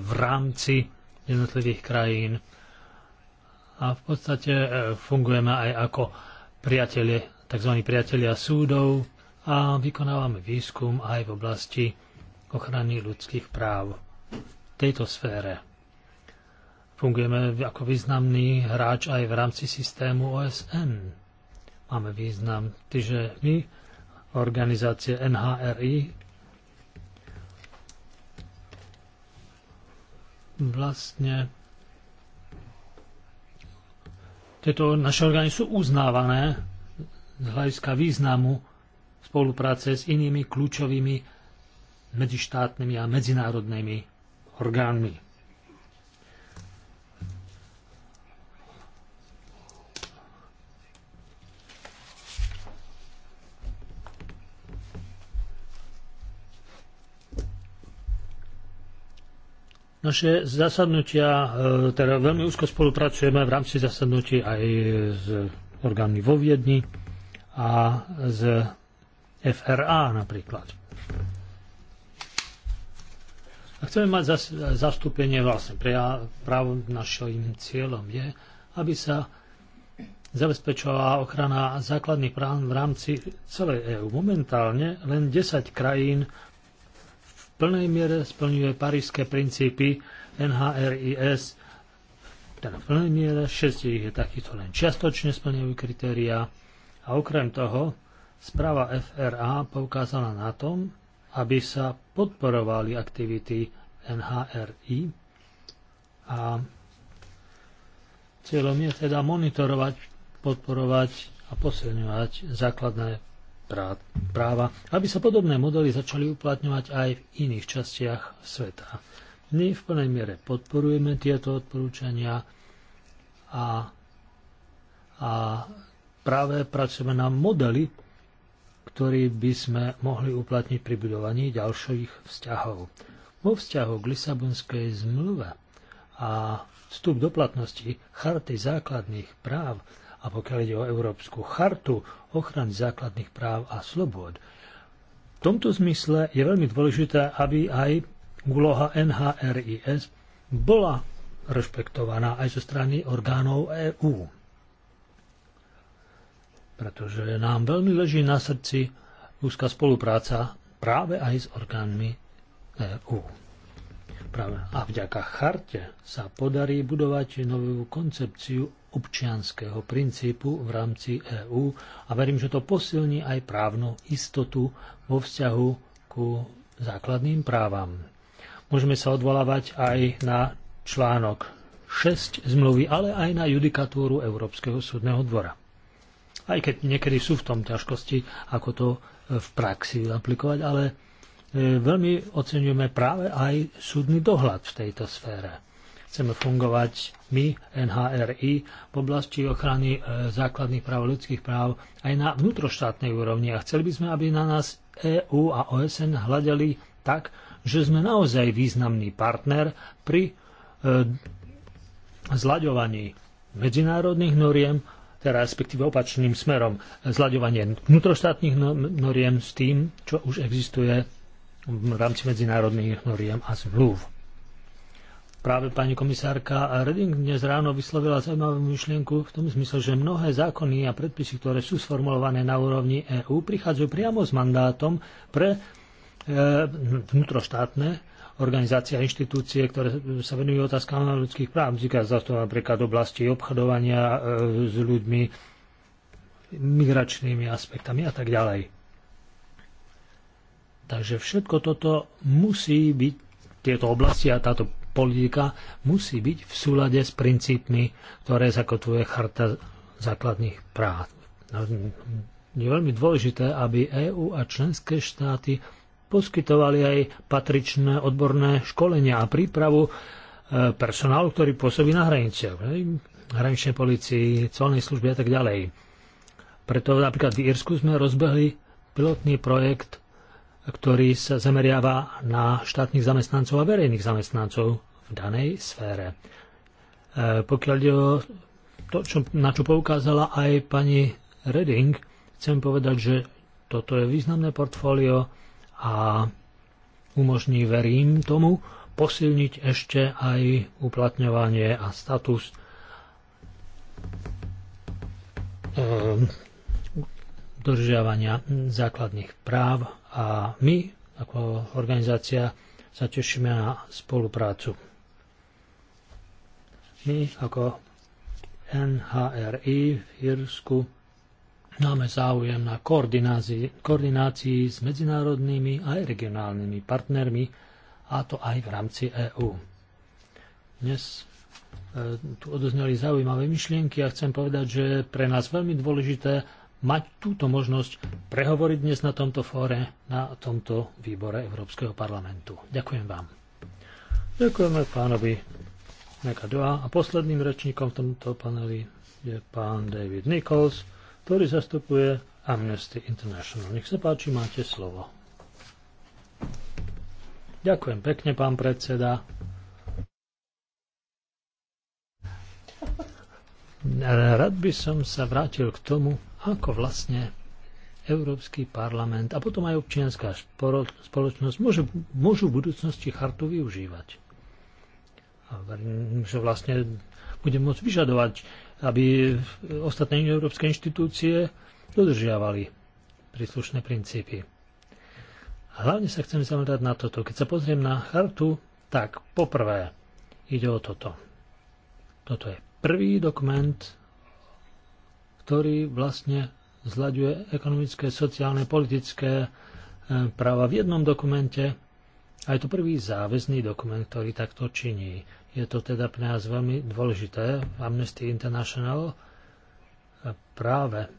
v rámci jednotlivých krajín. A v podstate e, fungujeme aj ako priatelie, tzv. priatelia súdov a vykonávame výskum aj v oblasti ochrany ľudských práv v tejto sfére. Fungujeme ako významný hráč aj v rámci systému OSN. Máme význam, že my organizácie NHRI. Vlastne tieto naše orgány sú uznávané z hľadiska významu spolupráce s inými kľúčovými medzištátnymi a medzinárodnými orgánmi. Naše zasadnutia, e, teda veľmi úzko spolupracujeme v rámci zasadnutí aj s orgánmi vo Viedni a z FRA napríklad. A chceme mať zastúpenie vlastne právom našim cieľom je, aby sa zabezpečovala ochrana základných práv v rámci celej EÚ. Momentálne len 10 krajín plnej miere splňuje parížské princípy NHRIS, teda v plnej miere, 6 ich je takýchto len čiastočne splňujú kritériá a okrem toho správa FRA poukázala na tom, aby sa podporovali aktivity NHRI a cieľom je teda monitorovať, podporovať a posilňovať základné práva, aby sa podobné modely začali uplatňovať aj v iných častiach sveta. My v plnej miere podporujeme tieto odporúčania a, a práve pracujeme na modely, ktorý by sme mohli uplatniť pri budovaní ďalších vzťahov. Vo vzťahu k Lisabonskej zmluve a vstup do platnosti Charty základných práv a pokiaľ ide o Európsku chartu ochrany základných práv a slobod. v tomto zmysle je veľmi dôležité, aby aj úloha NHRIS bola rešpektovaná aj zo strany orgánov EÚ. Pretože nám veľmi leží na srdci úzka spolupráca práve aj s orgánmi EÚ. Práve. A vďaka charte sa podarí budovať novú koncepciu občianského princípu v rámci EÚ a verím, že to posilní aj právnu istotu vo vzťahu ku základným právam. Môžeme sa odvolávať aj na článok 6 zmluvy, ale aj na judikatúru Európskeho súdneho dvora. Aj keď niekedy sú v tom ťažkosti, ako to e, v praxi aplikovať, ale e, veľmi oceňujeme práve aj súdny dohľad v tejto sfére. Chceme fungovať my, NHRI, v oblasti ochrany e, základných práv ľudských práv aj na vnútroštátnej úrovni a chceli by sme, aby na nás EÚ a OSN hľadali tak, že sme naozaj významný partner pri e, zľaďovaní medzinárodných noriem teda respektíve opačným smerom, zľaďovanie vnútroštátnych no-, noriem s tým, čo už existuje v rámci medzinárodných noriem a zmluv. Práve pani komisárka Reding dnes ráno vyslovila zaujímavú myšlienku v tom zmysle, že mnohé zákony a predpisy, ktoré sú sformulované na úrovni EÚ, prichádzajú priamo s mandátom pre e, vnútroštátne organizácie a inštitúcie, ktoré sa venujú otázkam ľudských práv. Vzniká za to napríklad oblasti obchodovania e, s ľuďmi, migračnými aspektami a tak ďalej. Takže všetko toto musí byť, tieto oblasti a táto politika musí byť v súlade s princípmi, ktoré zakotvuje Charta základných práv. No, je veľmi dôležité, aby EÚ a členské štáty poskytovali aj patričné odborné školenia a prípravu e, personálu, ktorý pôsobí na hraniciach, hraničnej policii, celnej služby a tak ďalej. Preto napríklad v Írsku sme rozbehli pilotný projekt ktorý sa zameriava na štátnych zamestnancov a verejných zamestnancov v danej sfére. E, pokiaľ je to, čo, na čo poukázala aj pani Reding, chcem povedať, že toto je významné portfólio a umožní, verím tomu, posilniť ešte aj uplatňovanie a status dodržiavania e, základných práv a my ako organizácia sa tešíme na spoluprácu. My ako NHRI v Irsku máme záujem na koordinácii, koordinácii s medzinárodnými a regionálnymi partnermi, a to aj v rámci EÚ. Dnes e, tu odozneli zaujímavé myšlienky a chcem povedať, že pre nás veľmi dôležité mať túto možnosť prehovoriť dnes na tomto fóre, na tomto výbore Európskeho parlamentu. Ďakujem vám. Ďakujeme pánovi Nekadoa a posledným rečníkom v tomto paneli je pán David Nichols, ktorý zastupuje Amnesty International. Nech sa páči, máte slovo. Ďakujem pekne, pán predseda. Rád by som sa vrátil k tomu, ako vlastne Európsky parlament a potom aj občianská spoločnosť môže, môžu v budúcnosti chartu využívať. A verím, že vlastne budem môcť vyžadovať, aby ostatné európske inštitúcie dodržiavali príslušné princípy. A hlavne sa chcem zamerať na toto. Keď sa pozriem na chartu, tak poprvé ide o toto. Toto je prvý dokument ktorý vlastne zľaďuje ekonomické, sociálne, politické e, práva v jednom dokumente. A je to prvý záväzný dokument, ktorý takto činí. Je to teda pre nás veľmi dôležité v Amnesty International e, práve e,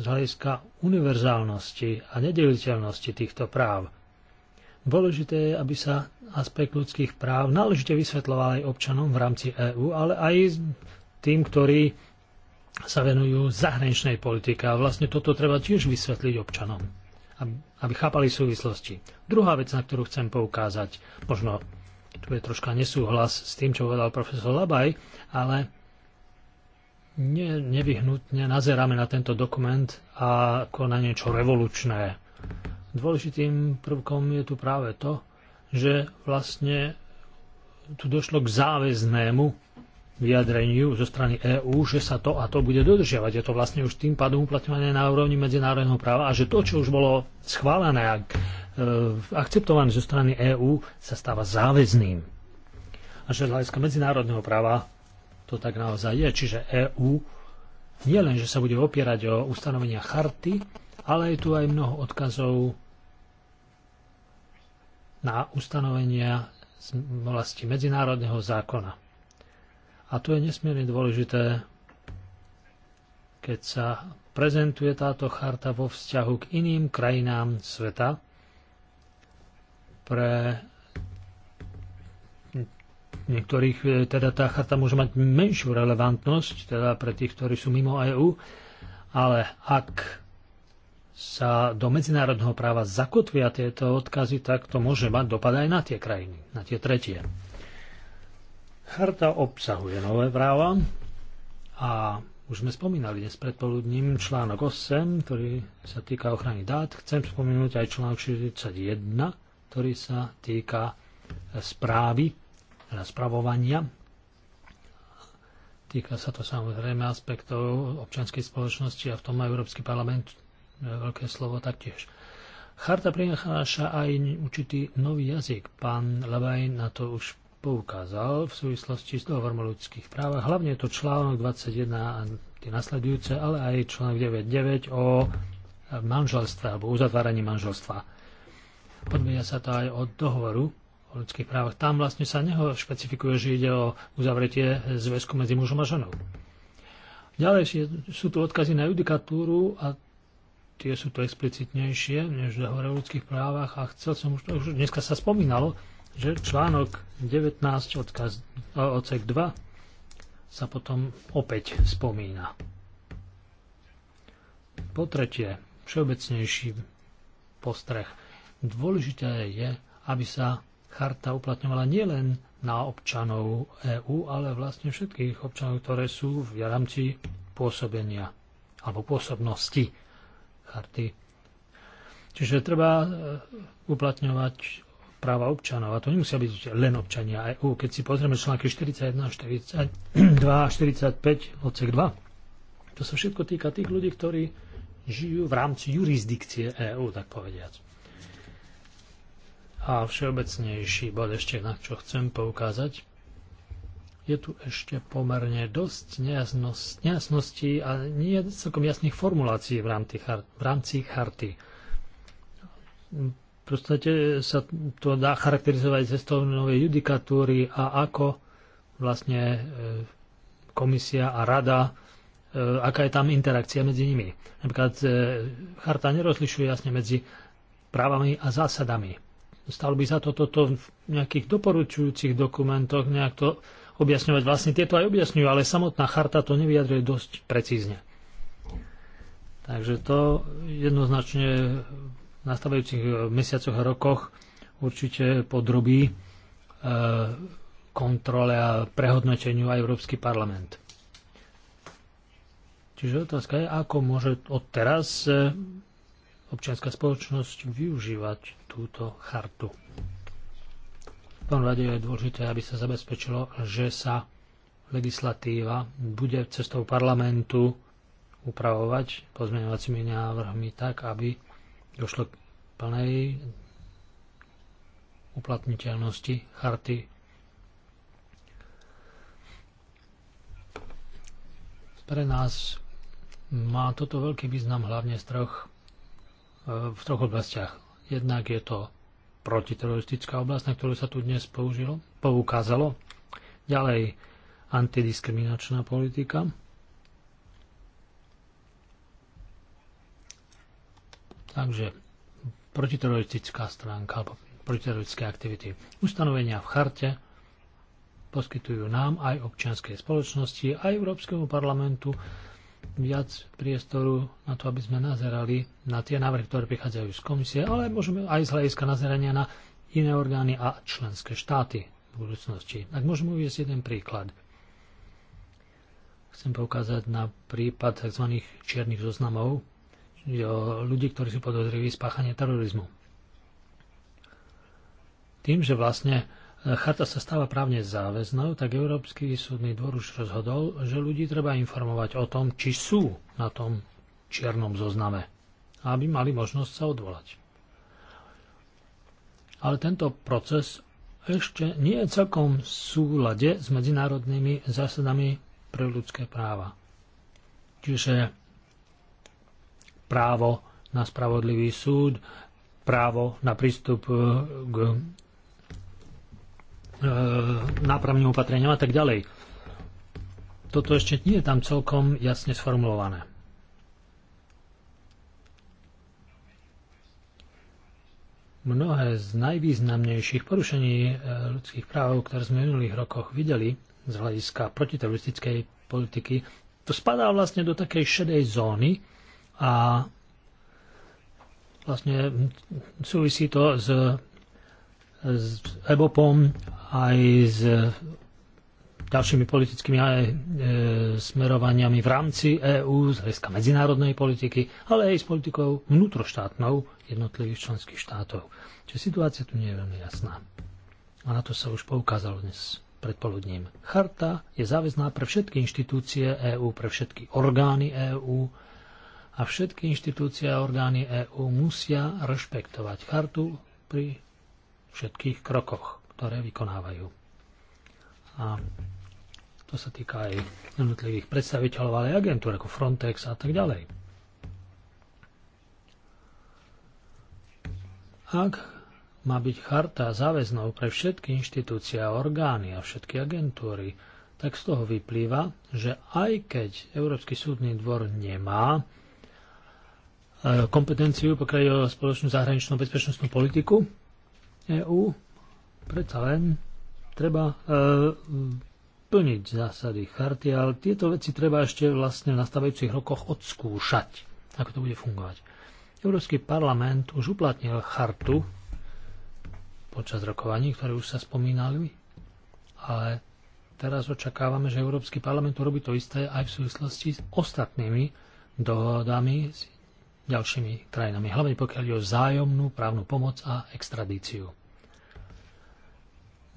z hľadiska univerzálnosti a nedeliteľnosti týchto práv. Dôležité je, aby sa aspekt ľudských práv náležite vysvetloval aj občanom v rámci EÚ, ale aj tým, ktorí sa venujú zahraničnej politike. A vlastne toto treba tiež vysvetliť občanom, aby chápali súvislosti. Druhá vec, na ktorú chcem poukázať, možno tu je troška nesúhlas s tým, čo povedal profesor Labaj, ale ne, nevyhnutne nazeráme na tento dokument ako na niečo revolučné. Dôležitým prvkom je tu práve to, že vlastne tu došlo k záväznému vyjadreniu zo strany EÚ, že sa to a to bude dodržiavať. Je to vlastne už tým pádom uplatňované na úrovni medzinárodného práva a že to, čo už bolo schválené a e, akceptované zo strany EÚ, sa stáva záväzným. A že z hľadiska medzinárodného práva to tak naozaj je. Čiže EÚ nie len, že sa bude opierať o ustanovenia charty, ale je tu aj mnoho odkazov na ustanovenia z vlasti medzinárodného zákona. A tu je nesmierne dôležité, keď sa prezentuje táto charta vo vzťahu k iným krajinám sveta pre niektorých teda tá charta môže mať menšiu relevantnosť, teda pre tých, ktorí sú mimo EÚ, ale ak sa do medzinárodného práva zakotvia tieto odkazy, tak to môže mať dopad aj na tie krajiny, na tie tretie. Charta obsahuje nové práva a už sme spomínali dnes predpoludním článok 8, ktorý sa týka ochrany dát. Chcem spomenúť aj článok 41, ktorý sa týka správy, teda spravovania. Týka sa to samozrejme aspektov občianskej spoločnosti a v tom má Európsky parlament veľké slovo taktiež. Charta prináša aj určitý nový jazyk. Pán Levaj na to už poukázal v súvislosti s dohovorom o ľudských právach. Hlavne je to článok 21 a tie nasledujúce, ale aj článok 9.9 o manželstve alebo uzatváraní manželstva. Podmienia sa to aj od dohovoru o ľudských právach. Tam vlastne sa neho špecifikuje, že ide o uzavretie zväzku medzi mužom a ženou. Ďalej sú tu odkazy na judikatúru a tie sú tu explicitnejšie než dohovor o ľudských právach a chcel som už, už dneska sa spomínalo, že článok 19 odkaz, e, ocek 2 sa potom opäť spomína. Po tretie, všeobecnejší postreh. Dôležité je, aby sa charta uplatňovala nielen na občanov EÚ, ale vlastne všetkých občanov, ktoré sú v rámci pôsobenia alebo pôsobnosti charty. Čiže treba e, uplatňovať práva občanov. A to nemusia byť len občania EÚ. Keď si pozrieme články 41, 42 a 45, odsek 2, to sa všetko týka tých ľudí, ktorí žijú v rámci jurisdikcie EÚ, tak povediac. A všeobecnejší bod ešte, na čo chcem poukázať, je tu ešte pomerne dosť nejasnosti, nejasností a nie celkom jasných formulácií v rámci, v rámci charty podstate sa to dá charakterizovať cestou novej judikatúry a ako vlastne e, komisia a rada, e, aká je tam interakcia medzi nimi. Napríklad e, charta nerozlišuje jasne medzi právami a zásadami. Stalo by sa to toto v nejakých doporučujúcich dokumentoch nejak to objasňovať. Vlastne tieto aj objasňujú, ale samotná charta to nevyjadruje dosť precízne. Takže to jednoznačne nastavujúcich e, mesiacoch a rokoch určite podrobí e, kontrole a prehodnoteniu aj Európsky parlament. Čiže otázka je, ako môže odteraz e, občianská spoločnosť využívať túto chartu. V prvom rade je dôležité, aby sa zabezpečilo, že sa legislatíva bude cestou parlamentu upravovať pozmeňovacími návrhmi tak, aby došlo k plnej uplatniteľnosti charty. Pre nás má toto veľký význam hlavne z troch, eh, v troch oblastiach. Jednak je to protiteroristická oblasť, na ktorú sa tu dnes použilo, poukázalo. Ďalej antidiskriminačná politika, Takže protiteroristická stránka alebo protiteroristické aktivity. Ustanovenia v charte poskytujú nám aj občianskej spoločnosti, aj Európskemu parlamentu viac priestoru na to, aby sme nazerali na tie návrhy, ktoré prichádzajú z komisie, ale môžeme aj z hľadiska nazerania na iné orgány a členské štáty v budúcnosti. Tak môžeme uvieť jeden príklad. Chcem poukázať na prípad tzv. čiernych zoznamov o ľudí, ktorí sú podozriví spáchanie terorizmu. Tým, že vlastne e, charta sa stáva právne záväznou, tak Európsky súdny dvor už rozhodol, že ľudí treba informovať o tom, či sú na tom čiernom zozname, aby mali možnosť sa odvolať. Ale tento proces ešte nie je celkom v súlade s medzinárodnými zásadami pre ľudské práva. Čiže právo na spravodlivý súd, právo na prístup e, k e, nápravným opatreniam a tak ďalej. Toto ešte nie je tam celkom jasne sformulované. Mnohé z najvýznamnejších porušení e, ľudských práv, ktoré sme v minulých rokoch videli z hľadiska protiteroristickej politiky, to spadá vlastne do takej šedej zóny, a vlastne súvisí to s, s EBOPom aj s ďalšími politickými aj, e, smerovaniami v rámci EÚ z hľadiska medzinárodnej politiky, ale aj s politikou vnútroštátnou jednotlivých členských štátov. Čiže situácia tu nie je veľmi jasná. A na to sa už poukázalo dnes predpoludním. Charta je záväzná pre všetky inštitúcie EÚ, pre všetky orgány EÚ, a všetky inštitúcie a orgány EÚ musia rešpektovať chartu pri všetkých krokoch, ktoré vykonávajú. A to sa týka aj jednotlivých predstaviteľov, ale aj agentúr ako Frontex a tak ďalej. Ak má byť charta záväznou pre všetky inštitúcie a orgány a všetky agentúry, tak z toho vyplýva, že aj keď Európsky súdny dvor nemá E, kompetenciu, pokiaľ je o spoločnú zahraničnú bezpečnostnú politiku EÚ, predsa len treba e, plniť zásady charty, ale tieto veci treba ešte vlastne v nastavajúcich rokoch odskúšať, ako to bude fungovať. Európsky parlament už uplatnil chartu počas rokovaní, ktoré už sa spomínali, ale teraz očakávame, že Európsky parlament urobí to isté aj v súvislosti s ostatnými dohodami ďalšími krajinami, hlavne pokiaľ je o vzájomnú právnu pomoc a extradíciu.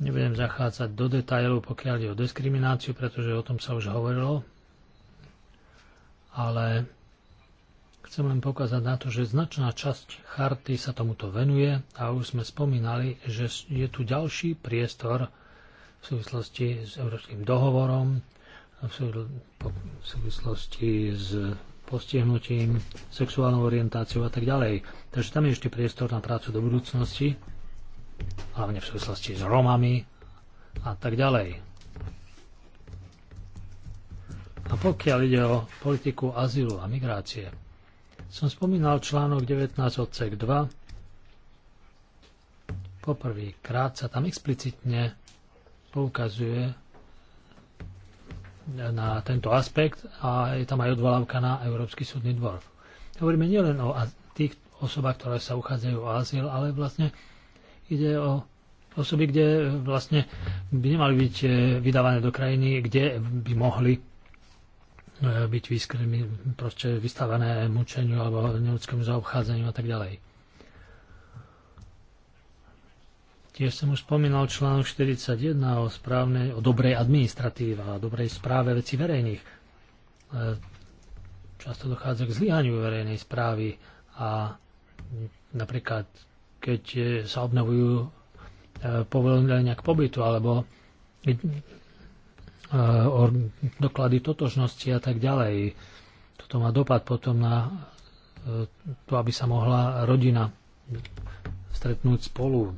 Nebudem zachádzať do detajlov, pokiaľ je o diskrimináciu, pretože o tom sa už hovorilo, ale chcem len pokázať na to, že značná časť charty sa tomuto venuje a už sme spomínali, že je tu ďalší priestor v súvislosti s Európskym dohovorom, v súvislosti s postihnutím, sexuálnou orientáciou a tak ďalej. Takže tam je ešte priestor na prácu do budúcnosti, hlavne v súvislosti s Romami a tak ďalej. A pokiaľ ide o politiku azylu a migrácie, som spomínal článok 19 odsek 2. Poprvýkrát sa tam explicitne poukazuje na tento aspekt a je tam aj odvolávka na Európsky súdny dvor. Hovoríme nielen o tých osobách, ktoré sa uchádzajú o azyl, ale vlastne ide o osoby, kde vlastne by nemali byť e, vydávané do krajiny, kde by mohli e, byť výskrými, proste vystavené mučeniu alebo neľudskému zaobchádzaniu a tak ďalej. Tiež som už spomínal článok 41 o, správnej, o dobrej administratíve a dobrej správe veci verejných. E, často dochádza k zlyhaniu verejnej správy a napríklad keď e, sa obnovujú e, povolenia k pobytu alebo doklady totožnosti a tak ďalej. Toto má dopad potom na to, aby sa mohla rodina stretnúť spolu,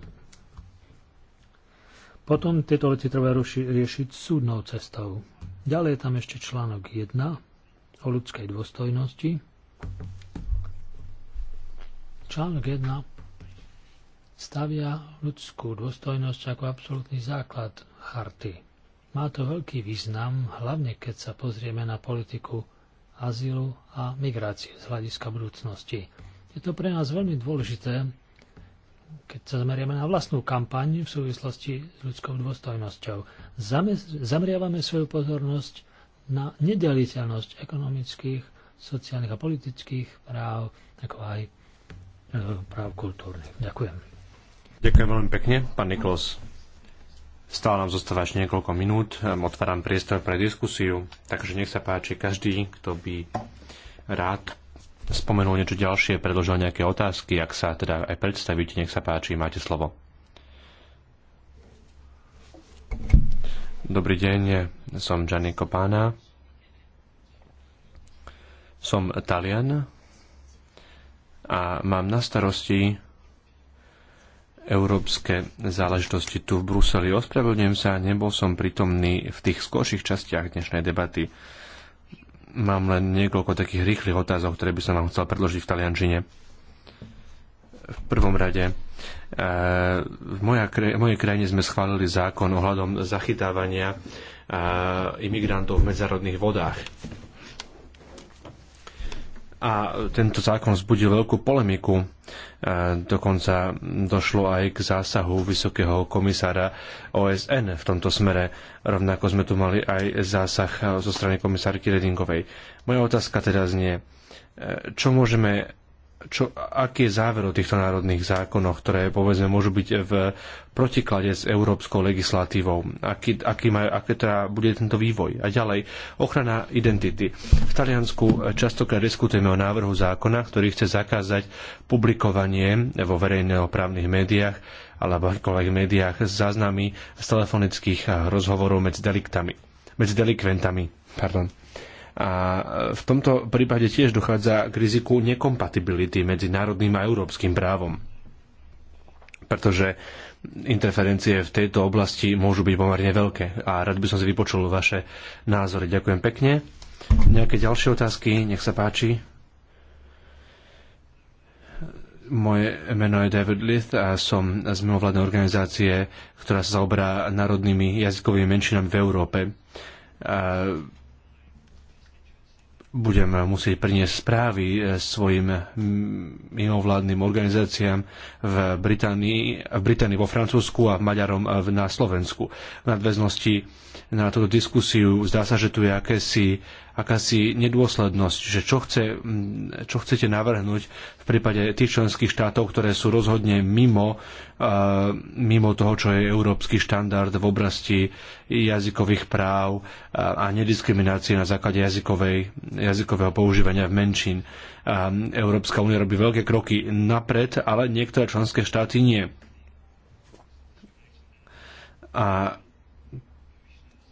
potom tieto veci treba riešiť súdnou cestou. Ďalej je tam ešte článok 1 o ľudskej dôstojnosti. Článok 1 stavia ľudskú dôstojnosť ako absolútny základ charty. Má to veľký význam, hlavne keď sa pozrieme na politiku azylu a migrácie z hľadiska budúcnosti. Je to pre nás veľmi dôležité, keď sa zameriame na vlastnú kampaň v súvislosti s ľudskou dôstojnosťou. Zameriavame svoju pozornosť na nedeliteľnosť ekonomických, sociálnych a politických práv, ako aj e, práv kultúrnych. Ďakujem. Ďakujem veľmi pekne, pán Niklos. Stále nám zostáva ešte niekoľko minút. Otváram priestor pre diskusiu, takže nech sa páči každý, kto by rád spomenul niečo ďalšie, predložil nejaké otázky. Ak sa teda aj predstavíte, nech sa páči, máte slovo. Dobrý deň, som Gianni Copana. Som Talian a mám na starosti európske záležitosti tu v Bruseli. Ospravedlňujem sa, nebol som pritomný v tých skorších častiach dnešnej debaty. Mám len niekoľko takých rýchlych otázok, ktoré by som vám chcel predložiť v taliančine. V prvom rade, e, v mojej krajine sme schválili zákon ohľadom zachytávania e, imigrantov v medzárodných vodách a tento zákon vzbudil veľkú polemiku. E, dokonca došlo aj k zásahu vysokého komisára OSN v tomto smere. Rovnako sme tu mali aj zásah zo strany komisárky Redingovej. Moja otázka teda znie, e, čo môžeme čo, aký je záver o týchto národných zákonoch, ktoré povedzme môžu byť v protiklade s európskou legislatívou, aký, aký má, aké teda bude tento vývoj. A ďalej, ochrana identity. V Taliansku častokrát diskutujeme o návrhu zákona, ktorý chce zakázať publikovanie vo verejnoprávnych médiách alebo akýchkoľvek médiách s záznamy z telefonických rozhovorov medzi deliktami, medzi delikventami. Pardon. A e, v tomto prípade tiež dochádza k riziku nekompatibility medzi národným a európskym právom. Pretože interferencie v tejto oblasti môžu byť pomerne veľké. A rád by som si vypočul vaše názory. Ďakujem pekne. Nejaké ďalšie otázky? Nech sa páči. Moje meno je David Lith a som z mimovládnej organizácie, ktorá sa zaoberá národnými jazykovými menšinami v Európe budem musieť priniesť správy eh, svojim mm, mimovládnym organizáciám v Británii, v Británii vo Francúzsku a Maďarom eh, na Slovensku. V nadväznosti na túto diskusiu zdá sa, že tu je akési, akási nedôslednosť, že čo, chce, mm, čo chcete navrhnúť v prípade tých členských štátov, ktoré sú rozhodne mimo mimo toho, čo je európsky štandard v oblasti jazykových práv a nediskriminácie na základe jazykovej, jazykového používania v menšín. Európska únia robí veľké kroky napred, ale niektoré členské štáty nie. A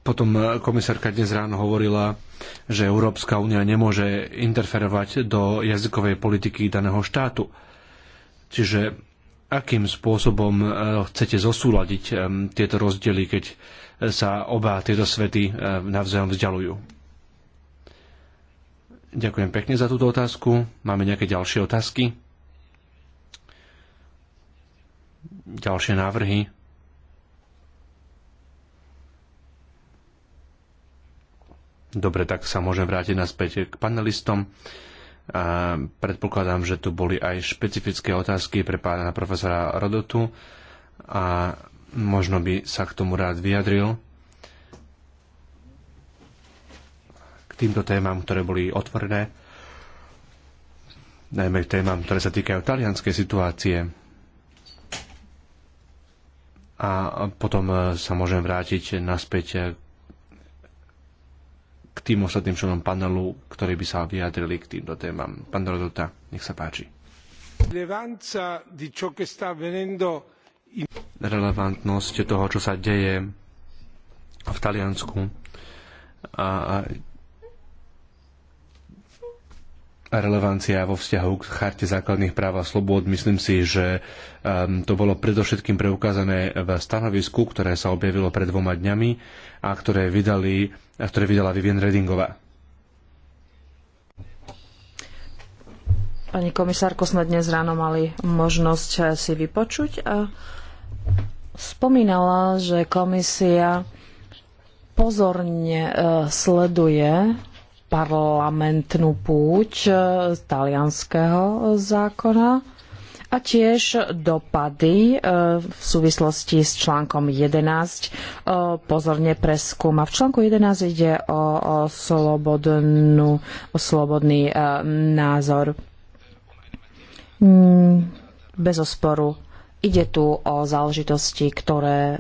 potom komisárka dnes ráno hovorila, že Európska únia nemôže interferovať do jazykovej politiky daného štátu. Čiže akým spôsobom e, chcete zosúľadiť e, tieto rozdiely, keď e, sa oba tieto svety navzájom vzdialujú. Ďakujem pekne za túto otázku. Máme nejaké ďalšie otázky? Ďalšie návrhy? Dobre, tak sa môžem vrátiť naspäť k panelistom. A predpokladám, že tu boli aj špecifické otázky pre pána profesora Rodotu a možno by sa k tomu rád vyjadril. K týmto témam, ktoré boli otvorené, najmä k témam, ktoré sa týkajú talianskej situácie. A potom sa môžem vrátiť naspäť k tým ostatným členom panelu, ktorí by sa vyjadrili k týmto témam. Pán Rodota, nech sa páči. Relevantnosť toho, čo sa deje v Taliansku a relevancia vo vzťahu k charte základných práv a slobôd. Myslím si, že um, to bolo predovšetkým preukázané v stanovisku, ktoré sa objavilo pred dvoma dňami a ktoré, vydali, a ktoré vydala Vivien Redingová. Pani komisárko, sme dnes ráno mali možnosť si vypočuť a spomínala, že komisia pozorne e, sleduje parlamentnú púť e, z talianského zákona a tiež dopady e, v súvislosti s článkom 11 e, pozorne preskúma. V článku 11 ide o, o, slobodnú, o slobodný názor. Mm, bez osporu ide tu o záležitosti, ktoré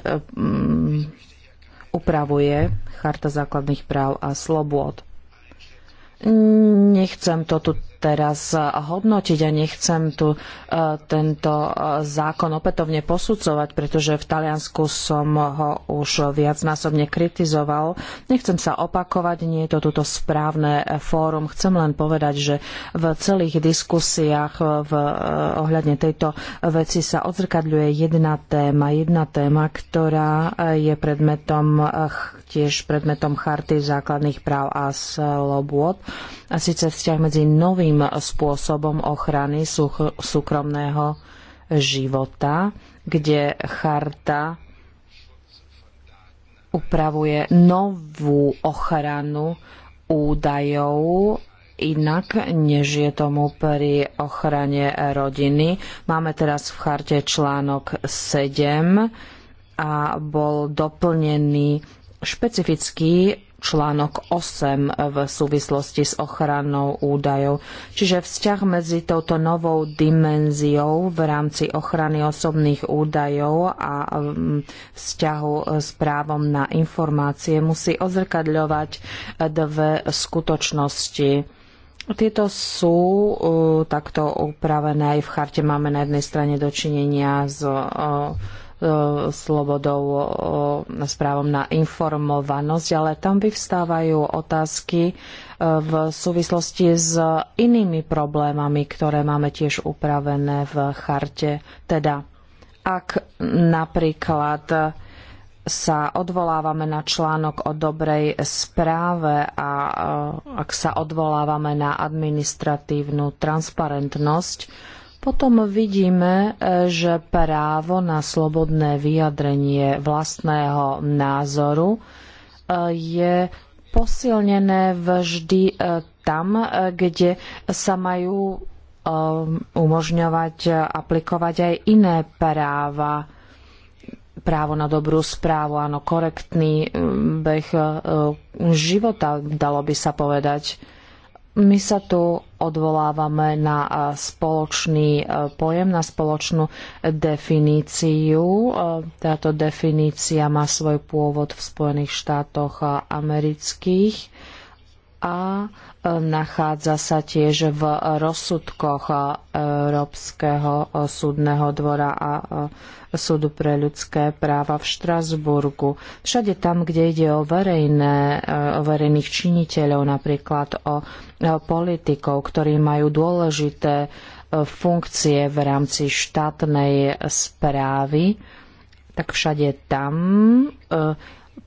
upravuje Charta základných práv a slobôd. Nechcem to tu teraz hodnotiť a nechcem tu e, tento e, zákon opätovne posudzovať, pretože v Taliansku som ho už viacnásobne kritizoval. Nechcem sa opakovať, nie je to tuto správne fórum. Chcem len povedať, že v celých diskusiách e, v, ohľadne tejto veci sa odzrkadľuje jedna téma, jedna téma, ktorá je predmetom tiež predmetom charty základných práv a slobôd a síce vzťah medzi novým spôsobom ochrany súkromného života, kde charta upravuje novú ochranu údajov inak, než je tomu pri ochrane rodiny. Máme teraz v charte článok 7 a bol doplnený špecifický článok 8 v súvislosti s ochranou údajov. Čiže vzťah medzi touto novou dimenziou v rámci ochrany osobných údajov a mm, vzťahu e, s právom na informácie musí ozrkadľovať e, dve skutočnosti. Tieto sú uh, takto upravené aj v charte. Máme na jednej strane dočinenia s uh, E, slobodou, e, s právom na informovanosť, ale tam vyvstávajú otázky e, v súvislosti s inými problémami, ktoré máme tiež upravené v charte. Teda, ak napríklad sa odvolávame na článok o dobrej správe a ak sa odvolávame na administratívnu transparentnosť, potom vidíme, e, že právo na slobodné vyjadrenie vlastného názoru e, je posilnené vždy e, tam, kde sa majú umožňovať aplikovať aj iné práva právo na dobrú správu, áno, korektný beh života, dalo by sa povedať. My sa tu odvolávame na e, spoločný e, pojem, na spoločnú definíciu. E, táto definícia má svoj pôvod v Spojených štátoch amerických a Nachádza sa tiež v rozsudkoch Európskeho súdneho dvora a súdu pre ľudské práva v Štrasburgu. Všade tam, kde ide o, verejné, o verejných činiteľov, napríklad o politikov, ktorí majú dôležité funkcie v rámci štátnej správy, tak všade tam eh,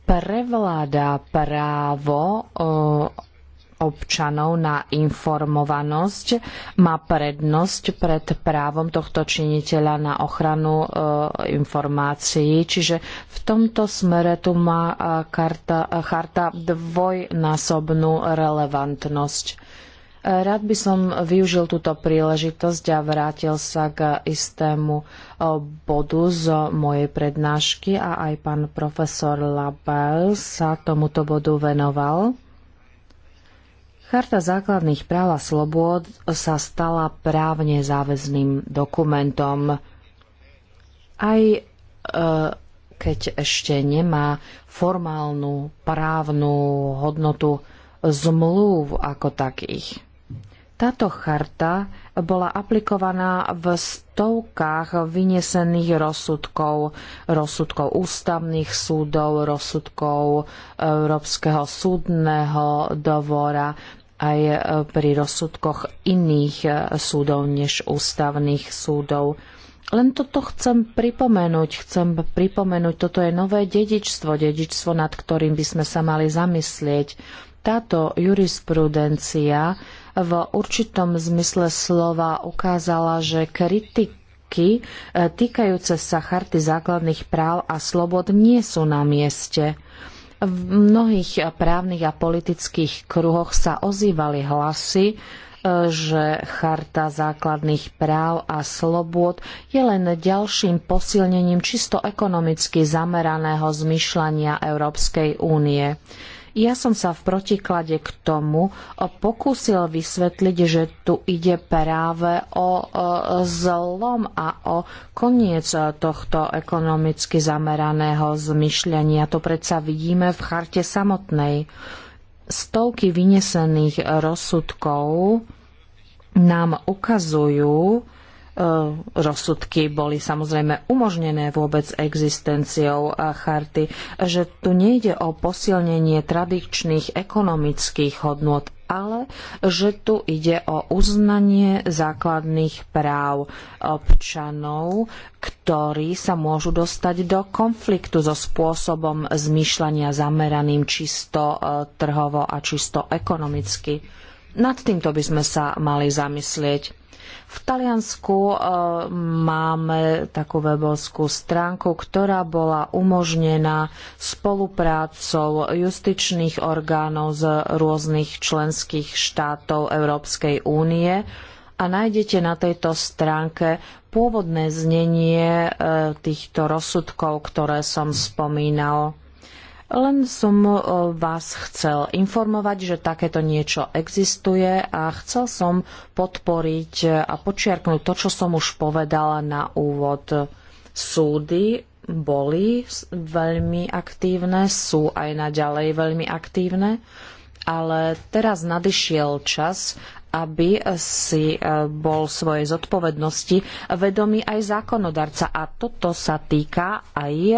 prevládá právo eh, občanov na informovanosť má prednosť pred právom tohto činiteľa na ochranu e, informácií. Čiže v tomto smere tu má e, karta, e, charta dvojnásobnú relevantnosť. E, rád by som využil túto príležitosť a vrátil sa k istému bodu z mojej prednášky a aj pán profesor Label sa tomuto bodu venoval. Charta základných práv a slobôd sa stala právne záväzným dokumentom. Aj e, keď ešte nemá formálnu právnu hodnotu zmluv ako takých. Táto charta bola aplikovaná v stovkách vynesených rozsudkov, rozsudkov ústavných súdov, rozsudkov e, Európskeho súdneho dvora, aj e, pri rozsudkoch iných e, súdov než ústavných súdov. Len toto chcem pripomenúť. Chcem pripomenúť, toto je nové dedičstvo, dedičstvo, nad ktorým by sme sa mali zamyslieť. Táto jurisprudencia v určitom zmysle slova ukázala, že kritiky e, týkajúce sa charty základných práv a slobod nie sú na mieste. V mnohých právnych a politických kruhoch sa ozývali hlasy, e, že Charta základných práv a slobôd je len ďalším posilnením čisto ekonomicky zameraného zmyšľania Európskej únie. Ja som sa v protiklade k tomu e, pokúsil vysvetliť, že tu ide práve o e, zlom a o koniec e, tohto ekonomicky zameraného zmyšľania. To predsa vidíme v charte samotnej. Stovky vynesených rozsudkov nám ukazujú, E, rozsudky boli samozrejme umožnené vôbec existenciou e, charty, že tu nejde o posilnenie tradičných ekonomických hodnot, ale že tu ide o uznanie základných práv občanov, ktorí sa môžu dostať do konfliktu so spôsobom zmýšľania zameraným čisto e, trhovo a čisto ekonomicky. Nad týmto by sme sa mali zamyslieť v Taliansku e, máme takú webovskú stránku, ktorá bola umožnená spoluprácou justičných orgánov z rôznych členských štátov Európskej únie a nájdete na tejto stránke pôvodné znenie e, týchto rozsudkov, ktoré som spomínal. Len som e, vás chcel informovať, že takéto niečo existuje a chcel som podporiť e, a počiarknúť to, čo som už povedala na úvod. Súdy boli veľmi aktívne, sú aj naďalej veľmi aktívne, ale teraz nadišiel čas, aby si e, bol svojej zodpovednosti vedomý aj zákonodarca. A toto sa týka aj e,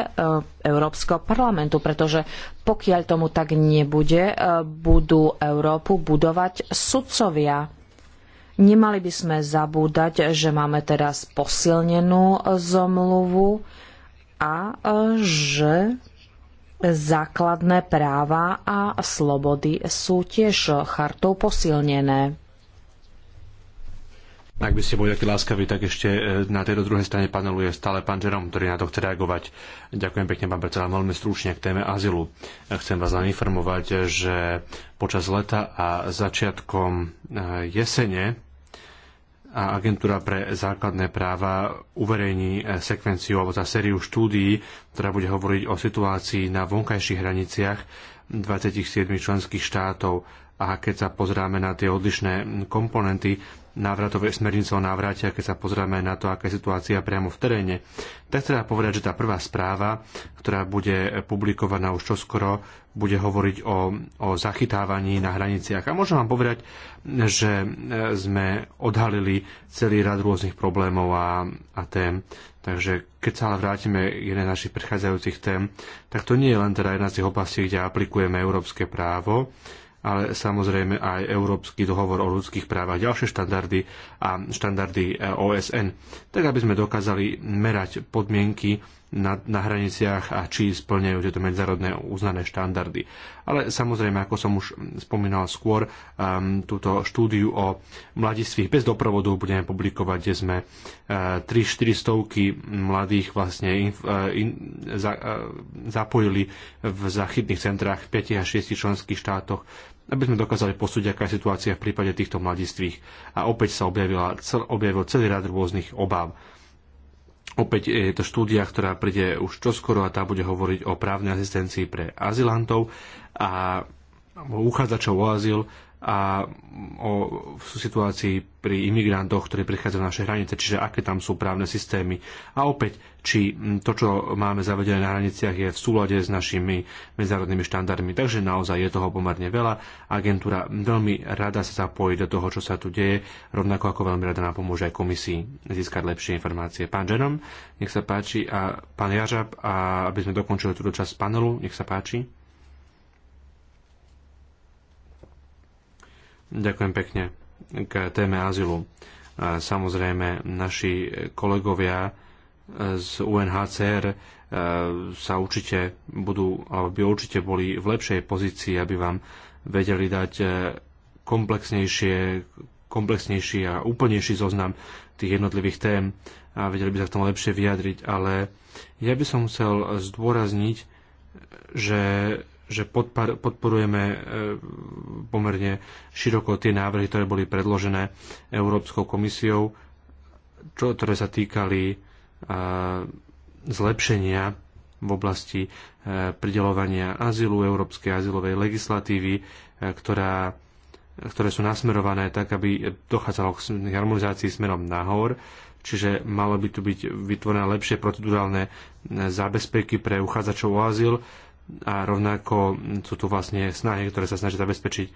Európskeho parlamentu, pretože pokiaľ tomu tak nebude, e, budú Európu budovať sudcovia. Nemali by sme zabúdať, že máme teraz posilnenú zomluvu a že základné práva a slobody sú tiež chartou posilnené. Ak by ste boli takí láskaví, tak ešte e, na tejto druhej strane panelu je stále pán Žerom, ktorý na to chce reagovať. Ďakujem pekne, pán predseda, veľmi stručne k téme azylu. E, chcem vás len informovať, že počas leta a začiatkom e, jesene a agentúra pre základné práva uverejní sekvenciu alebo za sériu štúdií, ktorá bude hovoriť o situácii na vonkajších hraniciach 27 členských štátov. A keď sa pozráme na tie odlišné komponenty, návratovej smernice o návrate, keď sa pozrieme na to, aká je situácia priamo v teréne, tak treba povedať, že tá prvá správa, ktorá bude publikovaná už čoskoro, bude hovoriť o, o zachytávaní na hraniciach. A môžem vám povedať, že e, sme odhalili celý rad rôznych problémov a, a tém. Takže keď sa ale vrátime k jednej z našich predchádzajúcich tém, tak to nie je len teda jedna z tých oblastí, kde aplikujeme európske právo, ale samozrejme aj Európsky dohovor o ľudských právach, ďalšie štandardy a štandardy e, OSN, tak aby sme dokázali merať podmienky na, na hraniciach a či splňajú tieto medzárodné uznané štandardy. Ale samozrejme, ako som už spomínal skôr, um, túto štúdiu o mladistvých bez doprovodu budeme publikovať, kde sme uh, e, 3-4 stovky mladých vlastne in, uh, e, in, za, uh, zapojili v zachytných centrách v 5 a 6 členských štátoch aby sme dokázali posúdiť, aká je situácia v prípade týchto mladistvých. A opäť sa objavila, cel, objavil celý rad rôznych obáv. Opäť je to štúdia, ktorá príde už čoskoro a tá bude hovoriť o právnej asistencii pre azylantov a uchádzačov o azyl a o v situácii pri imigrantoch, ktorí prichádzajú na naše hranice, čiže aké tam sú právne systémy. A opäť, či to, čo máme zavedené na hraniciach, je v súlade s našimi medzinárodnými štandardmi. Takže naozaj je toho pomerne veľa. Agentúra veľmi rada sa zapojí do toho, čo sa tu deje, rovnako ako veľmi rada nám pomôže aj komisii získať lepšie informácie. Pán Ženom, nech sa páči, a pán Jažab, a aby sme dokončili túto časť panelu, nech sa páči. Ďakujem pekne k téme azylu. Samozrejme, naši kolegovia z UNHCR e, sa určite budú, alebo by určite boli v lepšej pozícii, aby vám vedeli dať e, komplexnejšie, komplexnejší a úplnejší zoznam tých jednotlivých tém a vedeli by sa v tom lepšie vyjadriť, ale ja by som chcel zdôrazniť, že že podporujeme e, pomerne široko tie návrhy, ktoré boli predložené Európskou komisiou, čo, ktoré sa týkali e, zlepšenia v oblasti e, pridelovania azylu, európskej azylovej legislatívy, ktorá, ktoré sú nasmerované tak, aby dochádzalo k harmonizácii smerom nahor, čiže malo by tu byť vytvorené lepšie procedurálne zábezpeky pre uchádzačov o azyl, a rovnako sú tu vlastne snahy, ktoré sa snažia zabezpečiť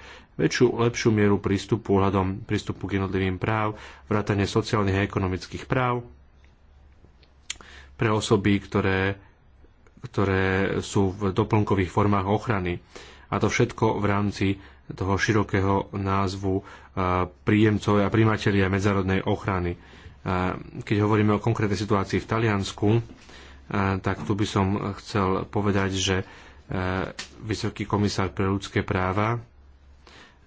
väčšiu, lepšiu mieru prístupu ohľadom prístupu k jednotlivým práv, vrátanie sociálnych a ekonomických práv pre osoby, ktoré, ktoré sú v doplnkových formách ochrany. A to všetko v rámci toho širokého názvu e, príjemcov a príjmatelia medzárodnej ochrany. E, keď hovoríme o konkrétnej situácii v Taliansku, tak tu by som chcel povedať, že e, Vysoký komisár pre ľudské práva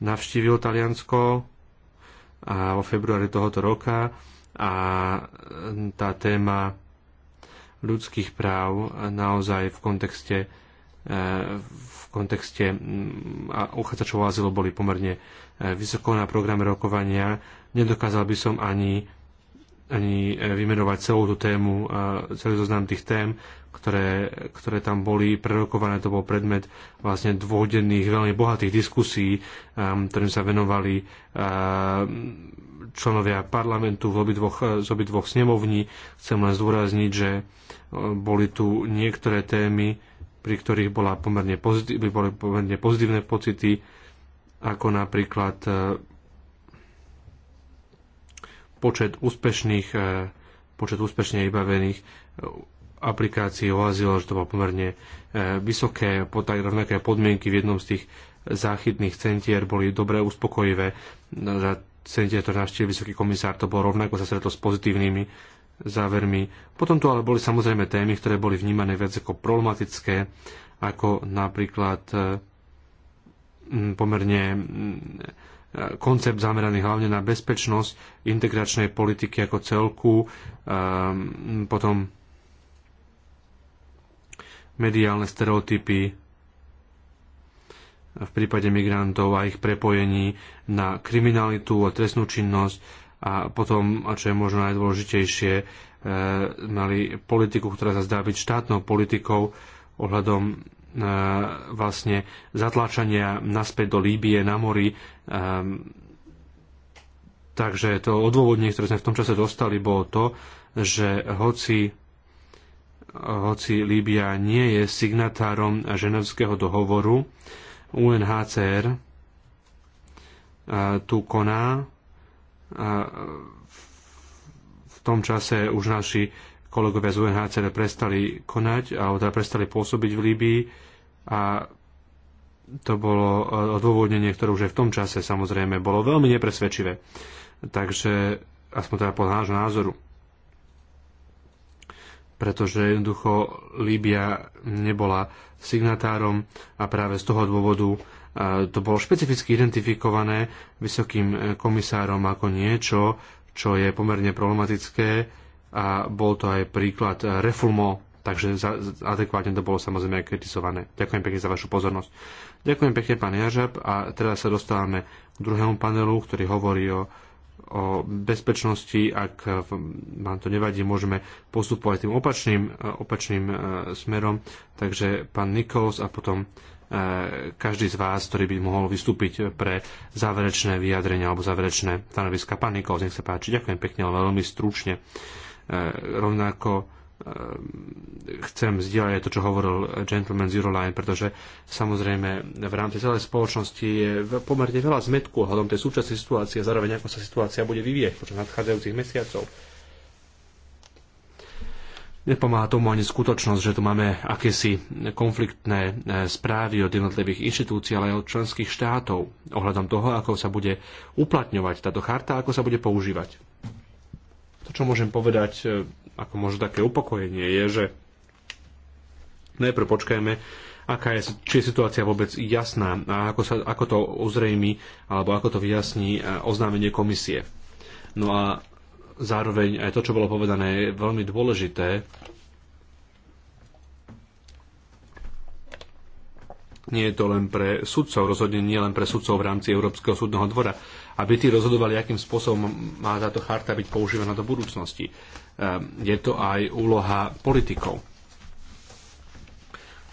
navštívil Taliansko a vo februári tohoto roka a e, tá téma ľudských práv naozaj v kontexte e, v kontexte uchádzačov o azylu boli pomerne vysoko na programe rokovania. Nedokázal by som ani ani e, vymenovať celú tú tému, e, celý zoznam tých tém, ktoré, ktoré tam boli prerokované. To bol predmet vlastne dvojdenných, veľmi bohatých diskusí, um, ktorým sa venovali um, členovia parlamentu v dvoch, e, z dvoch snemovní. Chcem len zdôrazniť, že boli tu niektoré témy, pri ktorých bola pomerne pozitív, boli pomerne pozitívne pocity, ako napríklad počet úspešných, e, počet úspešne vybavených e, aplikácií o azyl, že to bolo pomerne e, vysoké, tak rovnaké podmienky v jednom z tých záchytných centier boli dobre uspokojivé. No, za centier, ktoré navštívil vysoký komisár, to bolo rovnako zase s pozitívnymi závermi. Potom tu ale boli samozrejme témy, ktoré boli vnímané viac ako problematické, ako napríklad pomerne koncept zameraný hlavne na bezpečnosť integračnej politiky ako celku, ehm, potom mediálne stereotypy v prípade migrantov a ich prepojení na kriminalitu a trestnú činnosť a potom, a čo je možno najdôležitejšie, ehm, mali politiku, ktorá sa zdá byť štátnou politikou ohľadom vlastne zatláčania naspäť do Líbie na mori. Takže to odôvodnenie, ktoré sme v tom čase dostali, bolo to, že hoci hoci Líbia nie je signatárom ženevského dohovoru, UNHCR tu koná. V tom čase už naši kolegovia z UNHCR prestali konať, alebo teda prestali pôsobiť v Líbii a to bolo e, odôvodnenie, ktoré už aj v tom čase samozrejme bolo veľmi nepresvedčivé. Takže aspoň teda podľa nášho názoru. Pretože jednoducho Líbia nebola signatárom a práve z toho dôvodu e, to bolo špecificky identifikované vysokým e, komisárom ako niečo, čo je pomerne problematické a bol to aj príklad e, Refulmo, takže za, adekvátne to bolo samozrejme aj kritizované. Ďakujem pekne za vašu pozornosť. Ďakujem pekne, pán Jažab, a teraz sa dostávame k druhému panelu, ktorý hovorí o, o bezpečnosti. Ak e, vám to nevadí, môžeme postupovať tým opačným, e, opačným e, smerom. Takže pán Nikos a potom každý z vás, ktorý by mohol vystúpiť pre záverečné vyjadrenia alebo záverečné stanoviska. Pán Nikolz, nech sa páči, ďakujem pekne, ale veľmi stručne. E, rovnako e, chcem zdieľať to, čo hovoril Gentleman z Euroline, pretože samozrejme v rámci celej spoločnosti je pomerne veľa zmetku ohľadom tej súčasnej situácie a zároveň ako sa situácia bude vyvieť počas nadchádzajúcich mesiacov. Nepomáha tomu ani skutočnosť, že tu máme akési konfliktné e, správy od jednotlivých inštitúcií, ale aj od členských štátov ohľadom toho, ako sa bude uplatňovať táto charta, ako sa bude používať. Čo môžem povedať e, ako možno také upokojenie je, že najprv počkajme, aká je, či je situácia vôbec jasná a ako, sa, ako to uzrejmi alebo ako to vyjasní e, oznámenie komisie. No a zároveň aj to, čo bolo povedané, je veľmi dôležité. Nie je to len pre sudcov, rozhodne nie len pre sudcov v rámci Európskeho súdneho dvora, aby tí rozhodovali, akým spôsobom má táto charta byť používaná do budúcnosti. Ehm, je to aj úloha politikov.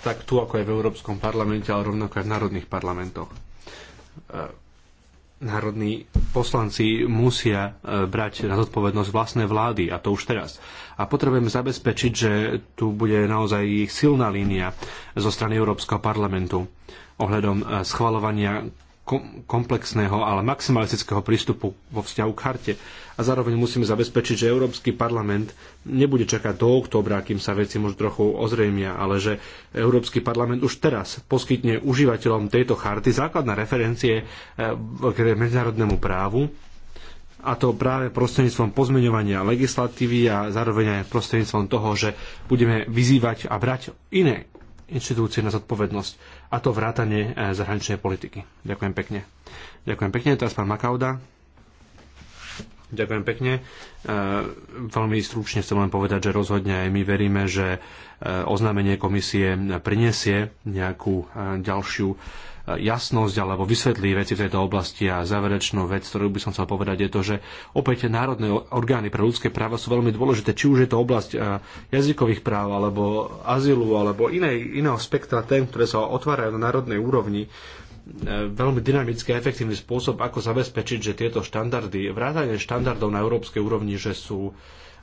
Tak tu ako aj v Európskom parlamente, ale rovnako aj v národných parlamentoch ehm, národní poslanci musia e, brať na zodpovednosť vlastné vlády, a to už teraz. A potrebujeme zabezpečiť, že tu bude naozaj ich silná línia zo strany Európskeho parlamentu ohľadom e, schvalovania komplexného, ale maximalistického prístupu vo vzťahu k charte. A zároveň musíme zabezpečiť, že Európsky parlament nebude čakať do októbra, kým sa veci možno trochu ozrejmia, ale že Európsky parlament už teraz poskytne užívateľom tejto charty základné referencie eh, k medzinárodnému právu, a to práve prostredníctvom pozmeňovania legislatívy a zároveň aj prostredníctvom toho, že budeme vyzývať a brať iné inštitúcie na zodpovednosť, a to vrátanie e, zahraničnej politiky. Ďakujem pekne. Ďakujem pekne, teraz pán Makauda. Ďakujem pekne. E, veľmi stručne chcem len povedať, že rozhodne aj my veríme, že e, oznámenie komisie prinesie nejakú ďalšiu jasnosť alebo vysvetlí veci v tejto oblasti. A záverečnú vec, ktorú by som chcel povedať, je to, že opäť národné orgány pre ľudské práva sú veľmi dôležité, či už je to oblasť eh, jazykových práv alebo azylu alebo iné, iného spektra tém, ktoré sa otvárajú na národnej úrovni eh, veľmi dynamický a efektívny spôsob, ako zabezpečiť, že tieto štandardy, vrátanie štandardov na európskej úrovni, že sú,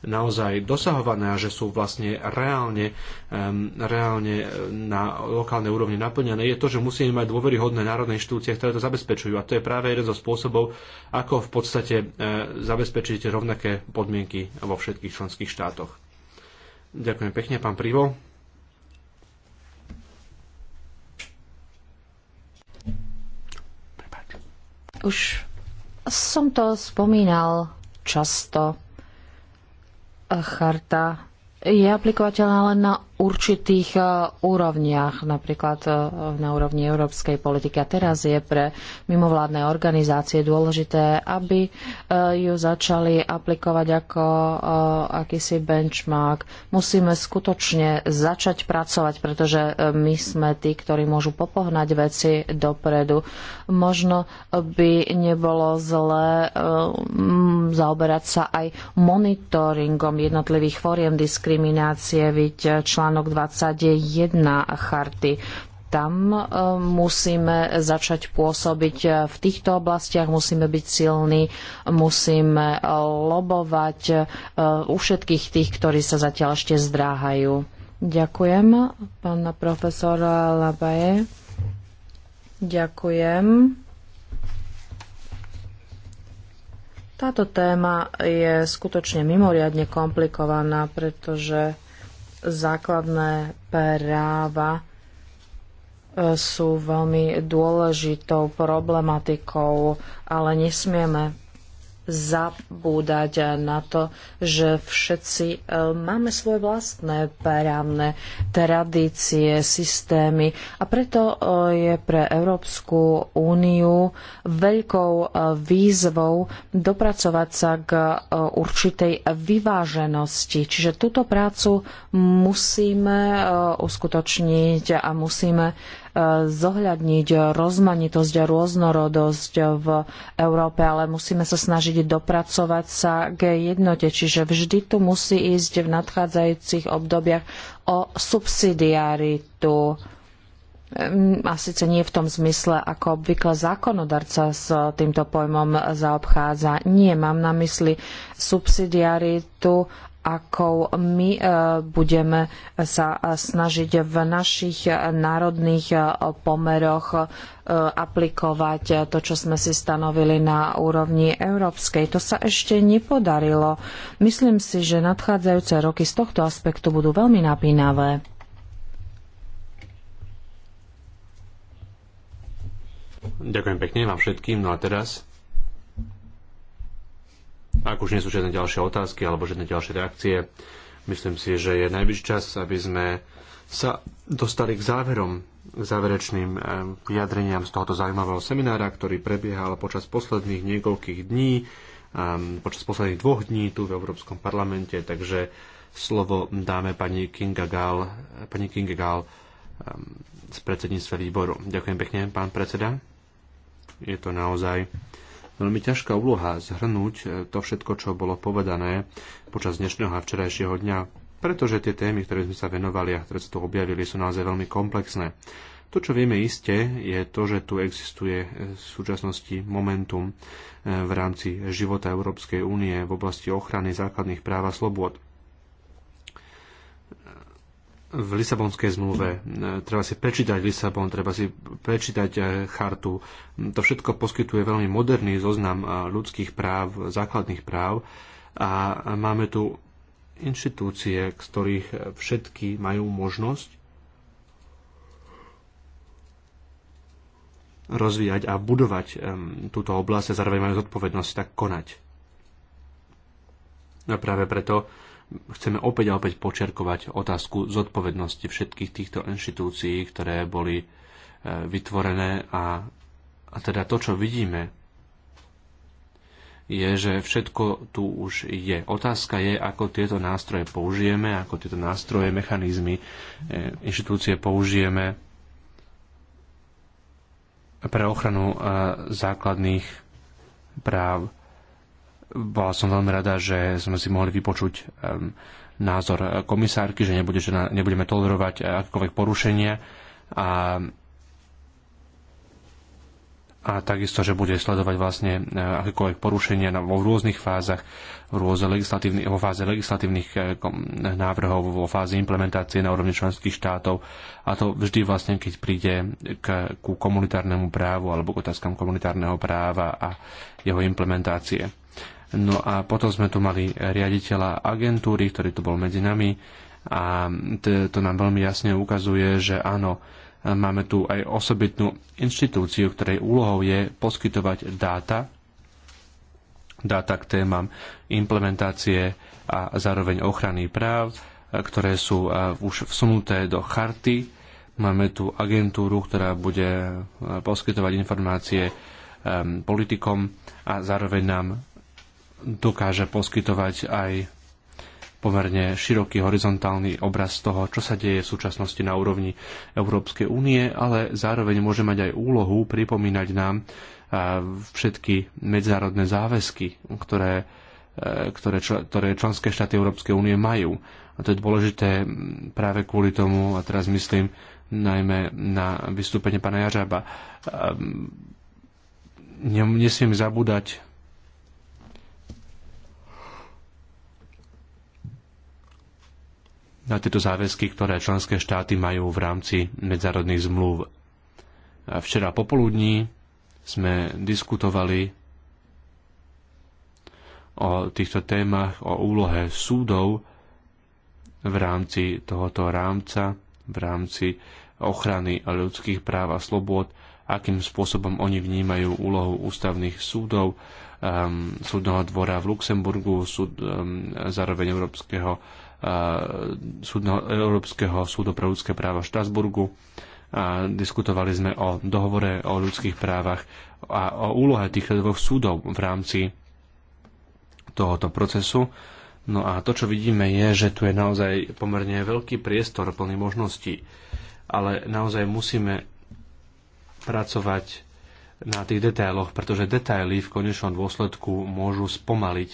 naozaj dosahované a že sú vlastne reálne, reálne na lokálnej úrovni naplňané, je to, že musíme mať dôveryhodné národné inštitúcie, ktoré to zabezpečujú. A to je práve jeden zo spôsobov, ako v podstate eh, zabezpečiť rovnaké podmienky vo všetkých členských štátoch. Ďakujem pekne, pán Privo. Už som to spomínal často charta je aplikovateľná len na určitých e, úrovniach, napríklad e, na úrovni európskej politiky. A teraz je pre mimovládne organizácie dôležité, aby e, ju začali aplikovať ako akýsi benchmark. Musíme skutočne začať pracovať, pretože my sme tí, ktorí môžu popohnať veci dopredu. Možno by nebolo zlé zaoberať sa aj monitoringom jednotlivých fóriem diskriminácie, byť člen článok 21 charty tam e, musíme začať pôsobiť e, v týchto oblastiach, musíme byť silní, musíme e, lobovať u všetkých tých, ktorí sa zatiaľ ešte zdráhajú. Ďakujem, pána profesora Labaje. Ďakujem. Táto téma je skutočne mimoriadne komplikovaná, pretože základné práva e, sú veľmi dôležitou problematikou, ale nesmieme zabúdať na to, že všetci e, máme svoje vlastné právne tradície, systémy a preto e, je pre Európsku úniu veľkou e, výzvou dopracovať sa k určitej vyváženosti. Čiže túto prácu musíme uskutočniť a musíme zohľadniť rozmanitosť a rôznorodosť v Európe, ale musíme sa snažiť dopracovať sa k jednote. Čiže vždy tu musí ísť v nadchádzajúcich obdobiach o subsidiaritu hm, a síce nie v tom zmysle, ako obvykle zákonodarca s týmto pojmom zaobchádza. Nie, mám na mysli subsidiaritu akou my e, budeme sa snažiť v našich národných e, pomeroch e, aplikovať to, čo sme si stanovili na úrovni európskej. To sa ešte nepodarilo. Myslím si, že nadchádzajúce roky z tohto aspektu budú veľmi napínavé. Ďakujem pekne vám všetkým. No a teraz ak už nie sú žiadne ďalšie otázky alebo žiadne ďalšie reakcie, myslím si, že je najvyšší čas, aby sme sa dostali k záverom, k záverečným eh, vyjadreniam z tohoto zaujímavého seminára, ktorý prebiehal počas posledných niekoľkých dní, ehm, počas posledných dvoch dní tu v Európskom parlamente, takže slovo dáme pani Kinga Gál, pani Kinga Gál ehm, z predsedníctva výboru. Ďakujem pekne, pán predseda. Je to naozaj veľmi ťažká úloha zhrnúť e, to všetko, čo bolo povedané počas dnešného a včerajšieho dňa, pretože tie témy, ktoré sme sa venovali a ktoré sa tu objavili, sú naozaj veľmi komplexné. To, čo vieme iste, je to, že tu existuje e, v súčasnosti momentum e, v rámci života Európskej únie v oblasti ochrany základných práv a slobôd v Lisabonskej zmluve, e, treba si prečítať Lisabon, treba si prečítať e, chartu. To všetko poskytuje veľmi moderný zoznam e, ľudských práv, základných práv a máme tu inštitúcie, z ktorých všetky majú možnosť rozvíjať a budovať túto oblasť a zároveň majú zodpovednosť tak konať. A práve preto chceme opäť a opäť počerkovať otázku zodpovednosti všetkých týchto inštitúcií, ktoré boli e, vytvorené a, a teda to, čo vidíme, je, že všetko tu už je. Otázka je, ako tieto nástroje použijeme, ako tieto nástroje, mechanizmy, e, inštitúcie použijeme pre ochranu e, základných práv bola som veľmi rada, že sme si mohli vypočuť názor komisárky, že, nebude, že nebudeme tolerovať eh, akékoľvek porušenie a a takisto, že bude sledovať vlastne eh, akékoľvek porušenia vo rôznych fázach, v rôzne legislatívny, vo fáze legislatívnych eh, návrhov, vo fáze implementácie na úrovni členských štátov a to vždy vlastne, keď príde k, ku komunitárnemu právu alebo k otázkam komunitárneho práva a jeho implementácie. No a potom sme tu mali riaditeľa agentúry, ktorý tu bol medzi nami a to nám veľmi jasne ukazuje, že áno, máme tu aj osobitnú inštitúciu, ktorej úlohou je poskytovať dáta, dáta k témam implementácie a zároveň ochrany práv, ktoré sú už vsunuté do charty. Máme tu agentúru, ktorá bude poskytovať informácie politikom a zároveň nám dokáže poskytovať aj pomerne široký horizontálny obraz toho, čo sa deje v súčasnosti na úrovni Európskej únie, ale zároveň môže mať aj úlohu pripomínať nám všetky medzinárodné záväzky, ktoré, e, ktoré, ktoré členské štáty Európskej únie majú. A to je dôležité práve kvôli tomu, a teraz myslím najmä na vystúpenie pána Jažaba, Nesmiem zabúdať na tieto záväzky, ktoré členské štáty majú v rámci medzárodných zmluv. Včera popoludní sme diskutovali o týchto témach, o úlohe súdov v rámci tohoto rámca, v rámci ochrany ľudských práv a slobôd, akým spôsobom oni vnímajú úlohu ústavných súdov, um, súdneho dvora v Luxemburgu, súd, um, zároveň Európskeho súdneho, Európskeho súdu pre ľudské práva v Štrasburgu a diskutovali sme o dohovore o ľudských právach a o úlohe týchto dvoch súdov v rámci tohoto procesu. No a to, čo vidíme, je, že tu je naozaj pomerne veľký priestor plný možností, ale naozaj musíme pracovať na tých detailoch, pretože detaily v konečnom dôsledku môžu spomaliť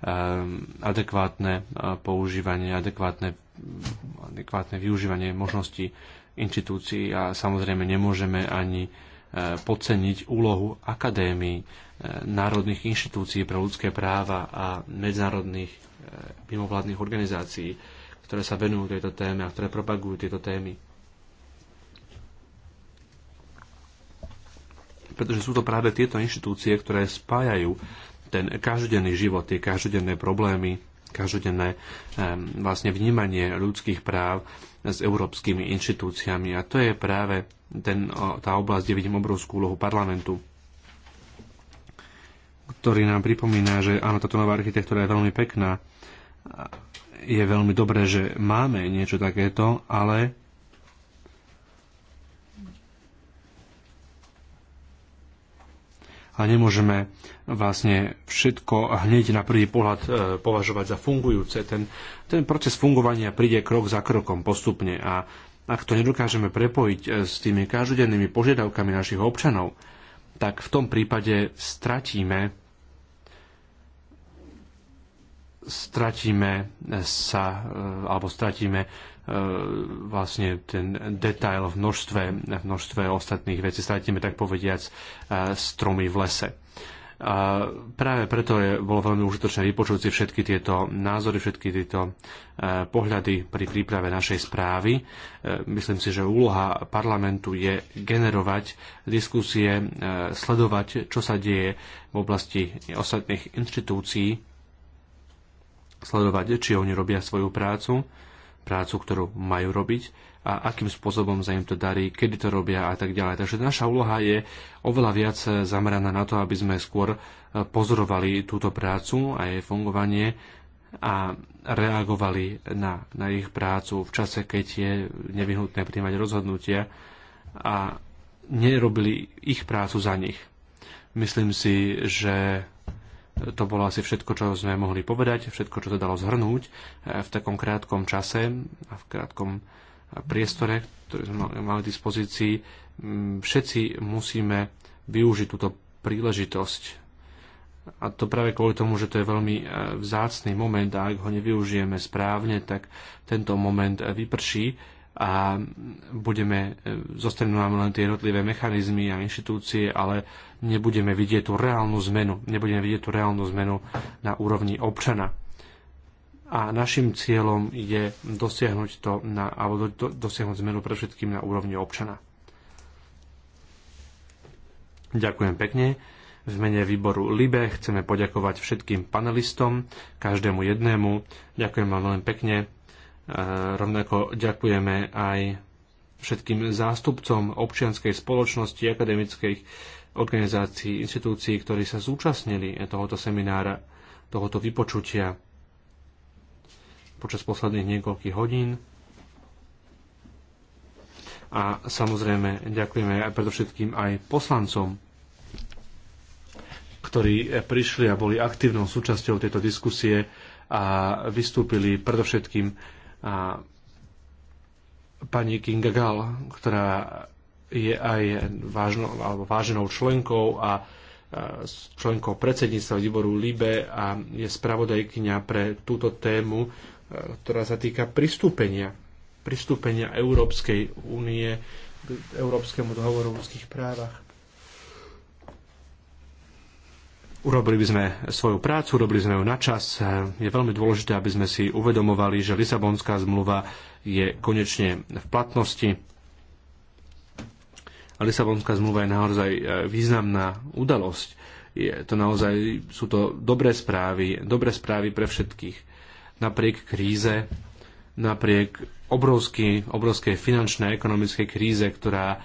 Ehm, adekvátne používanie, adekvátne, adekvátne využívanie možností inštitúcií a samozrejme nemôžeme ani e, podceniť úlohu akadémií, e, národných inštitúcií pre ľudské práva a medzinárodných e, mimovládnych organizácií, ktoré sa venujú tejto téme a ktoré propagujú tieto témy. Pretože sú to práve tieto inštitúcie, ktoré spájajú ten každodenný život, tie každodenné problémy, každodenné vlastne vnímanie ľudských práv s európskymi inštitúciami. A to je práve ten, tá oblasť, kde vidím obrovskú úlohu parlamentu ktorý nám pripomína, že áno, táto nová architektúra je veľmi pekná. Je veľmi dobré, že máme niečo takéto, ale a nemôžeme vlastne všetko hneď na prvý pohľad e, považovať za fungujúce. Ten, ten proces fungovania príde krok za krokom postupne a ak to nedokážeme prepojiť e, s tými každodennými požiadavkami našich občanov, tak v tom prípade stratíme stratíme sa e, alebo stratíme E, vlastne ten detail v množstve, v množstve ostatných vecí. Stratíme tak povediac e, stromy v lese. A e, práve preto je, bolo veľmi užitočné vypočuť si všetky tieto názory, všetky tieto pohľady pri príprave našej správy. Myslím si, že úloha parlamentu je generovať diskusie, sledovať, čo sa deje v oblasti ostatných inštitúcií, sledovať, či oni robia svoju prácu prácu, ktorú majú robiť a akým spôsobom sa im to darí, kedy to robia a tak ďalej. Takže naša úloha je oveľa viac zameraná na to, aby sme skôr e, pozorovali túto prácu a jej fungovanie a reagovali na, na ich prácu v čase, keď je nevyhnutné príjmať rozhodnutia a nerobili ich prácu za nich. Myslím si, že to bolo asi všetko, čo sme mohli povedať, všetko, čo sa dalo zhrnúť eh, v takom krátkom čase a v krátkom eh, priestore, ktorý sme mali k dispozícii. Mm, všetci musíme využiť túto príležitosť. A to práve kvôli tomu, že to je veľmi eh, vzácný moment a ak ho nevyužijeme správne, tak tento moment vyprší a budeme, e, zostanú len tie jednotlivé mechanizmy a inštitúcie, ale nebudeme vidieť tú reálnu zmenu. Nebudeme vidieť tú reálnu zmenu na úrovni občana. A našim cieľom je dosiahnuť to na, alebo do, dosiahnuť zmenu pre všetkým na úrovni občana. Ďakujem pekne. V mene výboru LIBE chceme poďakovať všetkým panelistom, každému jednému. Ďakujem vám veľmi pekne Rovnako ďakujeme aj všetkým zástupcom občianskej spoločnosti, akademických organizácií, inštitúcií, ktorí sa zúčastnili tohoto seminára, tohoto vypočutia počas posledných niekoľkých hodín. A samozrejme ďakujeme aj predovšetkým aj poslancom, ktorí prišli a boli aktívnou súčasťou tejto diskusie a vystúpili predovšetkým a pani Kinga Gal, ktorá je aj vážno, alebo váženou členkou a členkou predsedníctva výboru LIBE a je spravodajkyňa pre túto tému, e, ktorá sa týka pristúpenia, pristúpenia Európskej únie k Európskemu dohovoru o ľudských právach. Urobili by sme svoju prácu, urobili sme ju na čas. Je veľmi dôležité, aby sme si uvedomovali, že Lisabonská zmluva je konečne v platnosti. A Lisabonská zmluva je naozaj e, významná udalosť. Je to naozaj, sú to dobré správy, dobré správy pre všetkých. Napriek kríze, napriek obrovský, obrovskej finančnej a ekonomickej kríze, ktorá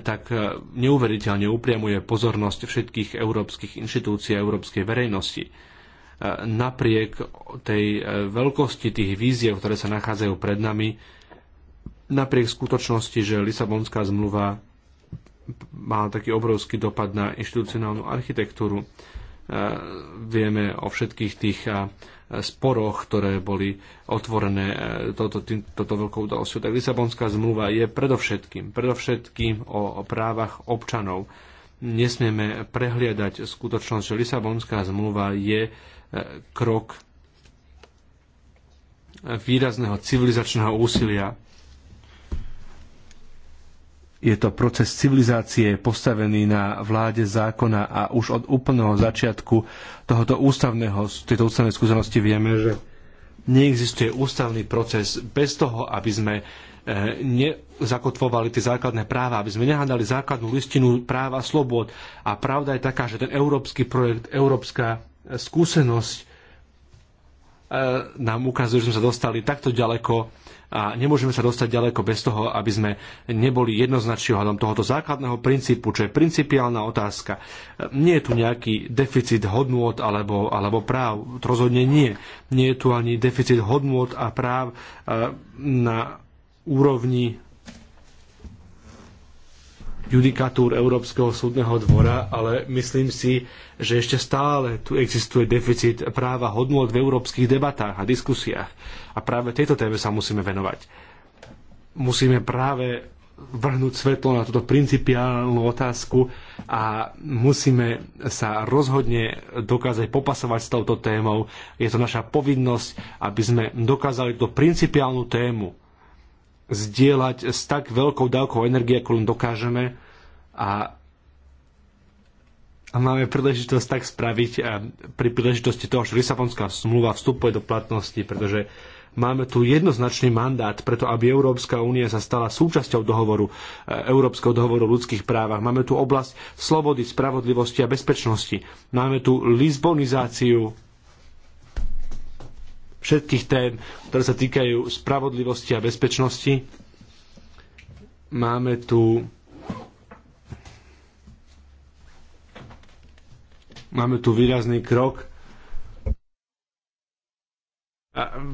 tak e, neuveriteľne upriamuje pozornosť všetkých európskych inštitúcií a európskej verejnosti. E, napriek tej e, veľkosti tých víziev, ktoré sa nachádzajú pred nami, napriek skutočnosti, že Lisabonská zmluva má taký obrovský dopad na inštitucionálnu architektúru, vieme o všetkých tých sporoch, ktoré boli otvorené e, toto, tým, toto veľkou udalosťou. Tak Lisabonská zmluva je predovšetkým, predovšetkým o právach občanov. Nesmieme prehliadať skutočnosť, že Lisabonská zmluva je e, krok výrazného civilizačného úsilia je to proces civilizácie postavený na vláde zákona a už od úplného začiatku tohoto ústavného, tejto ústavnej skúsenosti vieme, že neexistuje ústavný proces bez toho, aby sme e, nezakotvovali tie základné práva, aby sme nehádali základnú listinu práva slobod. A pravda je taká, že ten európsky projekt, európska skúsenosť e, nám ukazuje, že sme sa dostali takto ďaleko a nemôžeme sa dostať ďaleko bez toho, aby sme neboli jednoznační ohľadom tohoto základného princípu, čo je principiálna otázka. Nie je tu nejaký deficit hodnôt alebo, alebo práv, to rozhodne nie. Nie je tu ani deficit hodnôt a práv eh, na úrovni judikatúr Európskeho súdneho dvora, ale myslím si, že ešte stále tu existuje deficit práva hodnôt v európskych debatách a diskusiách. A práve tejto téme sa musíme venovať. Musíme práve vrhnúť svetlo na túto principiálnu otázku a musíme sa rozhodne dokázať popasovať s touto témou. Je to naša povinnosť, aby sme dokázali túto principiálnu tému zdieľať s tak veľkou dávkou energie, ako len dokážeme a a máme príležitosť tak spraviť a pri príležitosti toho, že Lisabonská smluva vstupuje do platnosti, pretože máme tu jednoznačný mandát preto, aby Európska únia sa stala súčasťou dohovoru, e, Európskeho dohovoru o ľudských právach. Máme tu oblasť slobody, spravodlivosti a bezpečnosti. Máme tu lisbonizáciu všetkých tém, ktoré sa týkajú spravodlivosti a bezpečnosti. Máme tu máme tu výrazný krok,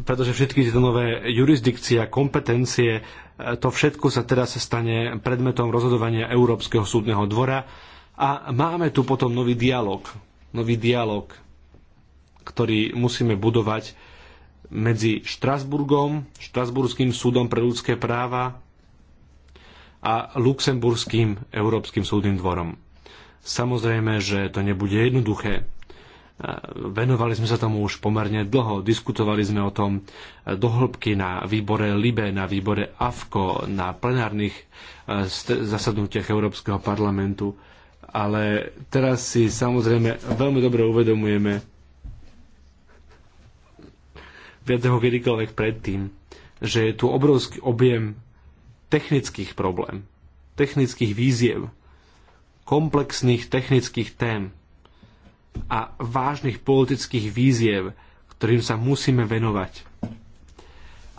pretože všetky tieto nové jurisdikcie a kompetencie, e, to všetko sa teraz stane predmetom rozhodovania Európskeho súdneho dvora a máme tu potom nový dialog, nový dialog, ktorý musíme budovať medzi Štrasburgom, Štrasburským súdom pre ľudské práva a Luxemburským Európskym súdnym dvorom. Samozrejme, že to nebude jednoduché. Venovali sme sa tomu už pomerne dlho, diskutovali sme o tom dohlbky na výbore LIBE, na výbore AFKO, na plenárnych e, zasadnutiach Európskeho parlamentu. Ale teraz si samozrejme veľmi dobre uvedomujeme, viac ako kedykoľvek predtým, že je tu obrovský objem technických problém, technických víziev, komplexných technických tém a vážnych politických víziev, ktorým sa musíme venovať.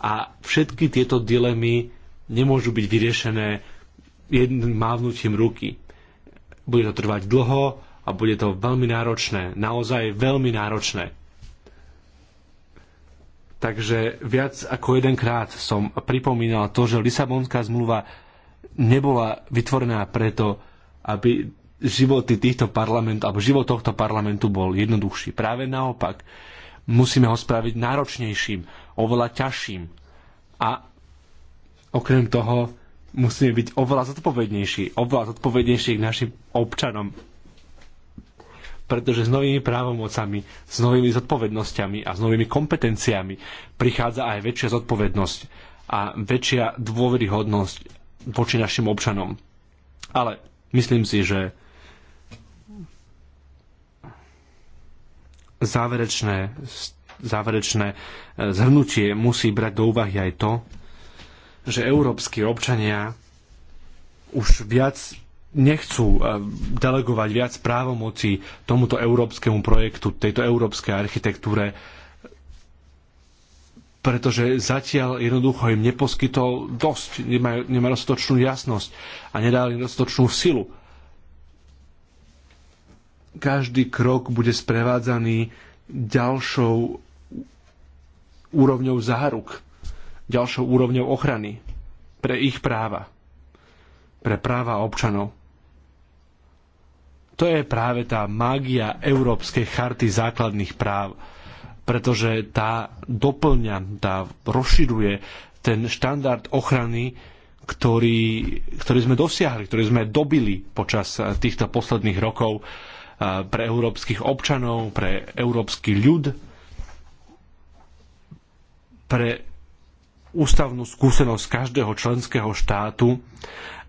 A všetky tieto dilemy nemôžu byť vyriešené jedným mávnutím ruky. Bude to trvať dlho a bude to veľmi náročné, naozaj veľmi náročné. Takže viac ako jedenkrát som pripomínal to, že Lisabonská zmluva nebola vytvorená preto, aby životy týchto parlamentov, alebo život tohto parlamentu bol jednoduchší. Práve naopak, musíme ho spraviť náročnejším, oveľa ťažším. A okrem toho musíme byť oveľa zodpovednejší, oveľa zodpovednejší k našim občanom, pretože s novými právomocami, s novými zodpovednosťami a s novými kompetenciami prichádza aj väčšia zodpovednosť a väčšia dôveryhodnosť voči našim občanom. Ale myslím si, že záverečné, záverečné e, zhrnutie musí brať do úvahy aj to, že európsky občania už viac nechcú eh, delegovať viac právomoci tomuto európskemu projektu, tejto európskej architektúre, pretože zatiaľ jednoducho im neposkytol dosť, nemajú, nemajú dostatočnú jasnosť a nedali dostatočnú silu. Každý krok bude sprevádzaný ďalšou úrovňou záruk, ďalšou úrovňou ochrany pre ich práva, pre práva občanov. To je práve tá mágia Európskej charty základných práv, pretože tá doplňa, tá rozširuje ten štandard ochrany, ktorý, ktorý sme dosiahli, ktorý sme dobili počas eh, týchto posledných rokov eh, pre európskych občanov, pre európsky ľud, pre ústavnú skúsenosť každého členského štátu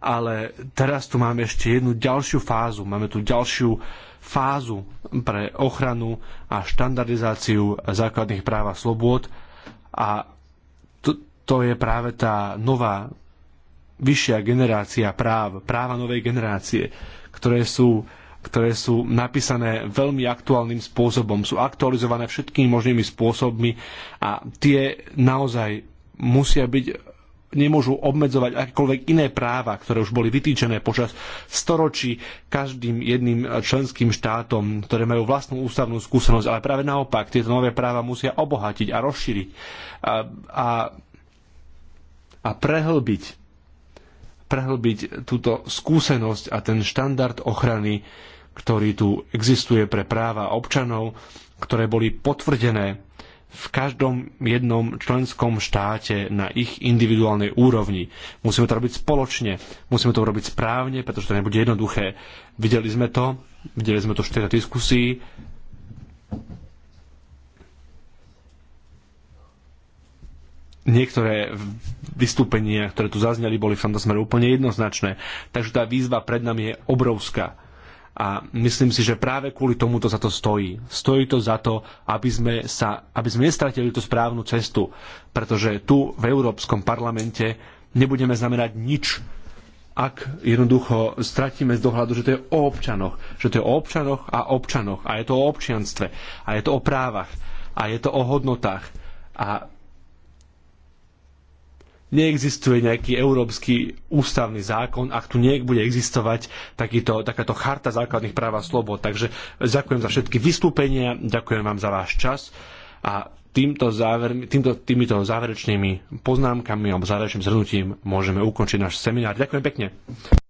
ale teraz tu máme ešte jednu ďalšiu fázu, máme tu ďalšiu fázu pre ochranu a štandardizáciu základných práv a slobôd a to, to je práve tá nová vyššia generácia práv, práva novej generácie, ktoré sú ktoré sú napísané veľmi aktuálnym spôsobom, sú aktualizované všetkými možnými spôsobmi a tie naozaj musia byť nemôžu obmedzovať akékoľvek iné práva, ktoré už boli vytýčené počas storočí každým jedným členským štátom, ktoré majú vlastnú ústavnú skúsenosť, ale práve naopak, tieto nové práva musia obohatiť a rozšíriť a, a, a prehlbiť, prehlbiť túto skúsenosť a ten štandard ochrany, ktorý tu existuje pre práva občanov, ktoré boli potvrdené v každom jednom členskom štáte na ich individuálnej úrovni. Musíme to robiť spoločne, musíme to robiť správne, pretože to nebude jednoduché. Videli sme to, videli sme to v tejto diskusii. Niektoré vystúpenia, ktoré tu zazneli, boli v tomto smere úplne jednoznačné. Takže tá výzva pred nami je obrovská a myslím si, že práve kvôli tomuto za to stojí. Stojí to za to, aby sme, sa, aby sme nestratili tú správnu cestu, pretože tu v Európskom parlamente nebudeme znamenať nič, ak jednoducho stratíme z dohľadu, že to je o občanoch. Že to je o občanoch a občanoch. A je to o občianstve. A je to o právach. A je to o hodnotách. A neexistuje nejaký európsky ústavný zákon, ak tu niek bude existovať takýto, takáto charta základných práv a slobod. Takže ďakujem za všetky vystúpenia, ďakujem vám za váš čas a týmto záver, týmto, týmito záverečnými poznámkami alebo záverečným zhrnutím môžeme ukončiť náš seminár. Ďakujem pekne.